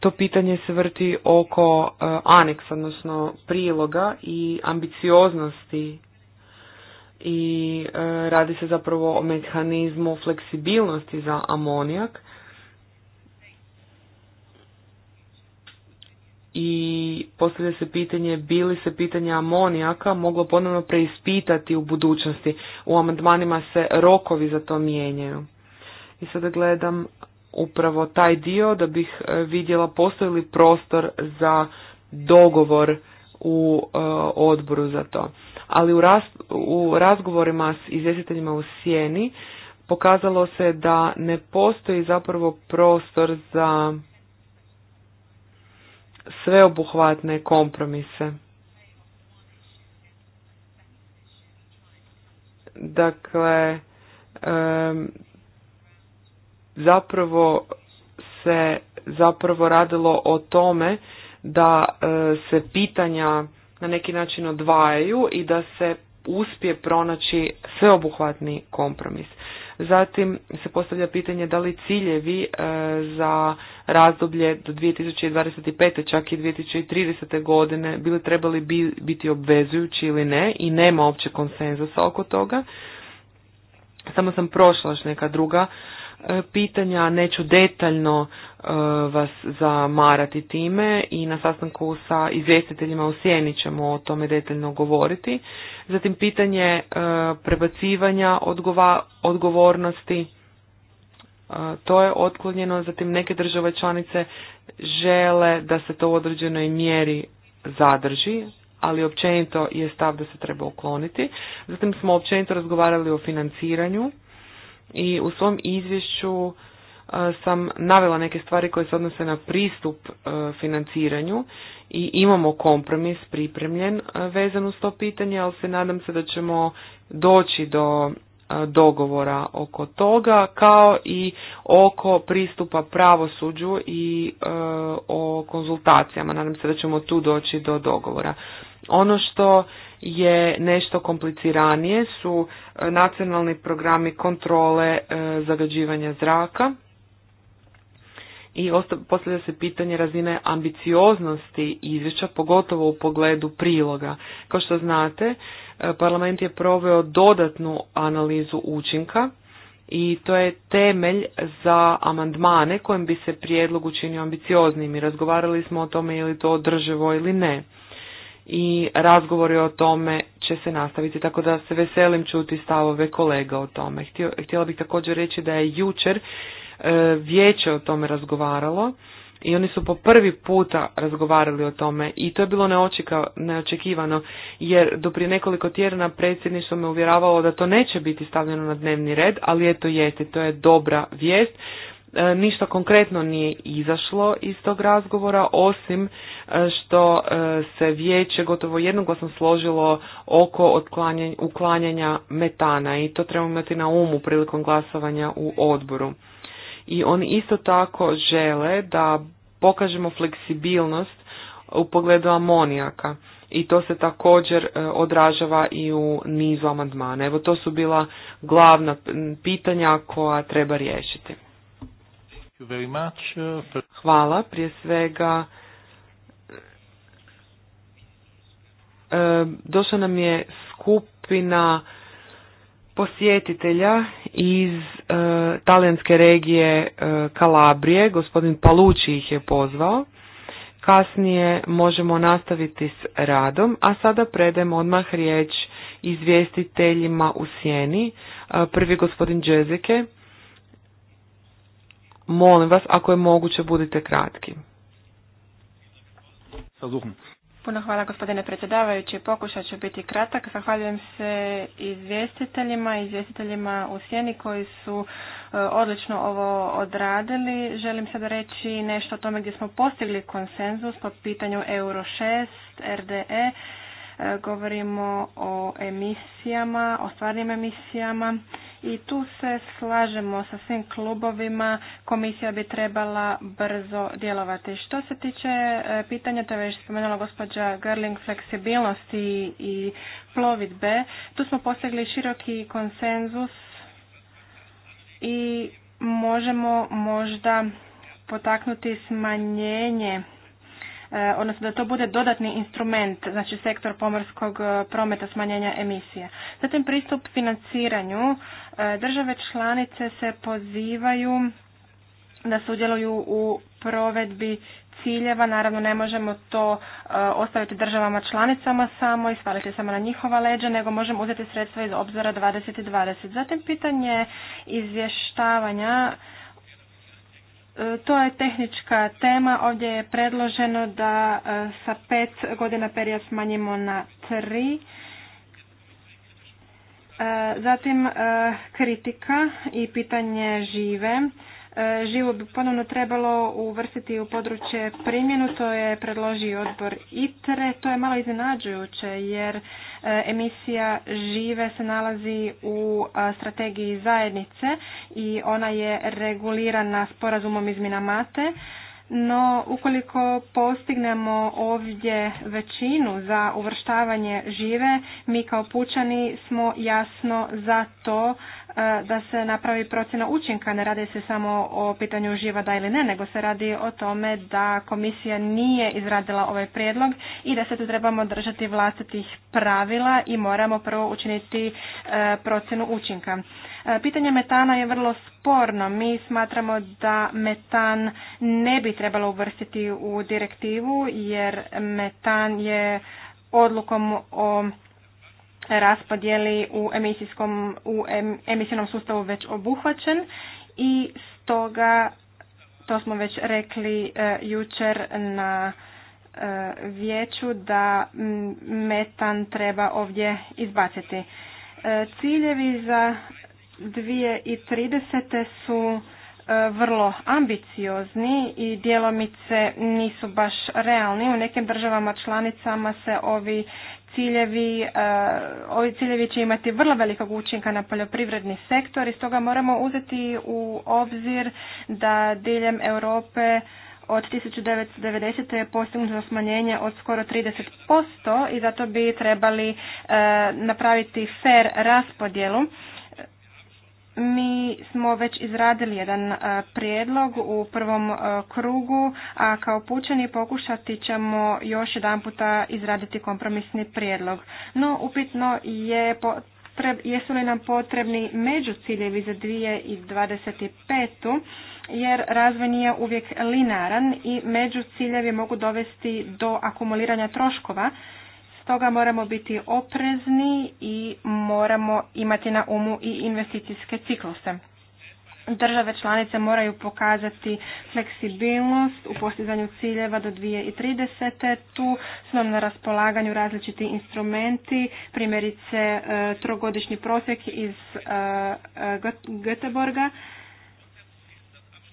to pitanje se vrti oko e, aneksa, odnosno priloga i ambicioznosti i e, radi se zapravo o mehanizmu fleksibilnosti za amonijak i postavlja se pitanje bi li se pitanje amonijaka moglo ponovno preispitati u budućnosti. U amandmanima se rokovi za to mijenjaju. I sada gledam upravo taj dio da bih e, vidjela postoji li prostor za dogovor u e, odboru za to ali u, u razgovorima s izvjestiteljima u sjeni pokazalo se da ne postoji zapravo prostor za sveobuhvatne kompromise. Dakle, zapravo se zapravo radilo o tome da e, se pitanja na neki način odvajaju i da se uspije pronaći sveobuhvatni kompromis. Zatim se postavlja pitanje da li ciljevi e, za razdoblje do 2025. čak i 2030. godine bili trebali biti obvezujući ili ne i nema opće konsenzusa oko toga. Samo sam prošla još neka druga E, pitanja, neću detaljno e, vas zamarati time i na sastanku sa izvjestiteljima u Sjeni ćemo o tome detaljno govoriti. Zatim pitanje e, prebacivanja odgovornosti, to je otklonjeno, zatim neke države članice žele da se to u određenoj mjeri zadrži, ali općenito je stav da se treba ukloniti. Zatim smo općenito razgovarali o financiranju i u svom izvješću e, sam navela neke stvari koje se odnose na pristup e, financiranju i imamo kompromis pripremljen e, vezan uz to pitanje, ali se nadam se da ćemo doći do dogovora oko toga, kao i oko pristupa pravosuđu i o konzultacijama. Nadam se da ćemo tu doći do dogovora. Ono što je nešto kompliciranije, su e, nacionalni programi kontrole e, zagađivanja zraka i postavlja se pitanje razine ambicioznosti izvješća, pogotovo u pogledu priloga. Kao što znate, e, parlament je proveo dodatnu analizu učinka i to je temelj za amandmane kojim bi se prijedlog učinio ambicioznim i razgovarali smo o tome ili to održivo ili ne i razgovori o tome će se nastaviti, tako da se veselim čuti stavove kolega o tome. Htjela bih također reći da je jučer e, vijeće o tome razgovaralo i oni su po prvi puta razgovarali o tome i to je bilo neočekivano jer do prije nekoliko tjedana predsjedništvo me uvjeravalo da to neće biti stavljeno na dnevni red, ali eto jeste, to je dobra vijest E, ništa konkretno nije izašlo iz tog razgovora osim e, što e, se vijeće gotovo jednoglasno složilo oko uklanjanja metana i to trebamo imati na umu prilikom glasovanja u odboru. I oni isto tako žele da pokažemo fleksibilnost u pogledu amonijaka i to se također odražava i u nizu amandmana. Evo to su bila glavna pitanja koja treba riješiti. Uh, Hvala. Prije svega e, došla nam je skupina posjetitelja iz e, talijanske regije e, Kalabrije. Gospodin Palući ih je pozvao. Kasnije možemo nastaviti s radom, a sada predajem odmah riječ izvjestiteljima u sjeni. Prvi gospodin Džezike. Molim vas, ako je moguće, budite kratki.
Puno hvala gospodine predsjedavajući. Pokušat ću biti kratak. Zahvaljujem se izvjestiteljima i izvjestiteljima u Sjeni koji su e, odlično ovo odradili. Želim sada reći nešto o tome gdje smo postigli konsenzus po pitanju Euro 6, RDE E, govorimo o emisijama, o stvarnim emisijama i tu se slažemo sa svim klubovima, komisija bi trebala brzo djelovati. Što se tiče e, pitanja, to je već spomenula gospođa Gerling, fleksibilnosti i plovidbe, tu smo postigli široki konsenzus i možemo možda potaknuti smanjenje E, odnosno da to bude dodatni instrument, znači sektor pomorskog e, prometa smanjenja emisije. Zatim pristup financiranju. E, države članice se pozivaju da sudjeluju u provedbi ciljeva. Naravno ne možemo to ostaviti državama članicama samo i stvariti samo na njihova leđa, nego možemo uzeti sredstva iz obzora 2020. Zatim pitanje izvještavanja E, to je tehnička tema. Ovdje je predloženo da e, sa pet godina period smanjimo na tri. E, zatim kritika i pitanje žive. E, živo bi ponovno trebalo uvrstiti u područje primjenu, to je predložio odbor ITRE. To je malo iznenađujuće jer e, emisija žive se nalazi u e, strategiji zajednice i ona je regulirana sporazumom iz Minamate. No, ukoliko postignemo ovdje većinu za uvrštavanje žive, mi kao pučani smo jasno za to E, da se napravi procjena učinka, ne radi se samo o pitanju živa da ili ne, nego se radi o tome da komisija nije izradila ovaj prijedlog i da se tu trebamo držati vlastitih pravila i moramo prvo učiniti e, procjenu učinka. E, pitanje metana je vrlo sporno. Mi smatramo da metan ne bi trebalo uvrstiti u direktivu jer metan je odlukom o raspodjeli u emisijskom, u emisijnom sustavu već obuhvaćen i stoga to smo već rekli e, jučer na e, vijeću da metan treba ovdje izbaciti. E, ciljevi za 2030. su vrlo ambiciozni i djelomice nisu baš realni. U nekim državama članicama se ovi ciljevi, e, ovi ciljevi će imati vrlo velikog učinka na poljoprivredni sektor i stoga moramo uzeti u obzir da diljem Europe od 1990. je postignuto smanjenje od skoro 30% i zato bi trebali e, napraviti fair raspodjelu. Mi već izradili jedan e, prijedlog u prvom e, krugu, a kao pučeni pokušati ćemo još jedan puta izraditi kompromisni prijedlog. No, upitno je jesu li nam potrebni ciljevi za 2025. jer razvoj nije uvijek linaran i ciljevi mogu dovesti do akumuliranja troškova, stoga moramo biti oprezni i moramo imati na umu i investicijske cikluse. Države članice moraju pokazati fleksibilnost u postizanju ciljeva do 2030. Tu su nam na raspolaganju različiti instrumenti, primjerice e, trogodišnji prosjek iz e, Göteborga.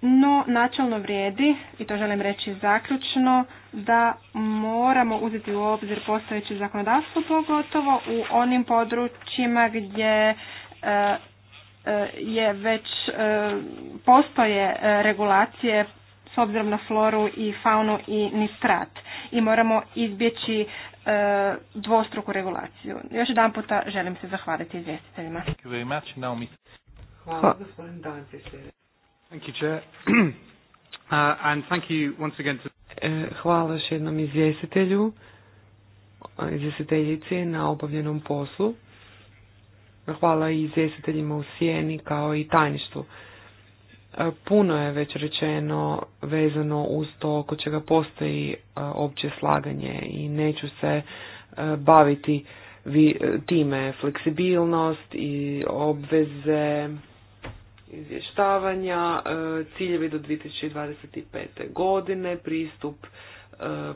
No, načelno vrijedi, i to želim reći zaključno, da moramo uzeti u obzir postojeće zakonodavstvo, pogotovo u onim područjima gdje e, je već e, postoje e, regulacije s obzirom na floru i faunu i nitrat i moramo izbjeći e, dvostruku regulaciju. Još jedan puta želim se zahvaliti izvjestiteljima.
Hvala
Hvala još jednom izvjestitelju, izvjestiteljici na obavljenom poslu. Hvala i izvjestiteljima u sjeni kao i tajništvu. E, puno je već rečeno vezano uz to oko čega postoji e, opće slaganje i neću se e, baviti time fleksibilnost i obveze izvještavanja, ciljevi do 2025. godine, pristup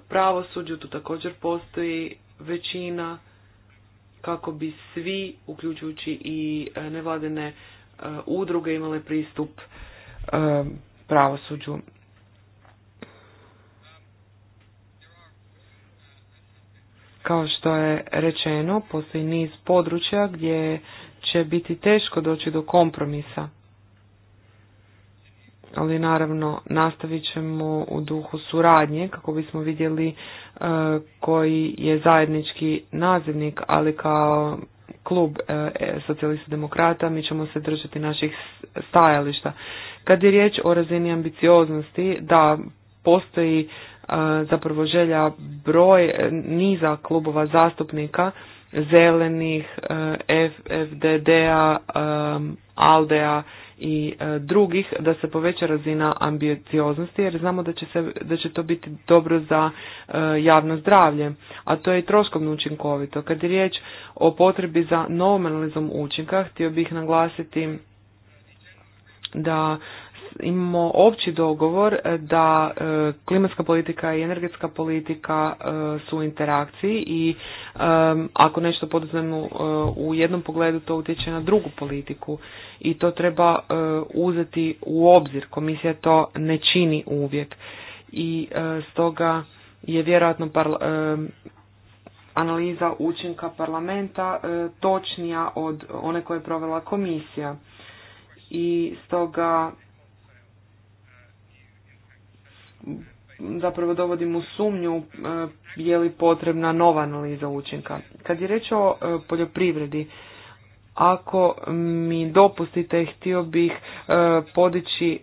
pravosuđu, tu također postoji većina kako bi svi, uključujući i e, nevladene e, udruge, imale pristup e, pravosuđu. Kao što je rečeno, postoji niz područja gdje će biti teško doći do kompromisa ali naravno nastavit ćemo u duhu suradnje kako bismo vidjeli e, koji je zajednički nazivnik, ali kao klub e, socijalista demokrata mi ćemo se držati naših stajališta. Kad je riječ o razini ambicioznosti, da postoji e, zapravo želja broj niza klubova zastupnika zelenih, FDD-a, ALDE-a, i e, drugih da se poveća razina ambicioznosti jer znamo da će, se, da će to biti dobro za e, javno zdravlje, a to je i troškovno učinkovito. Kad je riječ o potrebi za novom analizom učinka, htio bih naglasiti da imamo opći dogovor da e, klimatska politika i energetska politika e, su u interakciji i e, ako nešto poduzmemo u jednom pogledu to utječe na drugu politiku i to treba uzeti u obzir. Komisija to ne čini uvijek i stoga je vjerojatno analiza učinka parlamenta točnija od one koje je provela komisija i stoga zapravo dovodim u sumnju e, je li potrebna nova analiza učinka. Kad je reč o e, poljoprivredi, ako mi dopustite, htio bih e, podići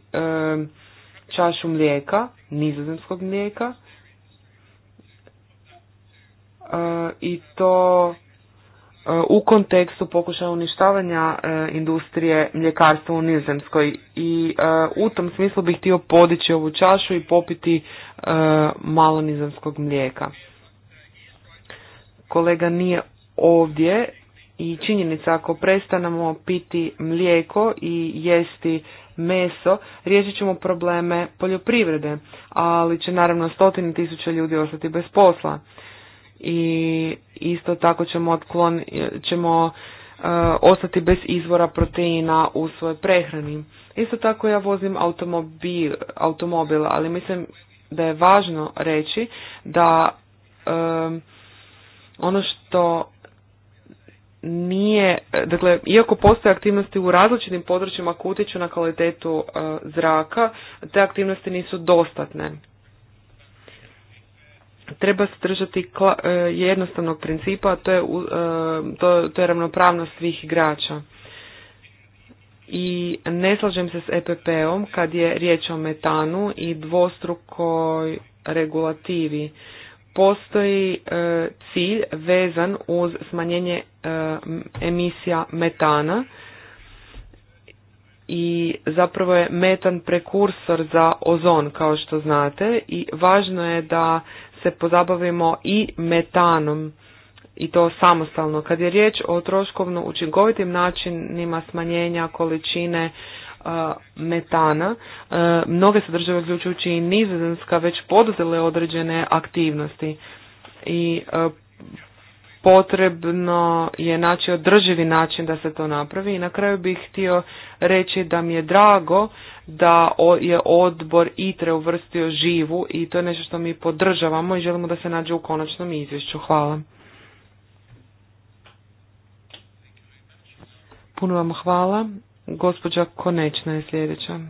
čašu mlijeka, nizozemskog mlijeka, i to u kontekstu pokušaja uništavanja e, industrije mljekarstva u nizemskoj i e, u tom smislu bih htio podići ovu čašu i popiti e, malo nizemskog mlijeka. Kolega nije ovdje i činjenica ako prestanemo piti mlijeko i jesti meso, riješit ćemo probleme poljoprivrede, ali će naravno stotine tisuća ljudi ostati bez posla i isto tako ćemo, ćemo e, ostati bez izvora proteina u svojoj prehrani. Isto tako ja vozim automobil, automobil ali mislim da je važno reći da e, ono što nije, dakle, iako postoje aktivnosti u različitim područjima koje utječu na kvalitetu e, zraka, te aktivnosti nisu dostatne treba se držati e, jednostavnog principa, a to je, e, to, to je ravnopravnost svih igrača. I ne slažem se s EPP-om kad je riječ o metanu i dvostrukoj regulativi. Postoji e, cilj vezan uz smanjenje emisija metana i zapravo je metan prekursor za ozon kao što znate i važno je da se pozabavimo i metanom i to samostalno. Kad je riječ o troškovno učinkovitim načinima smanjenja količine e, metana. E, mnoge se države, uključujući i Nizozemska, već poduzele određene aktivnosti i e, potrebno je naći održivi način da se to napravi i na kraju bih htio reći da mi je drago da je odbor ITRE uvrstio živu i to je nešto što mi podržavamo i želimo da se nađe u konačnom izvješću. Hvala. Puno vam hvala. Gospođa Konečna je sljedeća.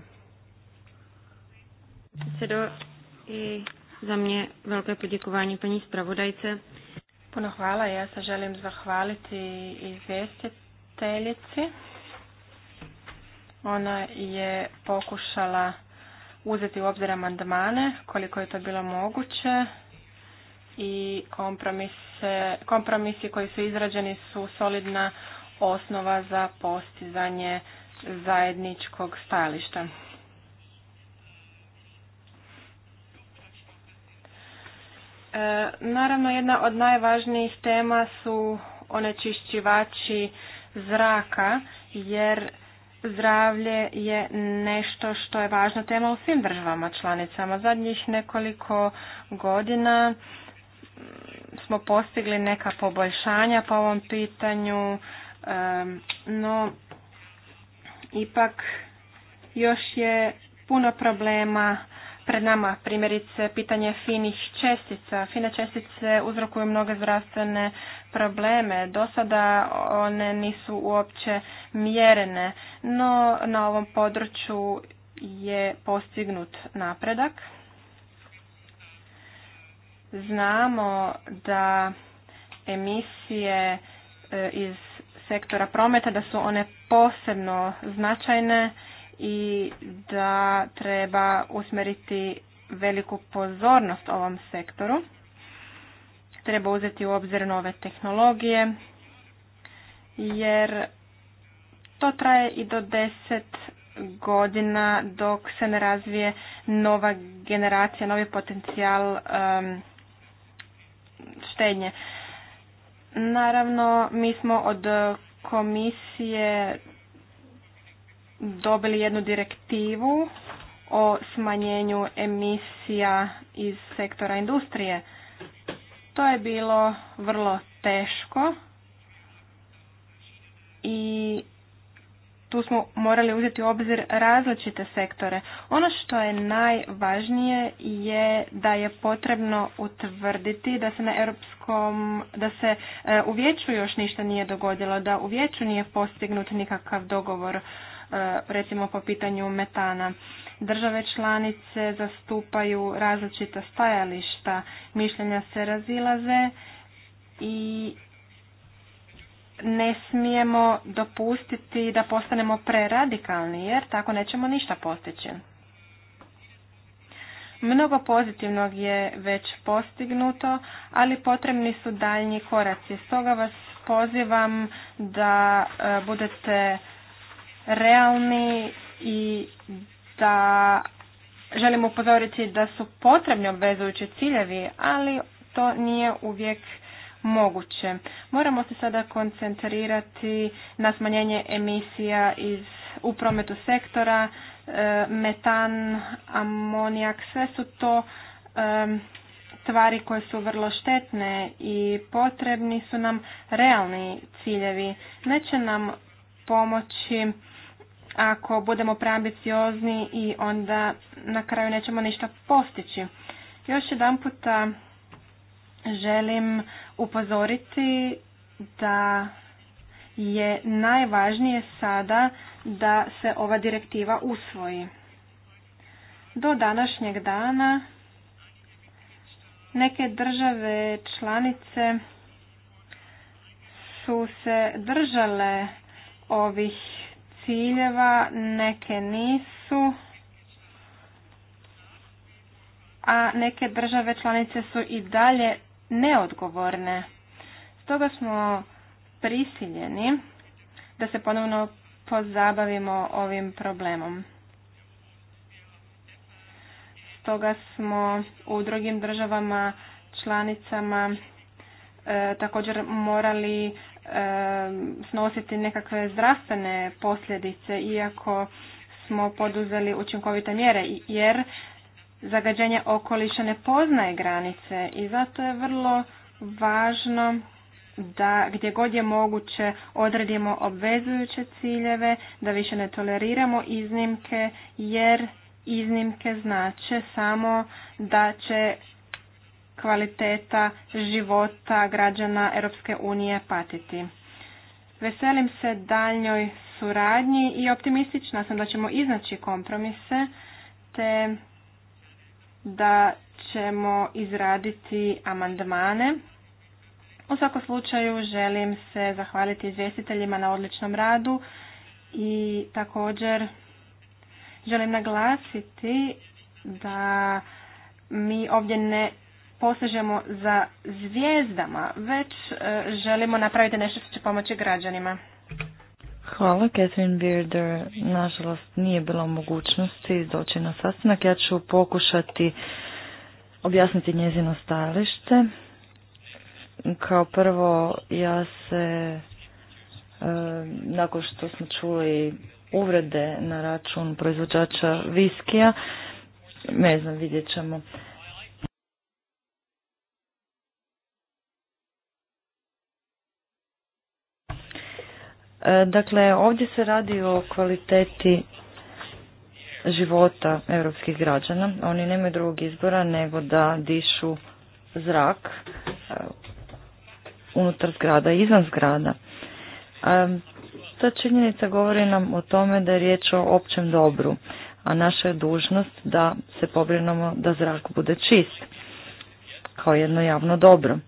Sedo, i za mnje velike podjekovanje panji spravodajce. Puno hvala. Ja se želim zahvaliti izvjestiteljici. Ona je pokušala uzeti u obzir amandmane koliko je to bilo moguće i kompromisi koji su izrađeni su solidna osnova za postizanje zajedničkog stajališta. E, naravno, jedna od najvažnijih tema su onečišćivači zraka, jer zdravlje je nešto što je važna tema u svim državama članicama. Zadnjih nekoliko godina smo postigli neka poboljšanja po ovom pitanju, e, no ipak još je puno problema pred nama, primjerice pitanje finih čestica. Fine čestice uzrokuju mnoge zdravstvene probleme. Do sada one nisu uopće mjerene, no na ovom području je postignut napredak. Znamo da emisije e, iz sektora prometa da su one posebno značajne i da treba usmeriti veliku pozornost ovom sektoru. Treba uzeti u obzir nove tehnologije jer to traje i do deset godina dok se ne razvije nova generacija, novi potencijal um, štednje. Naravno, mi smo od komisije dobili jednu direktivu o smanjenju emisija iz sektora industrije. To je bilo vrlo teško i tu smo morali uzeti u obzir različite sektore. Ono što je najvažnije je da je potrebno utvrditi da se na europskom, da se e, u vijeću još ništa nije dogodilo, da u vijeću nije postignut nikakav dogovor. E, recimo po pitanju metana. Države članice zastupaju različita stajališta, mišljenja se razilaze i ne smijemo dopustiti da postanemo preradikalni jer tako nećemo ništa postići. Mnogo pozitivnog je već postignuto, ali potrebni su daljnji koraci. Stoga vas pozivam da e, budete realni i da želimo upozoriti da su potrebni obvezujući ciljevi, ali to nije uvijek moguće. Moramo se sada koncentrirati na smanjenje emisija iz u prometu sektora, e, metan, amonijak, sve su to e, tvari koje su vrlo štetne i potrebni su nam realni ciljevi. Neće nam pomoći ako budemo preambiciozni i onda na kraju nećemo ništa postići. Još jedan puta želim upozoriti da je najvažnije sada da se ova direktiva usvoji. Do današnjeg dana neke države članice su se držale ovih ciljeva, neke nisu, a neke države članice su i dalje neodgovorne. Stoga smo prisiljeni da se ponovno pozabavimo ovim problemom. Stoga smo u drugim državama članicama e, također morali snositi nekakve zdravstvene posljedice iako smo poduzeli učinkovite mjere jer zagađenje okoliša ne poznaje granice i zato je vrlo važno da gdje god je moguće odredimo obvezujuće ciljeve, da više ne toleriramo iznimke jer iznimke znače samo da će kvaliteta života građana Europske unije patiti. Veselim se daljnjoj suradnji i optimistična sam da ćemo iznaći kompromise te da ćemo izraditi amandmane. U svakom slučaju želim se zahvaliti izvjestiteljima na odličnom radu i također želim naglasiti da mi ovdje ne posežemo za zvijezdama, već e, želimo napraviti nešto što će pomoći građanima.
Hvala, Catherine Bearder. Nažalost, nije bilo mogućnosti doći na sastanak. Ja ću pokušati objasniti njezino stajalište. Kao prvo, ja se, e, nakon što smo čuli uvrede na račun proizvođača viskija, ne znam, vidjet ćemo E, dakle, ovdje se radi o kvaliteti života europskih građana. Oni nemaju drugog izbora nego da dišu zrak e, unutar zgrada i izvan zgrada. E, ta činjenica govori nam o tome da je riječ o općem dobru, a naša je dužnost da se pobrinemo da zrak bude čist, kao jedno javno dobro.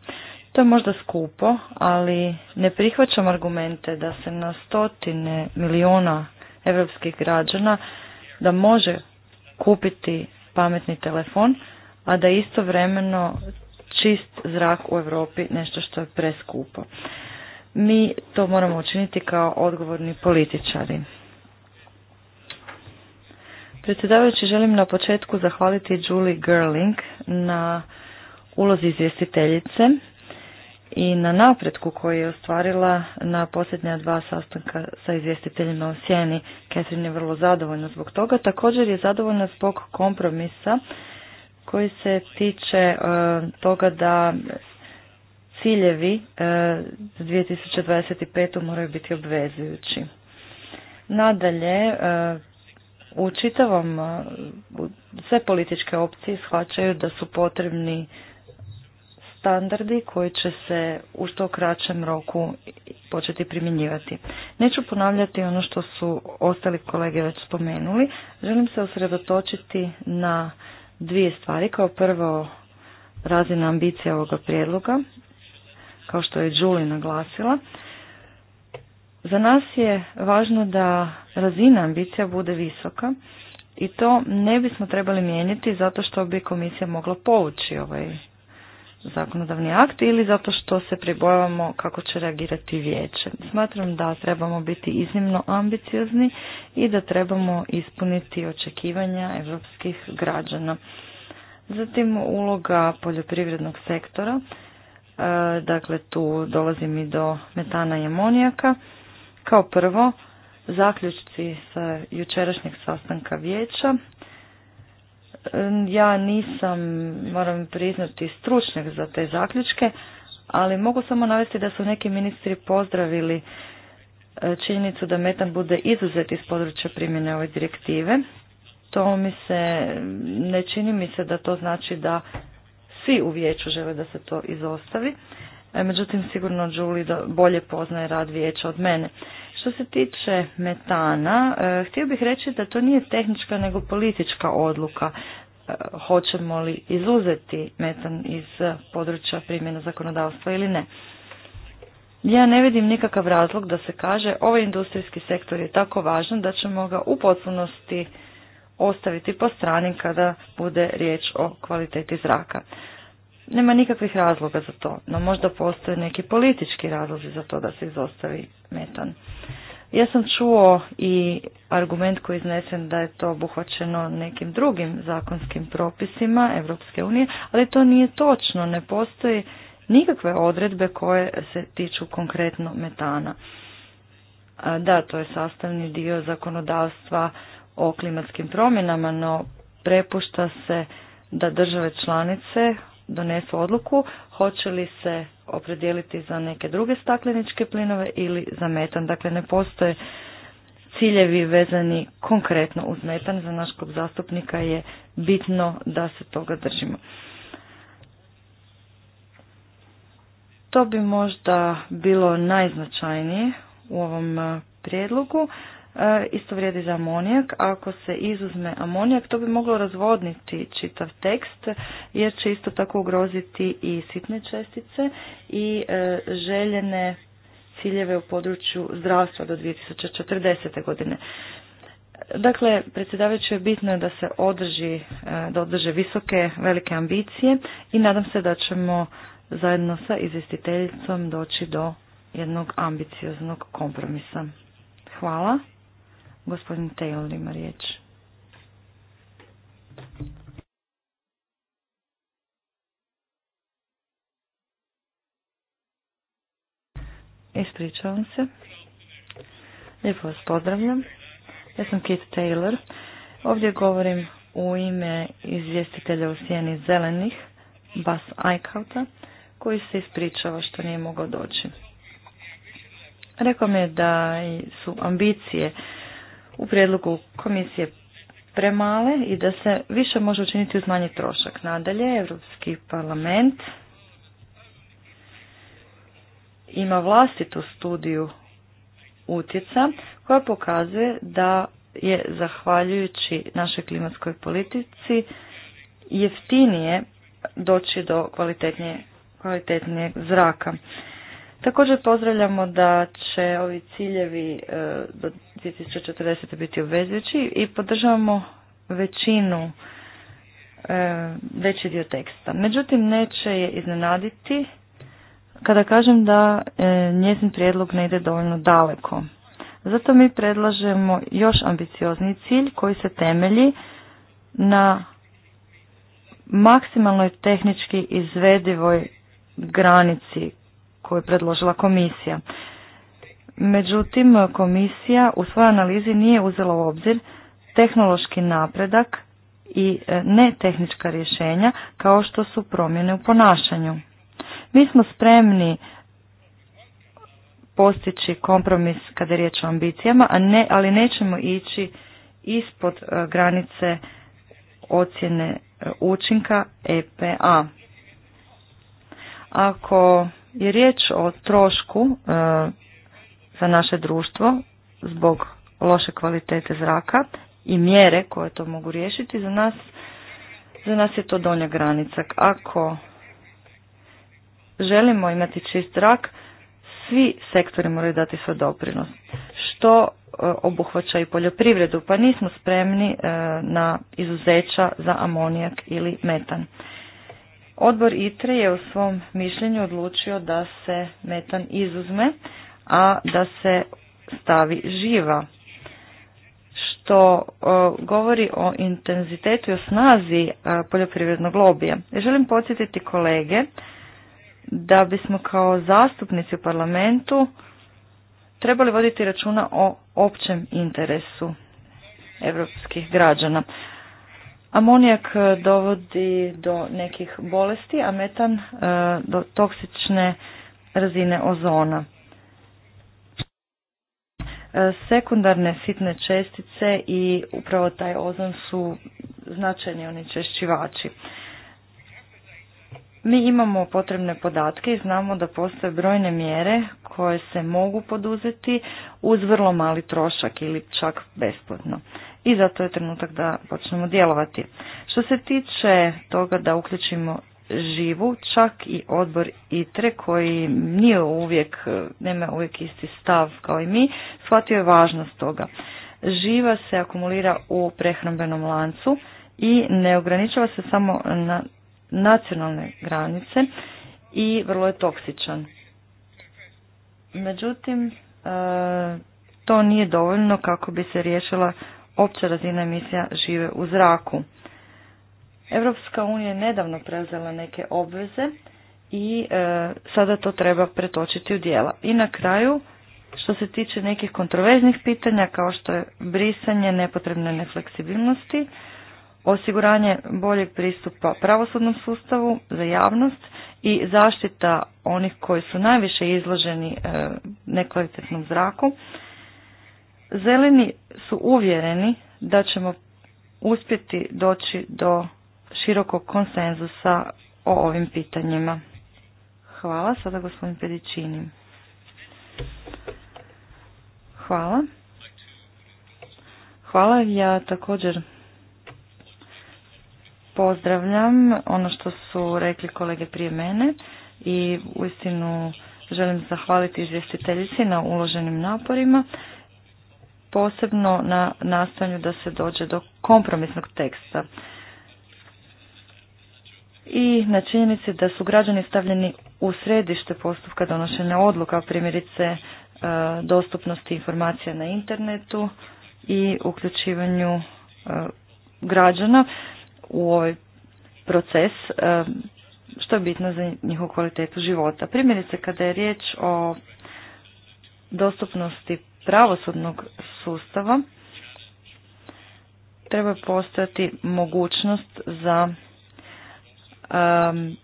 To je možda skupo, ali ne prihvaćam argumente da se na stotine miliona evropskih građana da može kupiti pametni telefon, a da istovremeno čist zrak u Europi nešto što je preskupo. Mi to moramo učiniti kao odgovorni političari. Predsjedavajući želim na početku zahvaliti Julie Gerling na ulozi izvjestiteljice i na napretku koji je ostvarila na posljednja dva sastanka sa izvjestiteljima u Sjeni. Catherine je vrlo zadovoljna zbog toga. Također je zadovoljna zbog kompromisa koji se tiče e, toga da ciljevi e, za 2025. moraju biti obvezujući. Nadalje, e, u čitavom, e, sve političke opcije shvaćaju da su potrebni standardi koji će se u što kraćem roku početi primjenjivati. Neću ponavljati ono što su ostali kolege već spomenuli. Želim se usredotočiti na dvije stvari. Kao prvo razina ambicija ovoga prijedloga, kao što je Đuli naglasila. Za nas je važno da razina ambicija bude visoka i to ne bismo trebali mijenjati zato što bi komisija mogla povući ovaj zakonodavni akt ili zato što se pribojavamo kako će reagirati vijeće. Smatram da trebamo biti iznimno ambiciozni i da trebamo ispuniti očekivanja evropskih građana. Zatim uloga poljoprivrednog sektora, e, dakle tu dolazim i do metana i amonijaka. Kao prvo, zaključci sa jučerašnjeg sastanka vijeća ja nisam, moram priznati, stručnjak za te zaključke, ali mogu samo navesti da su neki ministri pozdravili e, činjenicu da metan bude izuzet iz područja primjene ove direktive. To mi se, ne čini mi se da to znači da svi u vijeću žele da se to izostavi. E, međutim, sigurno Julie bolje poznaje rad vijeća od mene. Što se tiče metana, e, htio bih reći da to nije tehnička nego politička odluka e, hoćemo li izuzeti metan iz područja primjene zakonodavstva ili ne. Ja ne vidim nikakav razlog da se kaže ovaj industrijski sektor je tako važan da ćemo ga u potpunosti ostaviti po strani kada bude riječ o kvaliteti zraka nema nikakvih razloga za to, no možda postoje neki politički razlozi za to da se izostavi metan. Ja sam čuo i argument koji je iznesen da je to obuhvaćeno nekim drugim zakonskim propisima Europske unije, ali to nije točno, ne postoji nikakve odredbe koje se tiču konkretno metana. Da, to je sastavni dio zakonodavstva o klimatskim promjenama, no prepušta se da države članice donesu odluku hoće li se opredijeliti za neke druge stakleničke plinove ili za metan. Dakle, ne postoje ciljevi vezani konkretno uz metan. Za naš klub zastupnika je bitno da se toga držimo. To bi možda bilo najznačajnije u ovom prijedlogu. E, isto vrijedi za amonijak. Ako se izuzme amonijak, to bi moglo razvodniti čitav tekst, jer će isto tako ugroziti i sitne čestice i e, željene ciljeve u području zdravstva do 2040. godine. Dakle, predsjedavajući je bitno da se održi, e, da održe visoke, velike ambicije i nadam se da ćemo zajedno sa izvjestiteljicom doći do jednog ambicioznog kompromisa. Hvala. Gospodin Taylor ima riječ. Ispričavam se. Lijepo vas pozdravljam. Ja sam Kit Taylor. Ovdje govorim u ime izvjestitelja u sjeni zelenih, Bas Eichauta, koji se ispričava što nije mogao doći. Rekao mi je da su ambicije u prijedlogu komisije premale i da se više može učiniti uz manji trošak. Nadalje, Europski parlament ima vlastitu studiju utjeca koja pokazuje da je zahvaljujući našoj klimatskoj politici jeftinije doći do kvalitetnije, kvalitetnijeg zraka. Također pozdravljamo da će ovi ciljevi e, do 2040. biti obvezujući i podržavamo većinu e, veći dio teksta. Međutim, neće je iznenaditi kada kažem da e, njezin prijedlog ne ide dovoljno daleko. Zato mi predlažemo još ambiciozni cilj koji se temelji na maksimalnoj tehnički izvedivoj granici koju je predložila komisija. Međutim, komisija u svojoj analizi nije uzela u obzir tehnološki napredak i e, netehnička rješenja kao što su promjene u ponašanju. Mi smo spremni postići kompromis kada je riječ o ambicijama, ne, ali nećemo ići ispod e, granice ocjene e, učinka EPA. Ako je riječ o trošku za naše društvo zbog loše kvalitete zraka i mjere koje to mogu riješiti za nas za nas je to donja granica. Ako želimo imati čist zrak, svi sektori moraju dati svoj doprinos. Što e, obuhvaća i poljoprivredu, pa nismo spremni e, na izuzeća za amonijak ili metan. Odbor ITRE je u svom mišljenju odlučio da se metan izuzme a da se stavi živa što e, govori o intenzitetu i o snazi e, poljoprivrednog lobija. Želim podsjetiti kolege da bismo kao zastupnici u parlamentu trebali voditi računa o općem interesu europskih građana. Amonijak dovodi do nekih bolesti, a metan e, do toksične razine ozona. Sekundarne sitne čestice i upravo taj ozon su značajni češćivači. Mi imamo potrebne podatke i znamo da postoje brojne mjere koje se mogu poduzeti uz vrlo mali trošak ili čak besplatno. I zato je trenutak da počnemo djelovati. Što se tiče toga da uključimo živu, čak i odbor ITRE koji nije uvijek, nema uvijek isti stav kao i mi, shvatio je važnost toga. Živa se akumulira u prehrambenom lancu i ne ograničava se samo na nacionalne granice i vrlo je toksičan. Međutim, e, to nije dovoljno kako bi se riješila opća razina emisija žive u zraku. Europska unija je nedavno preuzela neke obveze i e, sada to treba pretočiti u dijela. I na kraju, što se tiče nekih kontroverznih pitanja kao što je brisanje nepotrebne nefleksibilnosti, osiguranje boljeg pristupa pravosudnom sustavu za javnost i zaštita onih koji su najviše izloženi e, nekvalitetnom zraku. Zeleni su uvjereni da ćemo uspjeti doći do širokog konsenzusa o ovim pitanjima. Hvala. Sada gospodin Pedičini. Hvala. Hvala. Ja također pozdravljam ono što su rekli kolege prije mene i uistinu želim zahvaliti izvjestiteljici na uloženim naporima, posebno na nastojanju da se dođe do kompromisnog teksta i na činjenici da su građani stavljeni u središte postupka donošenja odluka, primjerice e, dostupnosti informacija na internetu i uključivanju e, građana u ovaj proces e, što je bitno za njihovu kvalitetu života. Primjerice kada je riječ o dostupnosti pravosudnog sustava treba postojati mogućnost za um,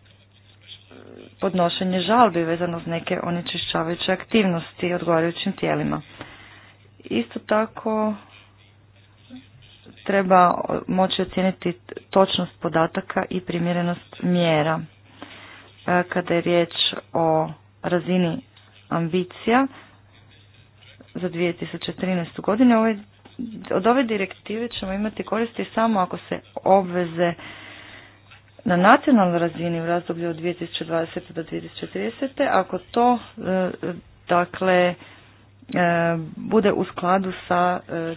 podnošenje žalbi vezano uz neke onečišćavajuće aktivnosti odgovarajućim tijelima. Isto tako treba moći ocijeniti točnost podataka i primjerenost mjera. E, kada je riječ o razini ambicija za 2013. godine, ovaj, od ove direktive ćemo imati koristi samo ako se obveze na nacionalnoj razini u razdoblju od 2020. do 2030. ako to e, dakle e, bude u skladu sa e,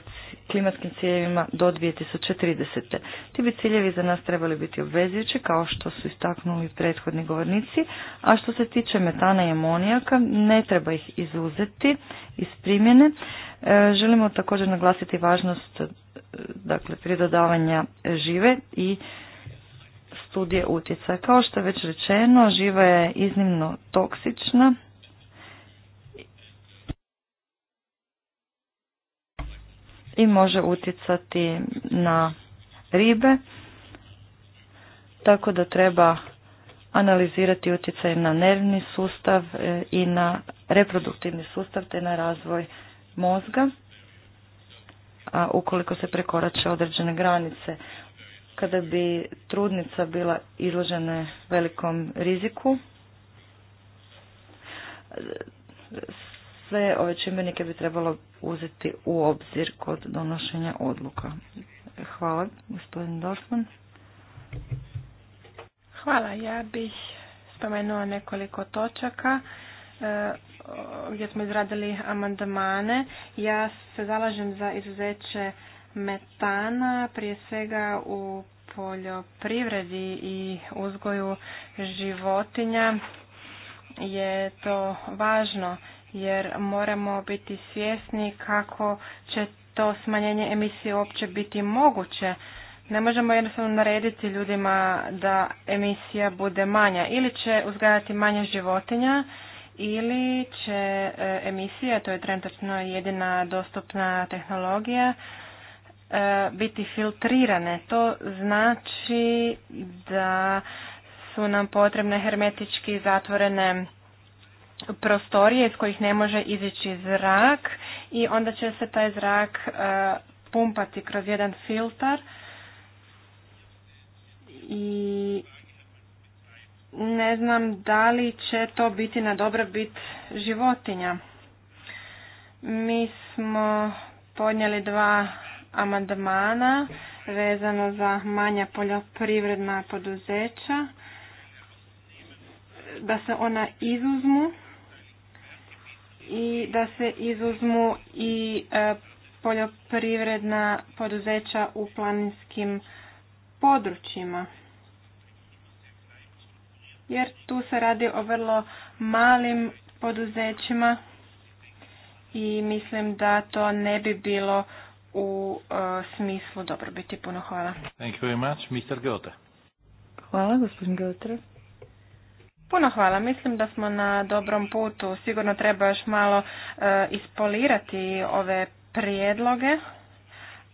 klimatskim ciljevima do 2030. Ti bi ciljevi za nas trebali biti obvezujući kao što su istaknuli prethodni govornici, a što se tiče metana i amonijaka ne treba ih izuzeti iz primjene. Želimo također naglasiti važnost dakle pridodavanja žive i studije utjecaja. Kao što je već rečeno, živa je iznimno toksična. I može utjecati na ribe, tako da treba analizirati utjecaj na nervni sustav e, i na reproduktivni sustav te na razvoj mozga a ukoliko se prekorače određene granice kada bi trudnica bila izložena velikom riziku. Sve ove čimbenike bi trebalo uzeti u obzir kod donošenja odluka. Hvala, gospodin Dorfman.
Hvala, ja bih spomenula nekoliko točaka e, gdje smo izradili amandmane. Ja se zalažem za izuzeće metana prije svega u poljoprivredi i uzgoju životinja je to važno jer moramo biti svjesni kako će to smanjenje emisije uopće biti moguće. Ne možemo jednostavno narediti ljudima da emisija bude manja. Ili će uzgajati manje životinja, ili će e, emisija, to je trenutno jedina dostupna tehnologija, E, biti filtrirane. To znači da su nam potrebne hermetički zatvorene prostorije iz kojih ne može izići zrak i onda će se taj zrak e, pumpati kroz jedan filtar i ne znam da li će to biti na dobrobit životinja. Mi smo podnijeli dva amandmana vezano za manja poljoprivredna poduzeća da se ona izuzmu i da se izuzmu i e, poljoprivredna poduzeća u planinskim područjima. Jer tu se radi o vrlo malim poduzećima i mislim da to ne bi bilo u e, smislu dobrobiti. Puno hvala.
Thank you very much, Mr. Goethe.
Hvala, gospodin Goethe. Puno hvala. Mislim da smo na dobrom putu. Sigurno treba još malo e, ispolirati ove prijedloge,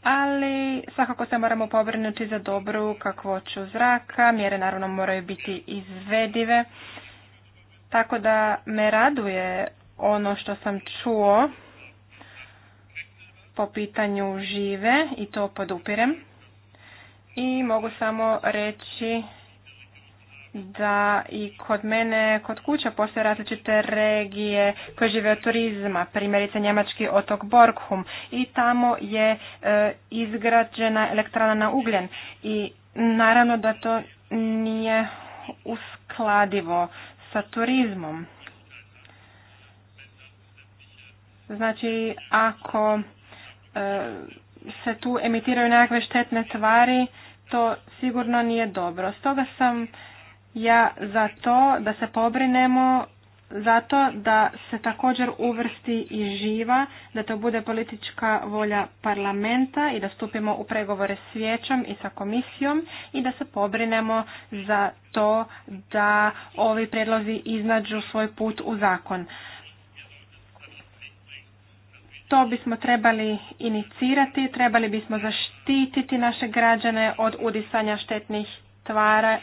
ali svakako se moramo pobrinuti za dobru kakvoću zraka. Mjere naravno moraju biti izvedive. Tako da me raduje ono što sam čuo po pitanju žive i to podupirem. I mogu samo reći da i kod mene, kod kuća postoje različite regije koje žive od turizma, primjerice njemački otok Borghum i tamo je e, izgrađena elektrana na ugljen i naravno da to nije uskladivo sa turizmom. Znači, ako se tu emitiraju nekakve štetne tvari, to sigurno nije dobro. Stoga sam ja za to da se pobrinemo zato da se također uvrsti i živa, da to bude politička volja parlamenta i da stupimo u pregovore s vijećem i sa komisijom i da se pobrinemo za to da ovi predlozi iznađu svoj put u zakon to bismo trebali inicirati, trebali bismo zaštititi naše građane od udisanja štetnih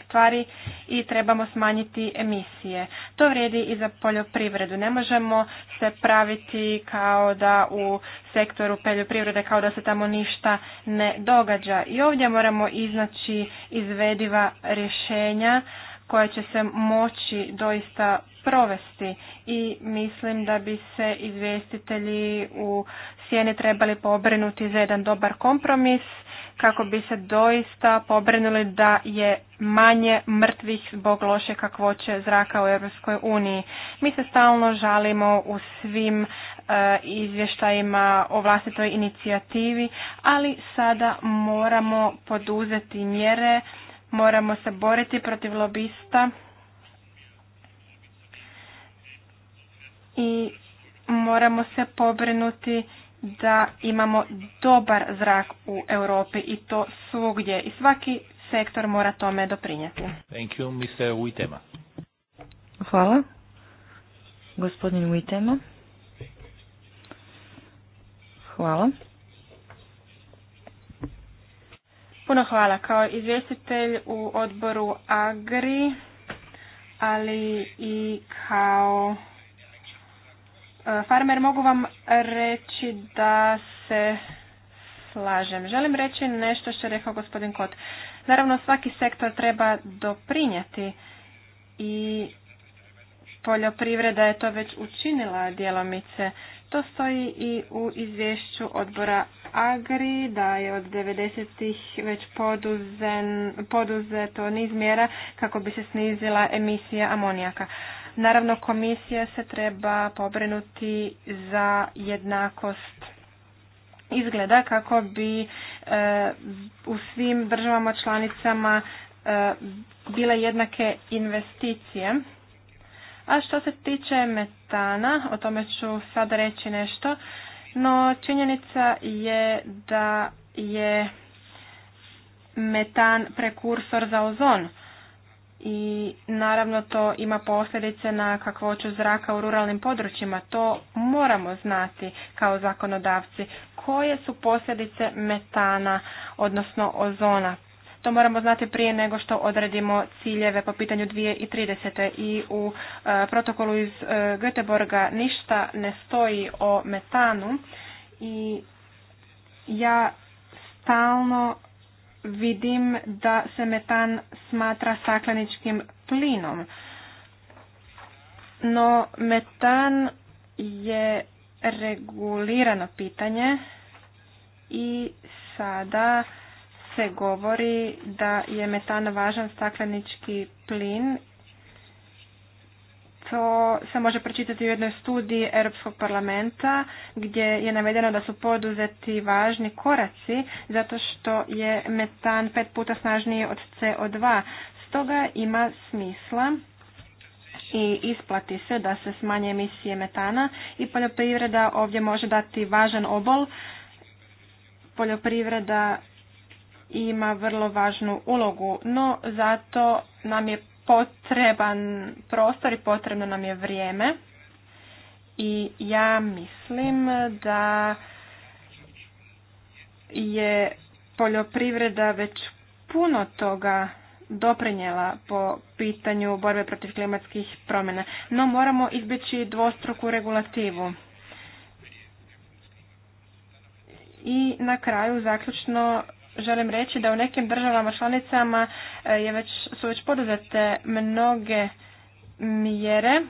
tvari i trebamo smanjiti emisije. To vrijedi i za poljoprivredu. Ne možemo se praviti kao da u sektoru poljoprivrede kao da se tamo ništa ne događa. I ovdje moramo iznaći izvediva rješenja koje će se moći doista provesti i mislim da bi se izvjestitelji u sjeni trebali pobrinuti za jedan dobar kompromis kako bi se doista pobrinuli da je manje mrtvih zbog loše kakvoće zraka u Europskoj uniji. Mi se stalno žalimo u svim e, izvještajima o vlastitoj inicijativi, ali sada moramo poduzeti mjere Moramo se boriti protiv lobista i moramo se pobrinuti da imamo dobar zrak u Europi i to svugdje i svaki sektor mora tome doprinijeti.
Thank you, Mr. Uitema. Hvala.
Gospodin Uitema. Hvala.
Puno hvala. Kao izvjestitelj u odboru Agri, ali i kao e, farmer mogu vam reći da se slažem. Želim reći nešto što je rekao gospodin Kot. Naravno svaki sektor treba doprinjati i poljoprivreda je to već učinila djelomice. To stoji i u izvješću odbora Agri, da je od 90-ih već poduzen, poduzeto niz mjera kako bi se snizila emisija amonijaka. Naravno, komisija se treba pobrinuti za jednakost izgleda kako bi e, u svim državama članicama e, bile jednake investicije. A što se tiče metana, o tome ću sad reći nešto. No, činjenica je da je metan prekursor za ozon i naravno to ima posljedice na kakvoću zraka u ruralnim područjima. To moramo znati kao zakonodavci. Koje su posljedice metana, odnosno ozona to moramo znati prije nego što odredimo ciljeve po pitanju 2030. I u e, protokolu iz e, Göteborga ništa ne stoji o metanu i ja stalno vidim da se metan smatra stakleničkim plinom. No metan je regulirano pitanje i sada govori da je metan važan staklenički plin. To se može pročitati u jednoj studiji Europskog parlamenta gdje je navedeno da su poduzeti važni koraci zato što je metan pet puta snažniji od CO2. Stoga ima smisla i isplati se da se smanje emisije metana i poljoprivreda ovdje može dati važan obol poljoprivreda ima vrlo važnu ulogu, no zato nam je potreban prostor i potrebno nam je vrijeme. I ja mislim da je poljoprivreda već puno toga doprinjela po pitanju borbe protiv klimatskih promjena. No moramo izbjeći dvostruku regulativu. I na kraju zaključno želim reći da u nekim državama članicama e, je već, su već poduzete mnoge mjere,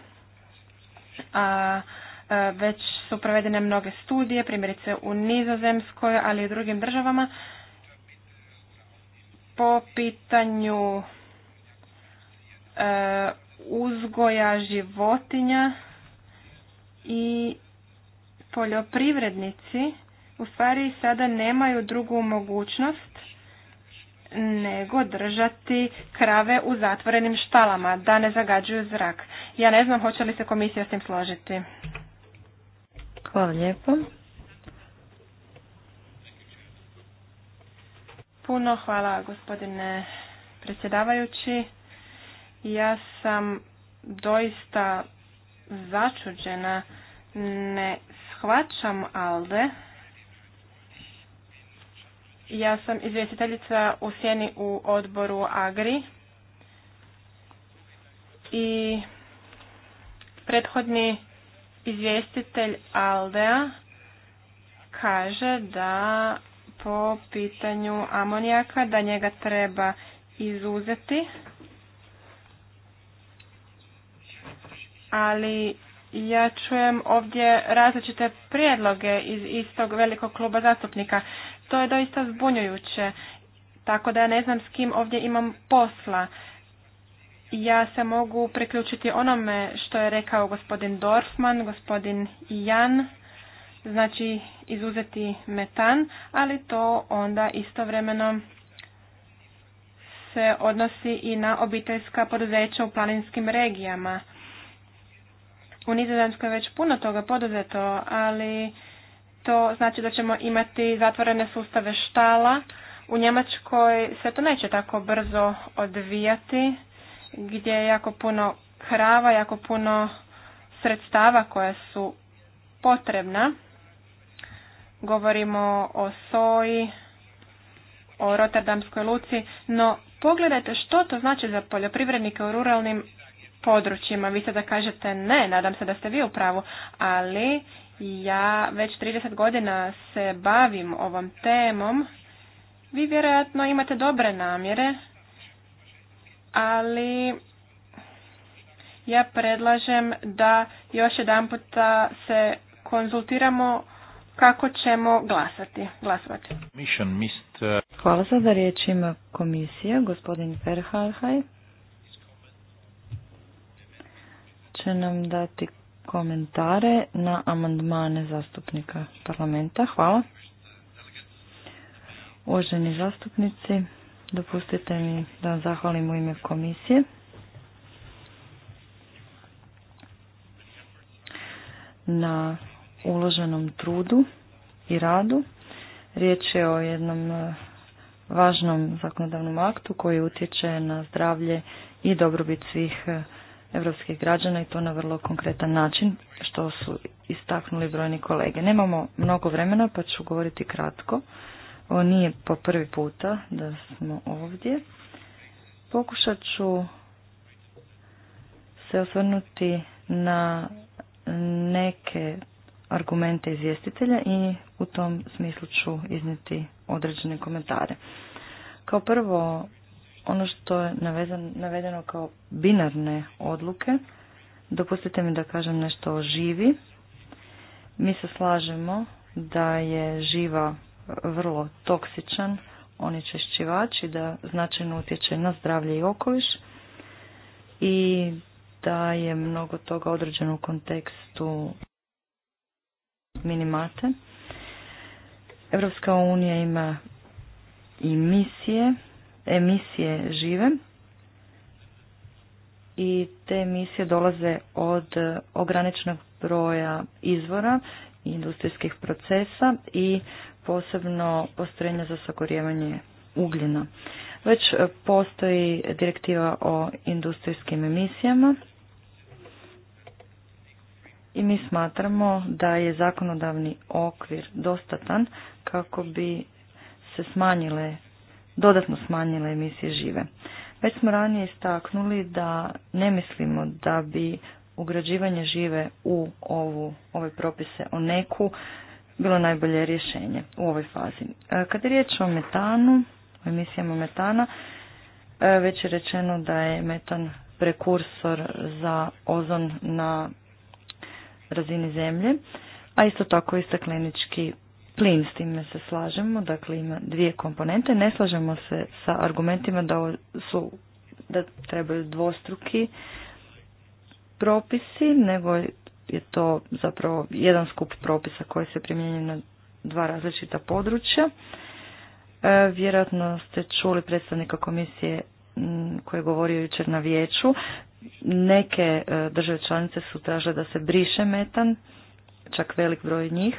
a e, već su provedene mnoge studije, primjerice u Nizozemskoj, ali i u drugim državama, po pitanju e, uzgoja životinja i poljoprivrednici u stvari sada nemaju drugu mogućnost nego držati krave u zatvorenim štalama da ne zagađuju zrak. Ja ne znam hoće li se komisija s tim složiti.
Hvala lijepo.
Puno hvala gospodine predsjedavajući. Ja sam doista začuđena, ne shvaćam Alde ja sam izvjestiteljica u Sjeni u odboru Agri i prethodni izvjestitelj Aldea kaže da po pitanju amonijaka da njega treba izuzeti ali ja čujem ovdje različite prijedloge iz istog velikog kluba zastupnika to je doista zbunjujuće, tako da ja ne znam s kim ovdje imam posla. Ja se mogu priključiti onome što je rekao gospodin Dorfman, gospodin Jan, znači izuzeti metan, ali to onda istovremeno se odnosi i na obiteljska poduzeća u planinskim regijama. U Nizozemskoj je već puno toga poduzeto, ali to znači da ćemo imati zatvorene sustave štala. U Njemačkoj se to neće tako brzo odvijati, gdje je jako puno krava, jako puno sredstava koja su potrebna. Govorimo o soji, o Rotterdamskoj luci, no pogledajte što to znači za poljoprivrednike u ruralnim područjima. Vi sada kažete ne, nadam se da ste vi u pravu, ali ja već 30 godina se bavim ovom temom. Vi vjerojatno imate dobre namjere, ali ja predlažem da još jedan puta se konzultiramo kako ćemo glasati, glasovati.
Uh,
Hvala da riječ ima komisija, gospodin Ferhalhaj. Će nam dati komentare na amandmane zastupnika parlamenta. Hvala. Uvaženi zastupnici, dopustite mi da zahvalim u ime komisije. na uloženom trudu i radu. Riječ je o jednom e, važnom zakonodavnom aktu koji utječe na zdravlje i dobrobit svih e, evropskih građana i to na vrlo konkretan način, što su istaknuli brojni kolege. Nemamo mnogo vremena, pa ću govoriti kratko. Ovo nije po prvi puta da smo ovdje. Pokušat ću se osvrnuti na neke argumente izvjestitelja i u tom smislu ću iznijeti određene komentare. Kao prvo, ono što je navedeno kao binarne odluke. Dopustite mi da kažem nešto o živi. Mi se slažemo da je živa vrlo toksičan onečišćivač i da značajno utječe na zdravlje i okoliš i da je mnogo toga određeno u kontekstu minimate. Evropska unija ima i misije emisije žive i te emisije dolaze od ograničenog broja izvora industrijskih procesa i posebno postrojenja za sagorijevanje ugljena. Već postoji direktiva o industrijskim emisijama i mi smatramo da je zakonodavni okvir dostatan kako bi se smanjile dodatno smanjile emisije žive. Već smo ranije istaknuli da ne mislimo da bi ugrađivanje žive u ovu, ove propise o neku bilo najbolje rješenje u ovoj fazi. E, Kada je riječ o metanu, o emisijama metana, e, već je rečeno da je metan prekursor za ozon na razini zemlje, a isto tako i staklenički plin, s time se slažemo, dakle ima dvije komponente. Ne slažemo se sa argumentima da, su, da trebaju dvostruki propisi, nego je to zapravo jedan skup propisa koji se primjenjuje na dva različita područja. E, vjerojatno ste čuli predstavnika komisije koji je govorio jučer na vijeću. Neke e, države članice su tražile da se briše metan, čak velik broj njih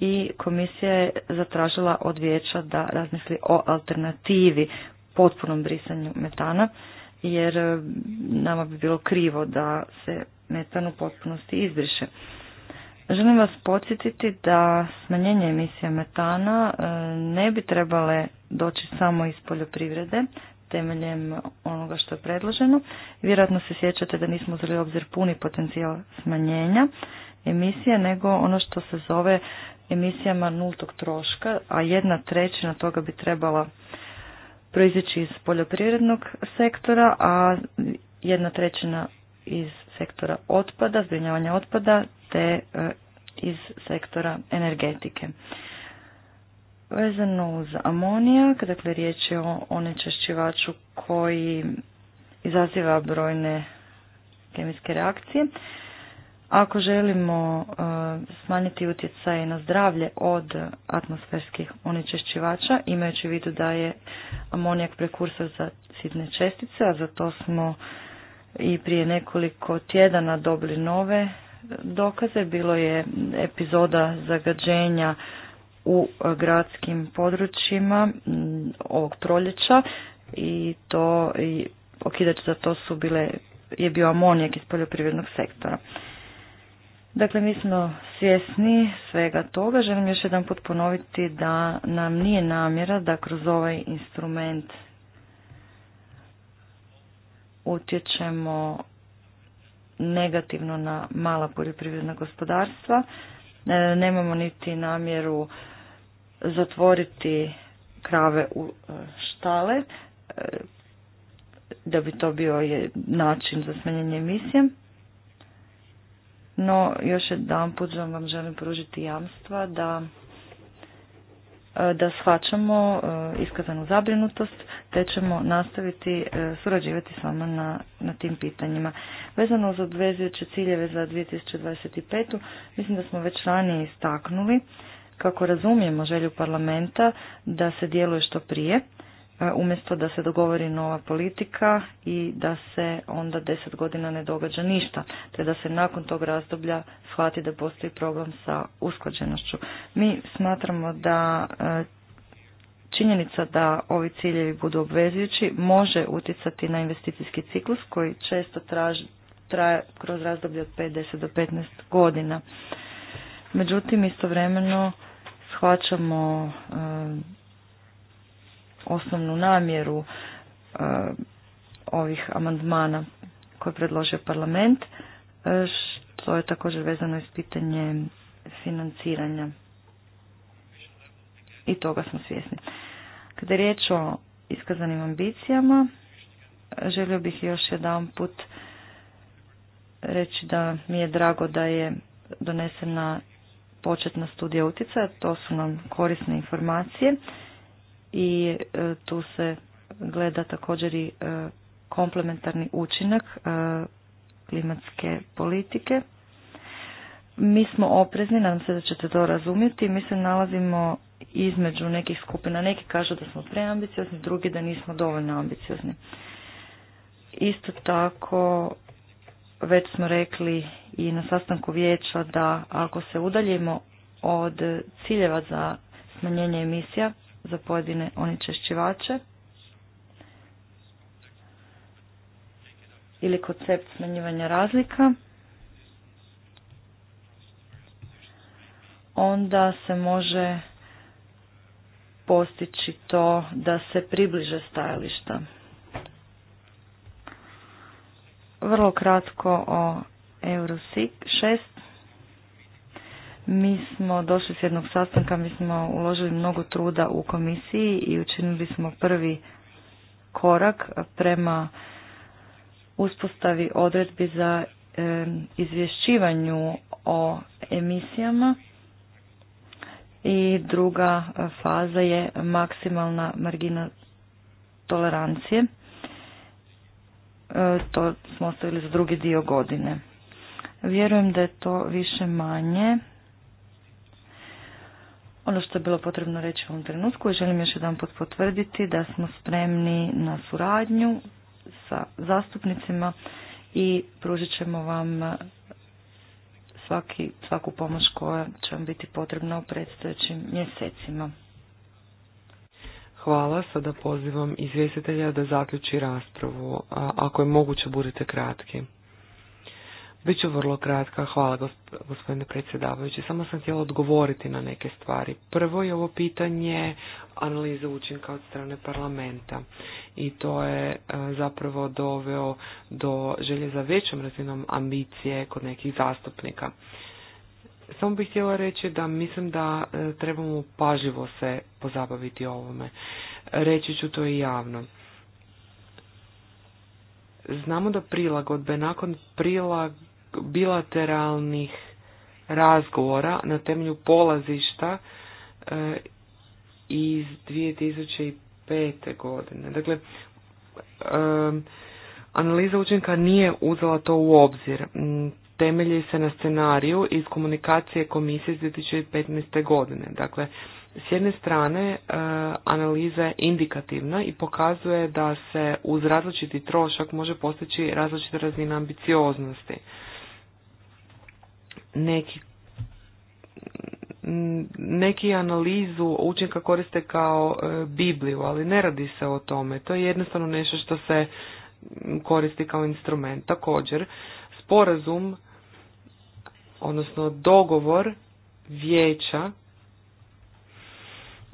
i komisija je zatražila od vijeća da razmisli o alternativi potpunom brisanju metana jer e, nama bi bilo krivo da se metan u potpunosti izbriše. Želim vas podsjetiti da smanjenje emisije metana e, ne bi trebale doći samo iz poljoprivrede temeljem onoga što je predloženo. Vjerojatno se sjećate da nismo uzeli obzir puni potencijal smanjenja emisije, nego ono što se zove emisijama nultog troška, a jedna trećina toga bi trebala proizići iz poljoprivrednog sektora, a jedna trećina iz sektora otpada, zbrinjavanja otpada, te e, iz sektora energetike. Vezano uz amonijak, dakle riječ je o onečišćivaču koji izaziva brojne kemijske reakcije. Ako želimo e, smanjiti utjecaj na zdravlje od atmosferskih onečišćivača, imajući u vidu da je amonijak prekursor za sitne čestice, a za to smo i prije nekoliko tjedana dobili nove dokaze. Bilo je epizoda zagađenja u gradskim područjima mm, ovog proljeća i to i okidač za to su bile je bio amonijak iz poljoprivrednog sektora. Dakle, mi smo svjesni svega toga. Želim još jedan put ponoviti da nam nije namjera da kroz ovaj instrument utječemo negativno na mala poljoprivredna gospodarstva. E, nemamo niti namjeru zatvoriti krave u e, štale, e, da bi to bio način za smanjenje emisije. No, još jedan put vam želim pružiti jamstva da e, da shvaćamo e, iskazanu zabrinutost, te ćemo nastaviti e, surađivati s vama na, na tim pitanjima. Vezano za obvezujuće ciljeve za 2025. mislim da smo već ranije istaknuli kako razumijemo želju parlamenta da se djeluje što prije, E, umjesto da se dogovori nova politika i da se onda deset godina ne događa ništa, te da se nakon tog razdoblja shvati da postoji problem sa usklađenošću. Mi smatramo da e, činjenica da ovi ciljevi budu obvezujući može utjecati na investicijski ciklus koji često traje kroz razdoblje od 50 do 15 godina. Međutim, istovremeno shvaćamo e, osnovnu namjeru e, ovih amandmana koje predložio parlament, e, što je također vezano iz pitanje financiranja. I toga smo svjesni. Kada je riječ o iskazanim ambicijama, želio bih još jedan put reći da mi je drago da je donesena početna studija utjecaja, to su nam korisne informacije i e, tu se gleda također i e, komplementarni učinak e, klimatske politike. Mi smo oprezni, nadam se da ćete to razumjeti. Mi se nalazimo između nekih skupina. Neki kažu da smo preambiciozni, drugi da nismo dovoljno ambiciozni. Isto tako, već smo rekli i na sastanku vijeća da ako se udaljimo od ciljeva za smanjenje emisija, za pojedine onečišćivače ili koncept smanjivanja razlika, onda se može postići to da se približe stajališta. Vrlo kratko o Euro 6. Mi smo došli s jednog sastanka, mi smo uložili mnogo truda u komisiji i učinili smo prvi korak prema uspostavi odredbi za izvješćivanju o emisijama i druga faza je maksimalna margina tolerancije. E, to smo ostavili za drugi dio godine. Vjerujem da je to više manje ono što je bilo potrebno reći u ovom trenutku i želim još jedan pot potvrditi da smo spremni na suradnju sa zastupnicima i pružit ćemo vam svaki, svaku pomoć koja će vam biti potrebna u predstojećim mjesecima.
Hvala, sada pozivam izvjestitelja da zaključi raspravu, ako je moguće budite kratki. Biću vrlo kratka, hvala gospodine predsjedavajući. Samo sam htjela odgovoriti na neke stvari. Prvo je ovo pitanje analize učinka od strane parlamenta i to je e, zapravo doveo do želje za većom razinom ambicije kod nekih zastupnika. Samo bih htjela reći da mislim da e, trebamo pažljivo se pozabaviti ovome. Reći ću to i javno znamo da prilagodbe nakon prilag bilateralnih razgovora na temelju polazišta e, iz 2005. godine. Dakle, e, analiza učinka nije uzela to u obzir. Temelji se na scenariju iz komunikacije komisije iz 2015. godine. Dakle, s jedne strane, e, analiza je indikativna i pokazuje da se uz različiti trošak može postići različita razina ambicioznosti neki neki analizu učinka koriste kao e, Bibliju, ali ne radi se o tome. To je jednostavno nešto što se koristi kao instrument. Također, sporazum, odnosno dogovor vijeća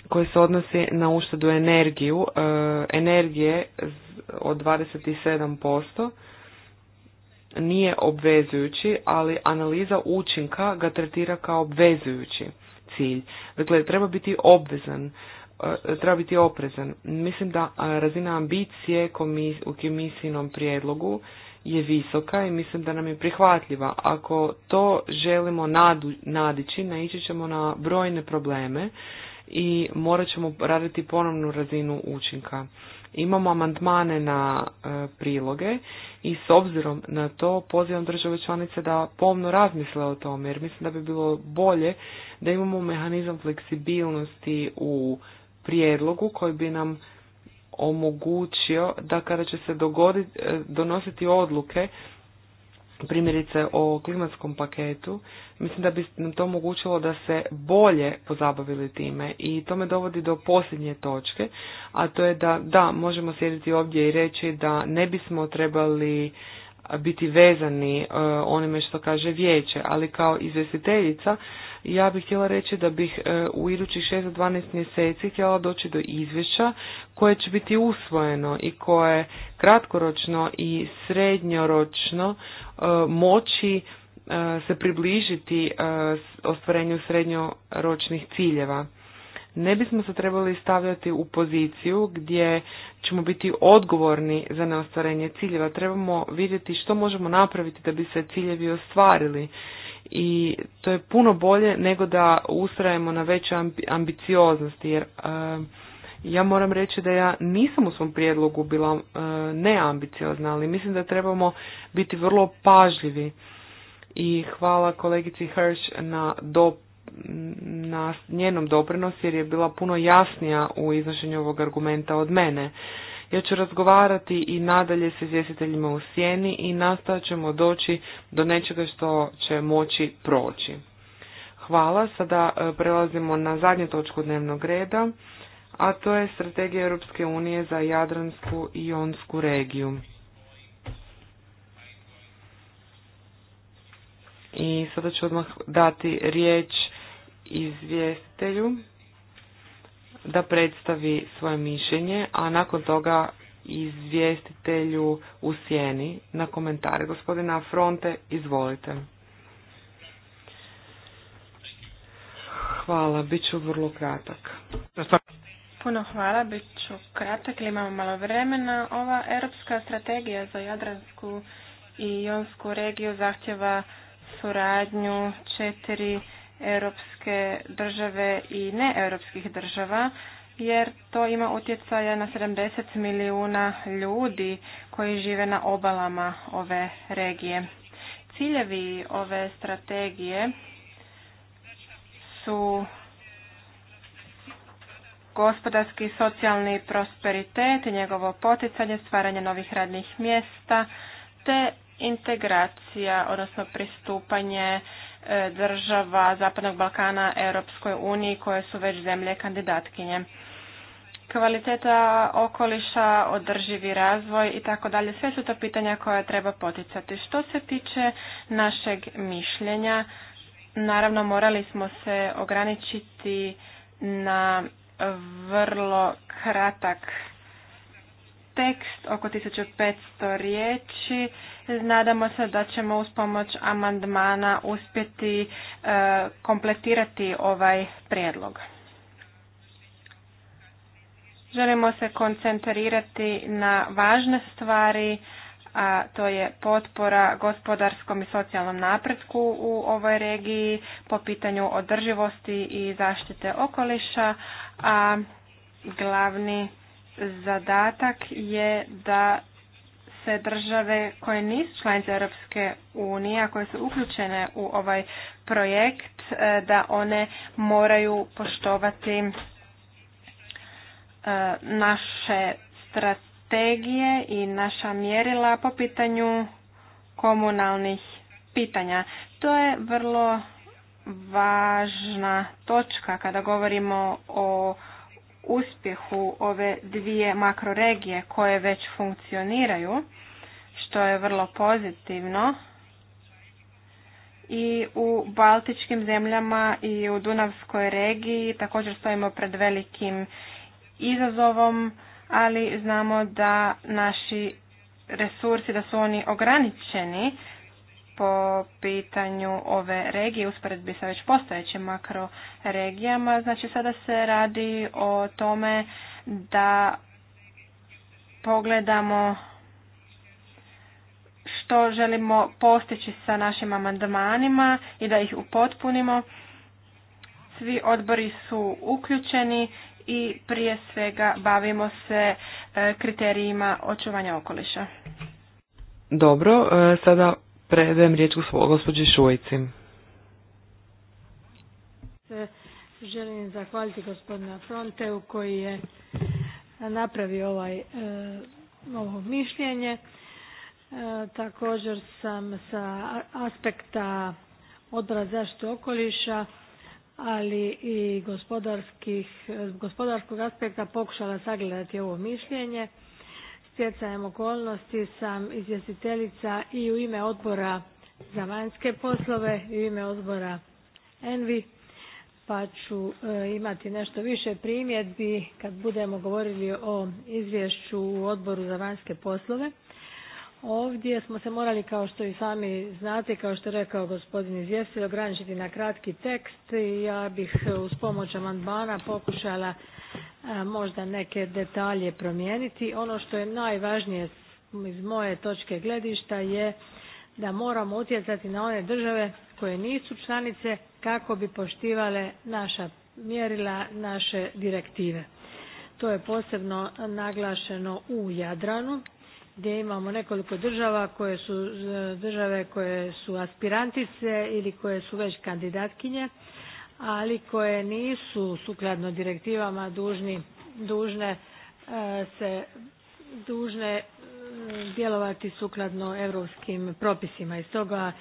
koji se odnosi na uštedu energiju, e, energije od 27%, nije obvezujući, ali analiza učinka ga tretira kao obvezujući cilj. Dakle, treba biti obvezan, e, treba biti oprezan. Mislim da razina ambicije u komisijnom prijedlogu je visoka i mislim da nam je prihvatljiva. Ako to želimo nadići, naići ćemo na brojne probleme i morat ćemo raditi ponovnu razinu učinka. Imamo amandmane na e, priloge i s obzirom na to pozivam države članice da pomno razmisle o tome jer mislim da bi bilo bolje da imamo mehanizam fleksibilnosti u prijedlogu koji bi nam omogućio da kada će se dogoditi, e, donositi odluke primjerice o klimatskom paketu, mislim da bi nam to omogućilo da se bolje pozabavili time i to me dovodi do posljednje točke, a to je da da, možemo sjediti ovdje i reći da ne bismo trebali biti vezani e, onime što kaže vijeće, ali kao izvjestiteljica ja bih htjela reći da bih e, u idućih 6 do 12 mjeseci htjela doći do izvješća koje će biti usvojeno i koje kratkoročno i srednjoročno e, moći e, se približiti ostvarenju srednjoročnih ciljeva. Ne bismo se trebali stavljati u poziciju gdje ćemo biti odgovorni za neostvarenje ciljeva. Trebamo vidjeti što možemo napraviti da bi se ciljevi ostvarili i to je puno bolje nego da ustrajemo na veću ambicioznosti jer e, ja moram reći da ja nisam u svom prijedlogu bila e, neambiciozna, ali mislim da trebamo biti vrlo pažljivi. I hvala kolegici Hirsch na, na njenom doprinosu jer je bila puno jasnija u iznošenju ovog argumenta od mene. Ja ću razgovarati i nadalje s izvjestiteljima u sjeni i nastojat ćemo doći do nečega što će moći proći. Hvala. Sada e, prelazimo na zadnju točku dnevnog reda, a to je strategija Europske unije za Jadransku i Jonsku regiju. I sada ću odmah dati riječ izvjestitelju da predstavi svoje mišljenje, a nakon toga izvjestitelju u sjeni na komentare. Gospodina Fronte, izvolite. Hvala, bit ću vrlo kratak.
Puno hvala, bit ću kratak ili imamo malo vremena. Ova europska strategija za Jadransku i Jonsku regiju zahtjeva suradnju četiri europske države i neeuropskih država jer to ima utjecaja na 70 milijuna ljudi koji žive na obalama ove regije. Ciljevi ove strategije su gospodarski socijalni prosperitet, njegovo poticanje, stvaranje novih radnih mjesta te integracija, odnosno pristupanje E, država Zapadnog Balkana Europskoj uniji koje su već zemlje kandidatkinje. Kvaliteta okoliša, održivi razvoj i tako dalje, sve su to pitanja koja treba poticati. Što se tiče našeg mišljenja, naravno morali smo se ograničiti na vrlo kratak tekst, oko 1500 riječi. Nadamo se da ćemo uz pomoć amandmana uspjeti e, kompletirati ovaj prijedlog. Želimo se koncentrirati na važne stvari, a to je potpora gospodarskom i socijalnom napretku u ovoj regiji po pitanju održivosti i zaštite okoliša, a glavni zadatak je da se države koje nisu članice Europske unije, a koje su uključene u ovaj projekt, e, da one moraju poštovati e, naše strategije i naša mjerila po pitanju komunalnih pitanja. To je vrlo važna točka kada govorimo o uspjehu ove dvije makroregije koje već funkcioniraju, što je vrlo pozitivno. I u Baltičkim zemljama i u Dunavskoj regiji također stojimo pred velikim izazovom, ali znamo da naši resursi, da su oni ograničeni po pitanju ove regije usporedbi sa već postojećim makroregijama. Znači sada se radi o tome da pogledamo što želimo postići sa našim amandmanima i da ih upotpunimo. Svi odbori su uključeni i prije svega bavimo se e, kriterijima očuvanja okoliša.
Dobro, e, sada predajem riječ gospođi Šujici.
Želim zahvaliti gospodina Fronteu koji je napravio ovaj, e, ovo mišljenje. E, također sam sa aspekta odbora zaštite okoliša ali i gospodarskog aspekta pokušala sagledati ovo mišljenje Stjecajem okolnosti sam izvjestiteljica i u ime odbora za vanjske poslove i u ime odbora ENVI, pa ću e, imati nešto više primjedbi kad budemo govorili o izvješću u odboru za vanjske poslove. Ovdje smo se morali, kao što i sami znate, kao što je rekao gospodin izvjestitelj, ograničiti na kratki tekst i ja bih e, uz pomoć amandmana pokušala e, možda neke detalje promijeniti. Ono što je najvažnije iz moje točke gledišta je da moramo utjecati na one države koje nisu članice kako bi poštivale naša mjerila, naše direktive. To je posebno naglašeno u Jadranu gdje imamo nekoliko država koje su e, države koje su aspirantice ili koje su već kandidatkinje, ali koje nisu sukladno direktivama dužni, dužne e, se dužne e, djelovati sukladno europskim propisima i stoga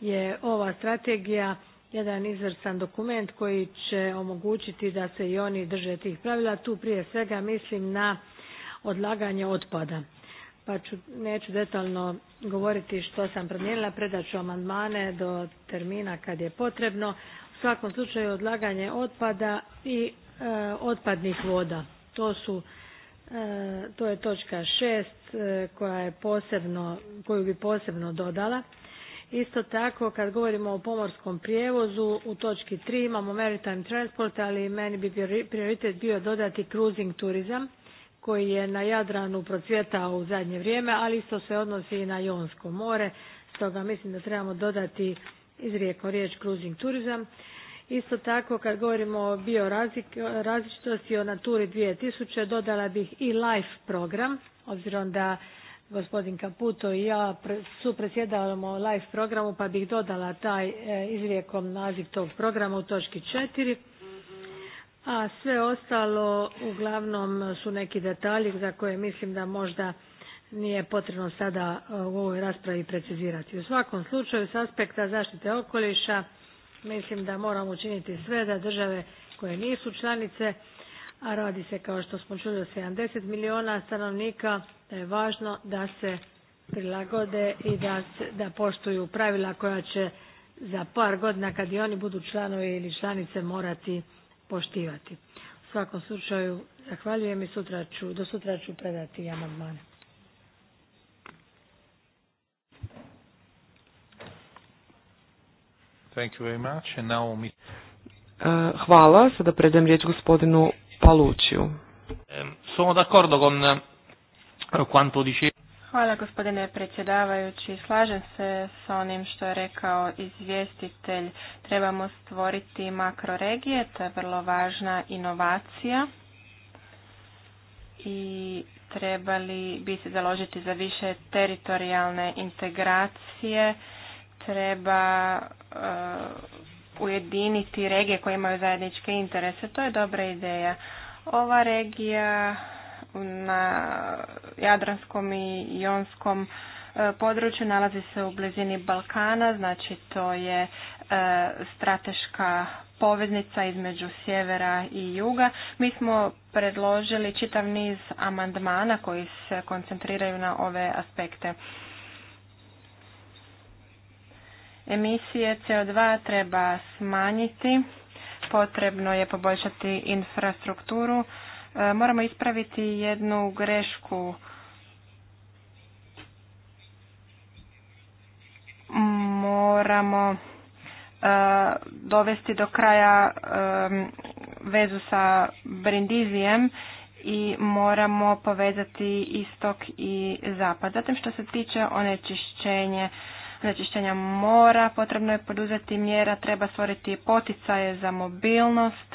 je ova strategija jedan izvrstan dokument koji će omogućiti da se i oni drže tih pravila. Tu prije svega mislim na odlaganje otpada pa ću, neću detaljno govoriti što sam promijenila, predat ću amandmane do termina kad je potrebno. U svakom slučaju odlaganje otpada i e, otpadnih voda. To su e, to je točka šest e, koja je posebno, koju bi posebno dodala. Isto tako kad govorimo o pomorskom prijevozu u točki tri imamo maritime transport, ali meni bi prioritet bio dodati cruising turizam koji je na Jadranu procvjetao u zadnje vrijeme, ali isto se odnosi i na Jonsko more, stoga mislim da trebamo dodati izrijekom riječ cruising turizam. Isto tako kad govorimo o biorazličitosti o Naturi 2000 dodala bih i LIFE program, obzirom da gospodin Kaputo i ja supredsjedavamo LIFE programu pa bih dodala taj e, izrijekom naziv tog programa u točki četiri a sve ostalo uglavnom su neki detalji za koje mislim da možda nije potrebno sada e, u ovoj raspravi precizirati. U svakom slučaju s aspekta zaštite okoliša mislim da moramo učiniti sve da države koje nisu članice, a radi se kao što smo čuli o 70 milijuna stanovnika, da je važno da se prilagode i da, da poštuju pravila koja će za par godina kad i oni budu članovi ili članice morati poštivati. U svakom slučaju zahvaljujem i sutra ću, do sutra ću predati amandmane.
Thank you very much. And now
we... E, hvala. Sada predajem riječ gospodinu Paluciju.
Ehm, sono d'accordo con eh, quanto dicevo. Hvala gospodine
predsjedavajući. Slažem se sa onim što je rekao izvjestitelj. Trebamo stvoriti makroregije, to je vrlo važna inovacija i trebali bi se založiti za više teritorijalne integracije, treba e, ujediniti regije koje imaju zajedničke interese. To je dobra ideja. Ova regija na Jadranskom i Jonskom e, području nalazi se u blizini Balkana, znači to je e, strateška poveznica između sjevera i juga. Mi smo predložili čitav niz amandmana koji se koncentriraju na ove aspekte. Emisije CO2 treba smanjiti, potrebno je poboljšati infrastrukturu, E, moramo ispraviti jednu grešku. Moramo e, dovesti do kraja e, vezu sa Brindizijem i moramo povezati istok i zapad. Zatim što se tiče onečišćenja mora, potrebno je poduzeti mjera, treba stvoriti poticaje za mobilnost,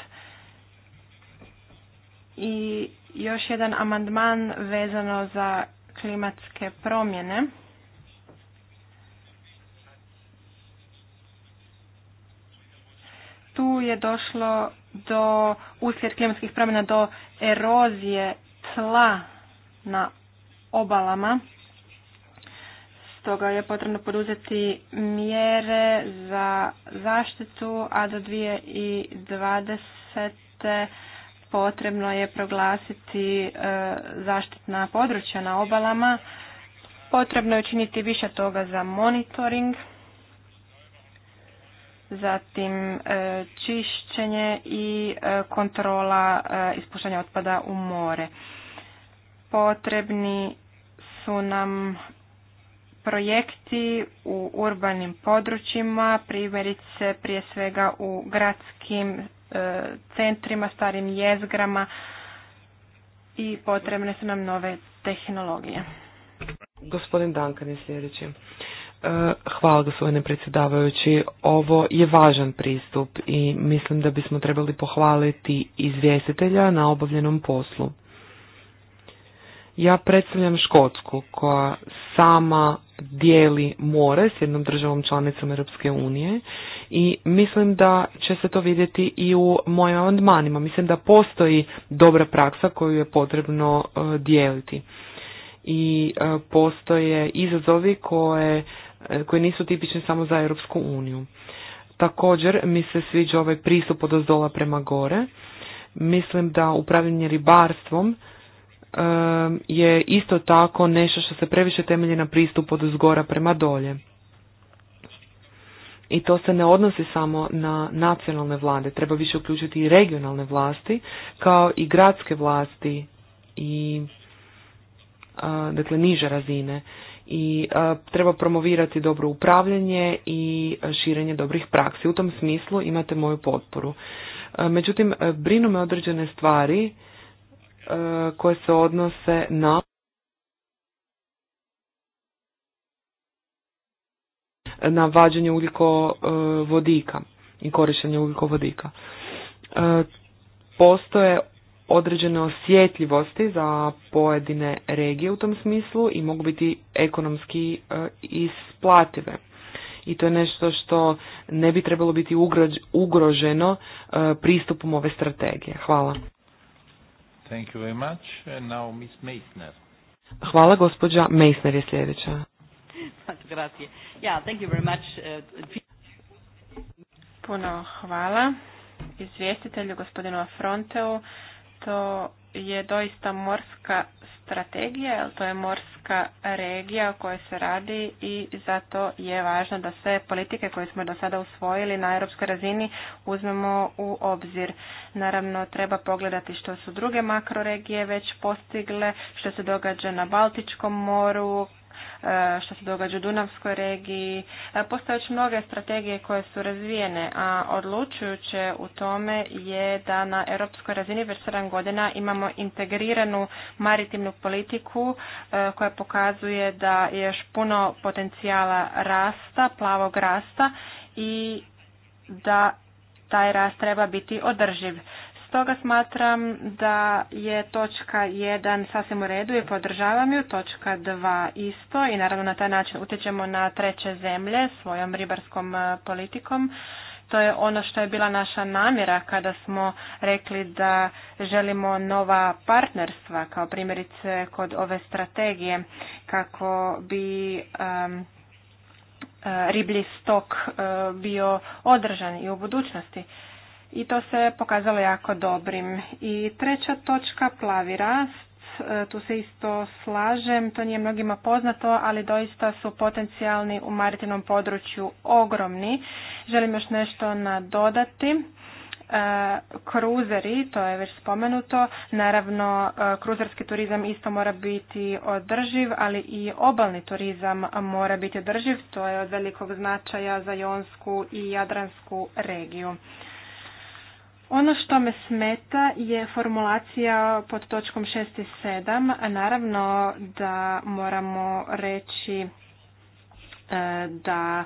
i još jedan amandman vezano za klimatske promjene. Tu je došlo do, uslijed klimatskih promjena, do erozije tla na obalama. Stoga je potrebno poduzeti mjere za zaštitu, a do 2020 potrebno je proglasiti e, zaštitna područja na obalama, potrebno je učiniti više toga za monitoring, zatim e, čišćenje i e, kontrola ispuštanja otpada u more. Potrebni su nam projekti u urbanim područjima, primjerice prije svega u gradskim E, centrima, starim jezgrama i potrebne su nam nove tehnologije.
Gospodin Dankan je sljedeći. E, hvala gospodine predsjedavajući. Ovo je važan pristup i mislim da bismo trebali pohvaliti izvjestitelja na obavljenom poslu. Ja predstavljam Škotsku koja sama dijeli more s jednom državom članicom Europske unije i mislim da će se to vidjeti i u mojim amandmanima. Mislim da postoji dobra praksa koju je potrebno e, dijeliti i e, postoje izazovi koje, e, koji nisu tipični samo za Europsku uniju. Također mi se sviđa ovaj pristup od ozdola prema gore. Mislim da upravljanje ribarstvom je isto tako nešto što se previše temelji na pristup od prema dolje i to se ne odnosi samo na nacionalne vlade, treba više uključiti i regionalne vlasti kao i gradske vlasti i dakle niže razine i treba promovirati dobro upravljanje i širenje dobrih praksi. U tom smislu imate moju potporu. međutim, brinu me određene stvari koje se odnose na na vađenje ugljikovodika i korištenje ugljikovodika. E, postoje određene osjetljivosti za pojedine regije u tom smislu i mogu biti ekonomski e, isplative. I to je nešto što ne bi trebalo biti ugroženo e, pristupom ove strategije. Hvala.
Thank you very much. And now
Hvala, gospođa Meissner je sljedeća.
Uh,
Puno hvala izvjestitelju gospodinu Afronteu. To je doista morska strategija, to je morska regija o kojoj se radi i zato je važno da sve politike koje smo do sada usvojili na europskoj razini uzmemo u obzir. Naravno, treba pogledati što su druge makroregije već postigle, što se događa na Baltičkom moru, E, što se događa u Dunavskoj regiji. E, postoje još mnoge strategije koje su razvijene, a odlučujuće u tome je da na europskoj razini već 7 godina imamo integriranu maritimnu politiku e, koja pokazuje da je još puno potencijala rasta, plavog rasta i da taj rast treba biti održiv. Stoga smatram da je točka 1 sasvim u redu i podržavam ju, točka 2 isto i naravno na taj način utječemo na treće zemlje svojom ribarskom e, politikom. To je ono što je bila naša namjera kada smo rekli da želimo nova partnerstva, kao primjerice kod ove strategije, kako bi um, riblji stok e, bio održan i u budućnosti i to se pokazalo jako dobrim. I treća točka, plavi rast. E, tu se isto slažem, to nije mnogima poznato, ali doista su potencijalni u maritivnom području ogromni. Želim još nešto nadodati e, kruzeri, to je već spomenuto, naravno e, kruzerski turizam isto mora biti održiv, ali i obalni turizam mora biti održiv, to je od velikog značaja za Jonsku i Jadransku regiju. Ono što me smeta je formulacija pod točkom 6 i 7, a naravno da moramo reći e, da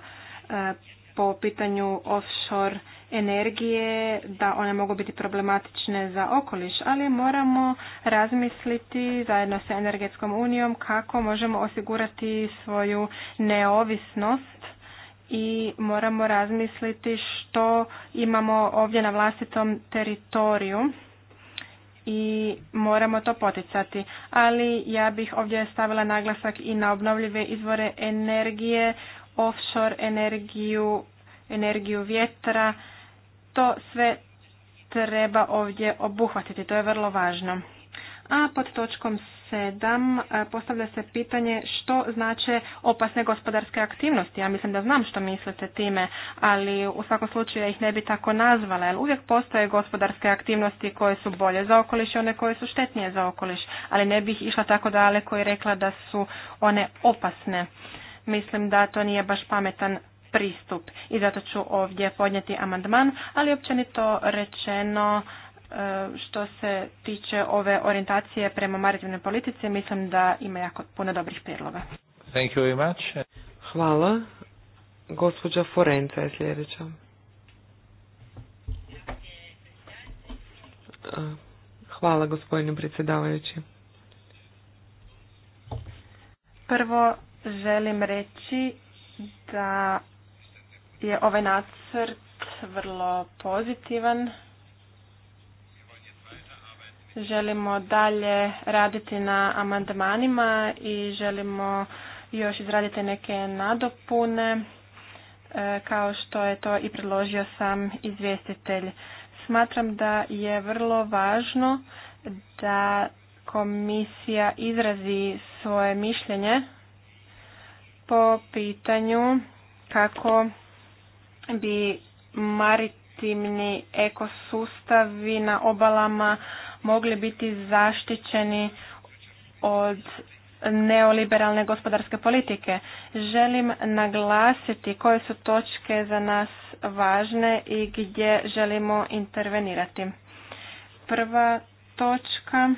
e, po pitanju offshore energije, da one mogu biti problematične za okoliš, ali moramo razmisliti zajedno sa energetskom unijom kako možemo osigurati svoju neovisnost i moramo razmisliti što imamo ovdje na vlastitom teritoriju i moramo to poticati. Ali ja bih ovdje stavila naglasak i na obnovljive izvore energije, offshore energiju, energiju vjetra. To sve treba ovdje obuhvatiti, to je vrlo važno. A pod točkom sedam. E, postavlja se pitanje što znače opasne gospodarske aktivnosti. Ja mislim da znam što mislite time, ali u svakom slučaju ja ih ne bi tako nazvala, jer uvijek postoje gospodarske aktivnosti koje su bolje za okoliš i one koje su štetnije za okoliš, ali ne bih išla tako daleko i rekla da su one opasne. Mislim da to nije baš pametan pristup i zato ću ovdje podnijeti amandman, ali općenito rečeno što se tiče ove orijentacije prema maritivnoj politici, mislim da ima jako puno dobrih prijedloga.
Thank you very much. Hvala. Gospođa Forenca je sljedeća. Hvala gospodine predsjedavajući.
Prvo želim reći da je ovaj nacrt vrlo pozitivan Želimo dalje raditi na amandmanima i želimo još izraditi neke nadopune e, kao što je to i predložio sam izvjestitelj. Smatram da je vrlo važno da komisija izrazi svoje mišljenje po pitanju kako bi maritimni ekosustavi na obalama mogli biti zaštićeni od neoliberalne gospodarske politike. Želim naglasiti koje su točke za nas važne i gdje želimo intervenirati. Prva točka,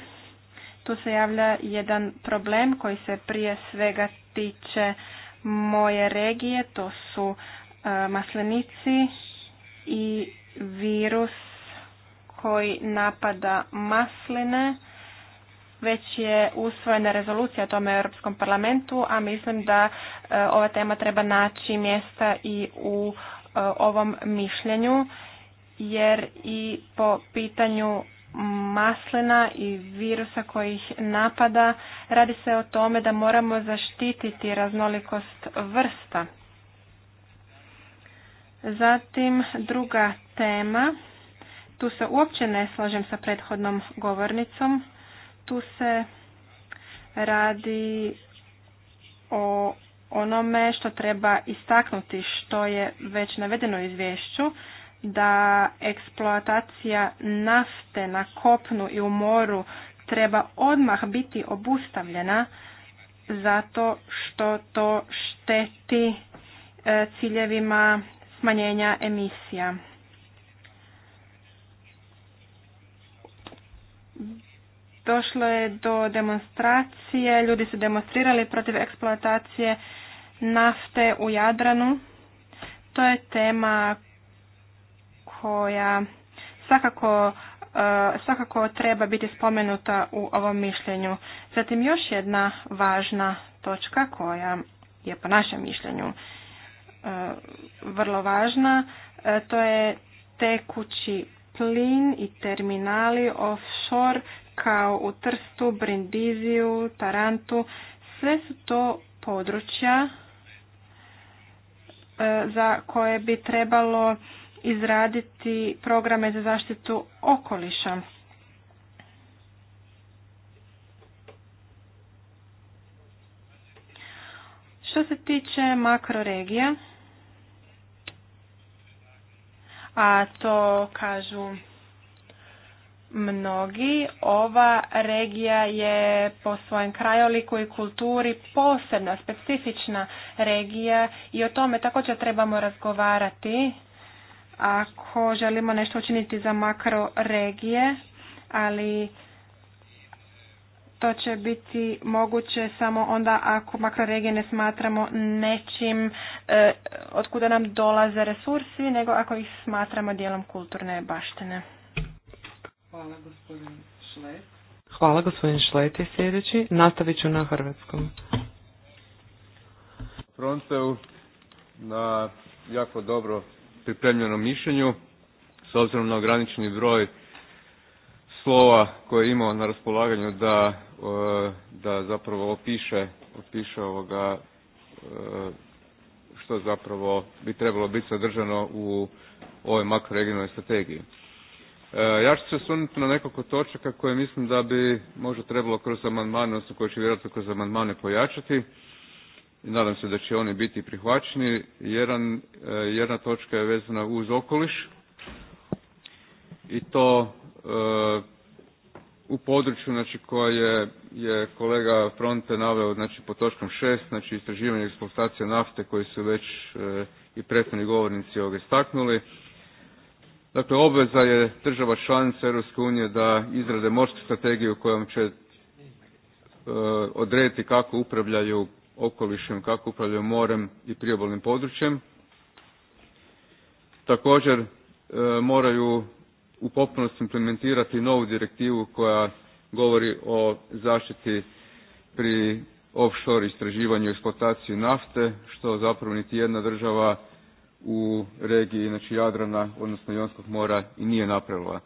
tu se javlja jedan problem koji se prije svega tiče moje regije, to su e, maslenici i virus koji napada masline. Već je usvojena rezolucija o tome u Europskom parlamentu, a mislim da e, ova tema treba naći mjesta i u e, ovom mišljenju, jer i po pitanju maslina i virusa koji ih napada, radi se o tome da moramo zaštititi raznolikost vrsta. Zatim druga tema tu se uopće ne slažem sa prethodnom govornicom. Tu se radi o onome što treba istaknuti što je već navedeno u izvješću da eksploatacija nafte na kopnu i u moru treba odmah biti obustavljena zato što to šteti e, ciljevima smanjenja emisija. došlo je do demonstracije, ljudi su demonstrirali protiv eksploatacije nafte u Jadranu. To je tema koja svakako, eh, svakako treba biti spomenuta u ovom mišljenju. Zatim još jedna važna točka koja je po našem mišljenju eh, vrlo važna, eh, to je tekući plin i terminali offshore kao u Trstu, Brindiziju, Tarantu, sve su to područja e, za koje bi trebalo izraditi programe za zaštitu okoliša. Što se tiče makroregija, a to kažu mnogi. Ova regija je po svojem krajoliku i kulturi posebna, specifična regija i o tome također trebamo razgovarati ako želimo nešto učiniti za makro regije, ali to će biti moguće samo onda ako makroregije ne smatramo nečim e, nam dolaze resursi, nego ako ih smatramo dijelom kulturne baštine.
Hvala gospodin Šlet.
Hvala gospodin Šlet je sljedeći. Nastavit ću na hrvatskom.
Fronteu na jako dobro pripremljenom mišljenju s obzirom na ograničeni broj slova koje je imao na raspolaganju da E, da zapravo opiše, opiše ovoga e, što zapravo bi trebalo biti sadržano u ovoj makroregionalnoj strategiji. E, ja ću se osvrnuti na nekoliko točaka koje mislim da bi možda trebalo kroz amandmane, odnosno koje će vjerojatno kroz amandmane pojačati. I nadam se da će oni biti prihvaćeni. Jedan, jedna točka je vezana uz okoliš i to u području znači, koje je kolega Fronte naveo znači, po točkom 6, znači istraživanje eksploatacije nafte koji su već e, i prethodni govornici ovdje istaknuli. Dakle, obveza je država članica EU unije da izrade morsku strategiju kojom će e, odrediti kako upravljaju okolišem, kako upravljaju morem i priobalnim područjem. Također e, moraju u potpunosti implementirati novu direktivu koja govori o zaštiti pri offshore istraživanju i eksploataciji nafte što zapravo niti jedna država u regiji znači Jadrana odnosno Jonskog mora i nije napravila.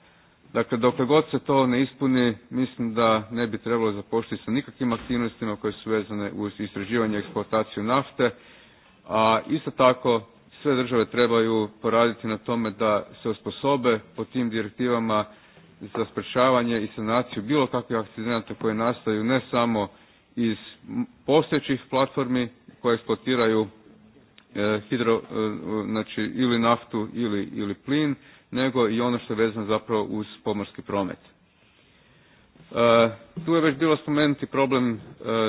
Dakle, dok god se to ne ispuni, mislim da ne bi trebalo započeti sa nikakvim aktivnostima koje su vezane uz istraživanje i eksploataciju nafte, a isto tako sve države trebaju poraditi na tome da se osposobe po tim direktivama za sprečavanje i sanaciju bilo kakvih akcidenata koji nastaju ne samo iz postojećih platformi koje eksploatiraju e, hidro, e, znači ili naftu ili, ili plin, nego i ono što je vezano zapravo uz pomorski promet. E, tu je već bilo spomenuti problem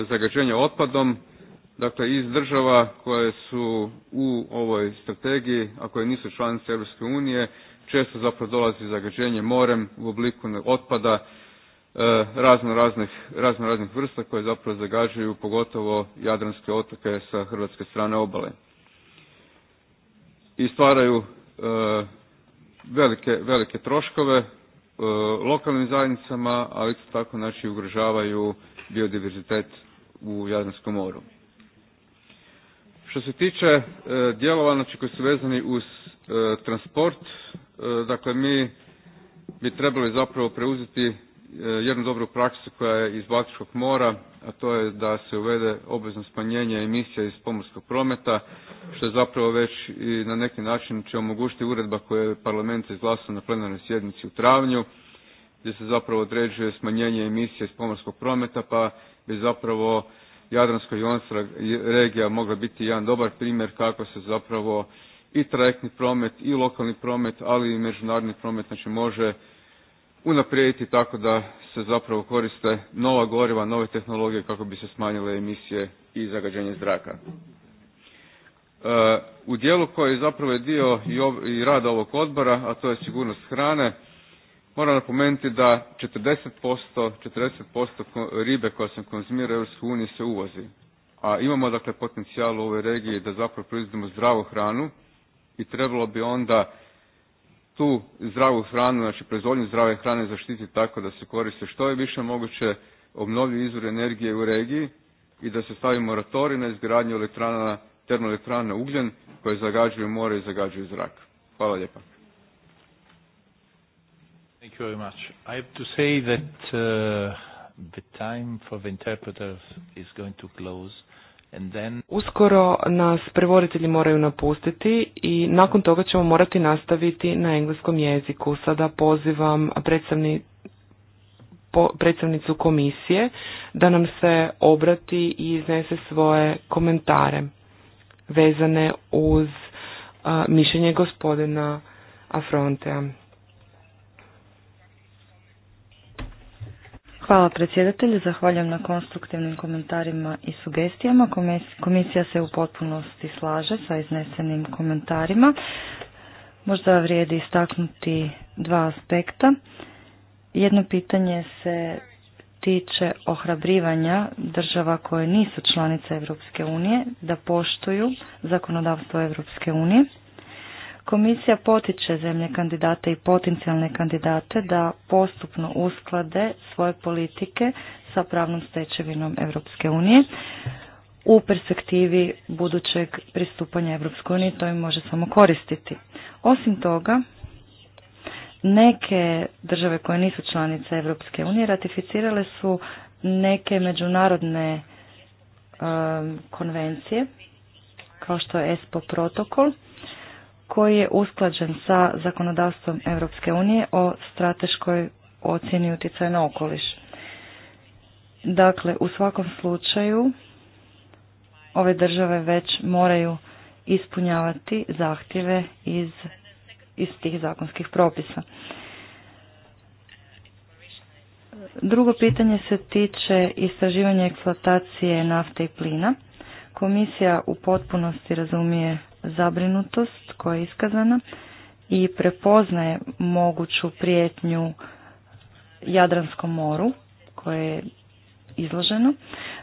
zagađenja otpadom dakle iz država koje su u ovoj strategiji, a koje nisu članice Europske unije, često zapravo dolazi zagađenje morem u obliku otpada e, razno raznih, razno raznih vrsta koje zapravo zagađaju pogotovo jadranske otoke sa hrvatske strane obale. I stvaraju e, velike, velike troškove e, lokalnim zajednicama, ali isto tako znači ugrožavaju biodiverzitet u Jadranskom moru. Što se tiče e, dijelova znači, koji su vezani uz e, transport, e, dakle mi bi trebali zapravo preuzeti jednu dobru praksu koja je iz Baltičkog mora, a to je da se uvede obvezno smanjenje emisija iz pomorskog prometa, što je zapravo već i na neki način će omogućiti uredba koju je parlament izglasao na plenarnoj sjednici u travnju, gdje se zapravo određuje smanjenje emisije iz pomorskog prometa, pa bi zapravo Jadransko-jonska regija mogla biti jedan dobar primjer kako se zapravo i trajektni promet i lokalni promet, ali i međunarodni promet znači može unaprijediti tako da se zapravo koriste nova goriva, nove tehnologije kako bi se smanjile emisije i zagađenje zraka. E, u dijelu koji zapravo je dio i rada ovog odbora, a to je sigurnost hrane, Moram napomenuti da 40%, 40% ribe koja se konzumira u EU se uvozi. A imamo dakle potencijal u ovoj regiji da zapravo proizvodimo zdravu hranu i trebalo bi onda tu zdravu hranu, znači proizvodnju zdrave hrane zaštiti tako da se koriste što je više moguće obnovljivi izvor energije u regiji i da se stavi moratorij na izgradnju elektrana, termoelektrana ugljen koje zagađuju more i zagađuju zrak. Hvala lijepa.
Thank you very much. I have to say that uh, the time for interpreters is going to close.
Uskoro nas prevoditelji moraju napustiti i nakon toga ćemo morati nastaviti na engleskom jeziku. Sada pozivam predstavni, po, predstavnicu komisije da nam se obrati i iznese svoje komentare vezane uz uh, mišljenje gospodina Afrontea. Hvala
predsjedatelju, zahvaljam na konstruktivnim komentarima i sugestijama. Komisija se u potpunosti slaže sa iznesenim komentarima. Možda vrijedi istaknuti dva aspekta. Jedno pitanje se tiče ohrabrivanja država koje nisu članice Europske unije da poštuju zakonodavstvo Europske unije. Komisija potiče zemlje kandidate i potencijalne kandidate da postupno usklade svoje politike sa pravnom stečevinom Europske unije u perspektivi budućeg pristupanja Europskoj uniji to im može samo koristiti. Osim toga, neke države koje nisu članice Europske unije ratificirale su neke međunarodne um, konvencije kao što je ESPO protokol koji je usklađen sa zakonodavstvom Europske unije o strateškoj ocjeni utjecaja na okoliš. Dakle, u svakom slučaju ove države već moraju ispunjavati zahtjeve iz, iz tih zakonskih propisa. Drugo pitanje se tiče istraživanja eksploatacije nafte i plina. Komisija u potpunosti razumije zabrinutost koja je iskazana i prepoznaje moguću prijetnju Jadranskom moru koje je izloženo.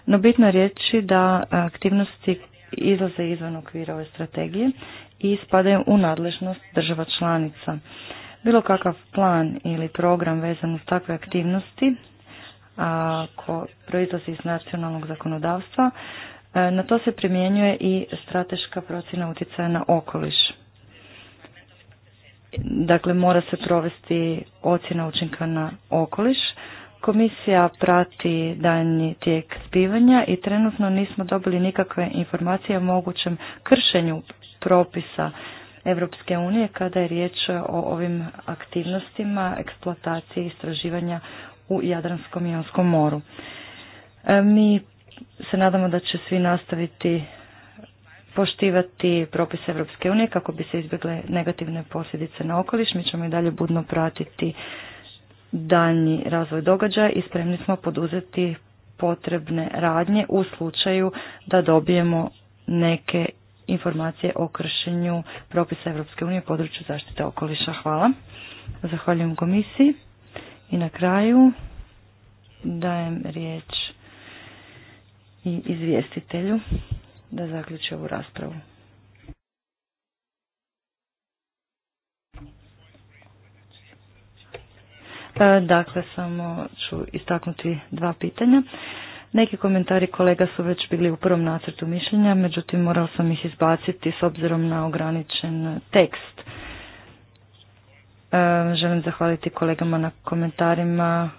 No bitno je reći da aktivnosti izlaze izvan okvira ove strategije i spadaju u nadležnost država članica. Bilo kakav plan ili program vezan uz takve aktivnosti ako proizlazi iz nacionalnog zakonodavstva E, na to se primjenjuje i strateška procjena utjecaja na okoliš. Dakle, mora se provesti ocjena učinka na okoliš. Komisija prati daljnji tijek zbivanja i trenutno nismo dobili nikakve informacije o mogućem kršenju propisa Europske unije kada je riječ o ovim aktivnostima eksploatacije i istraživanja u Jadranskom i Jonskom moru. E, mi se nadamo da će svi nastaviti poštivati propise Europske unije kako bi se izbjegle negativne posljedice na okoliš. Mi ćemo i dalje budno pratiti daljnji razvoj događaja i spremni smo poduzeti potrebne radnje u slučaju da dobijemo neke informacije o kršenju propisa Europske unije u području zaštite okoliša. Hvala. Zahvaljujem komisiji. I na kraju dajem riječ i izvjestitelju da zaključe ovu raspravu. E, dakle, samo ću istaknuti dva pitanja. Neki komentari kolega su već bili u prvom nacrtu mišljenja, međutim morao sam ih izbaciti s obzirom na ograničen tekst. E, želim zahvaliti kolegama na komentarima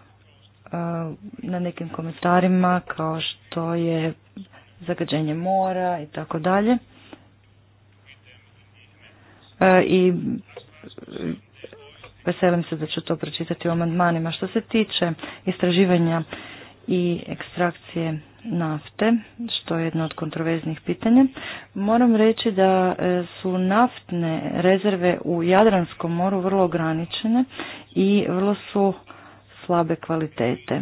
na nekim komentarima kao što je zagađenje mora i tako dalje. I veselim se da ću to pročitati u amandmanima. Što se tiče istraživanja i ekstrakcije nafte, što je jedno od kontroverznih pitanja, moram reći da e, su naftne rezerve u Jadranskom moru vrlo ograničene i vrlo su slabe kvalitete.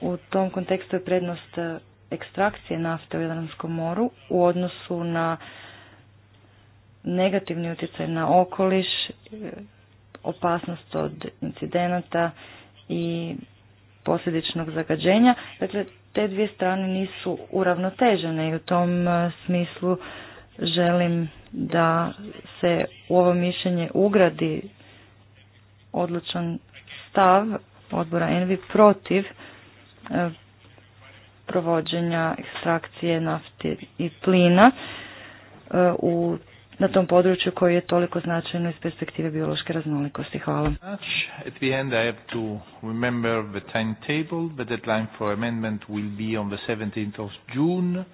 U tom kontekstu je prednost e, ekstrakcije nafte u Jadranskom moru u odnosu na negativni utjecaj na okoliš, e, opasnost od incidenata i posljedičnog zagađenja. Dakle, te dvije strane nisu uravnotežene i u tom e, smislu želim da se u ovo mišljenje ugradi odlučan stav odbora Envi protiv e, provođenja ekstrakcije nafte i plina e, u, na tom području koji je toliko značajno iz perspektive biološke raznolikosti. Hvala.
At the end I have to for amendment will be on the 17 June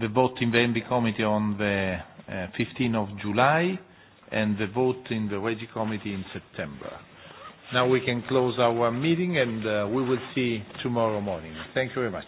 the vote in the MB committee on the uh, 15th of July and the vote in the Regi committee in September. Now we can close our meeting and uh, we will see tomorrow morning. Thank you very much.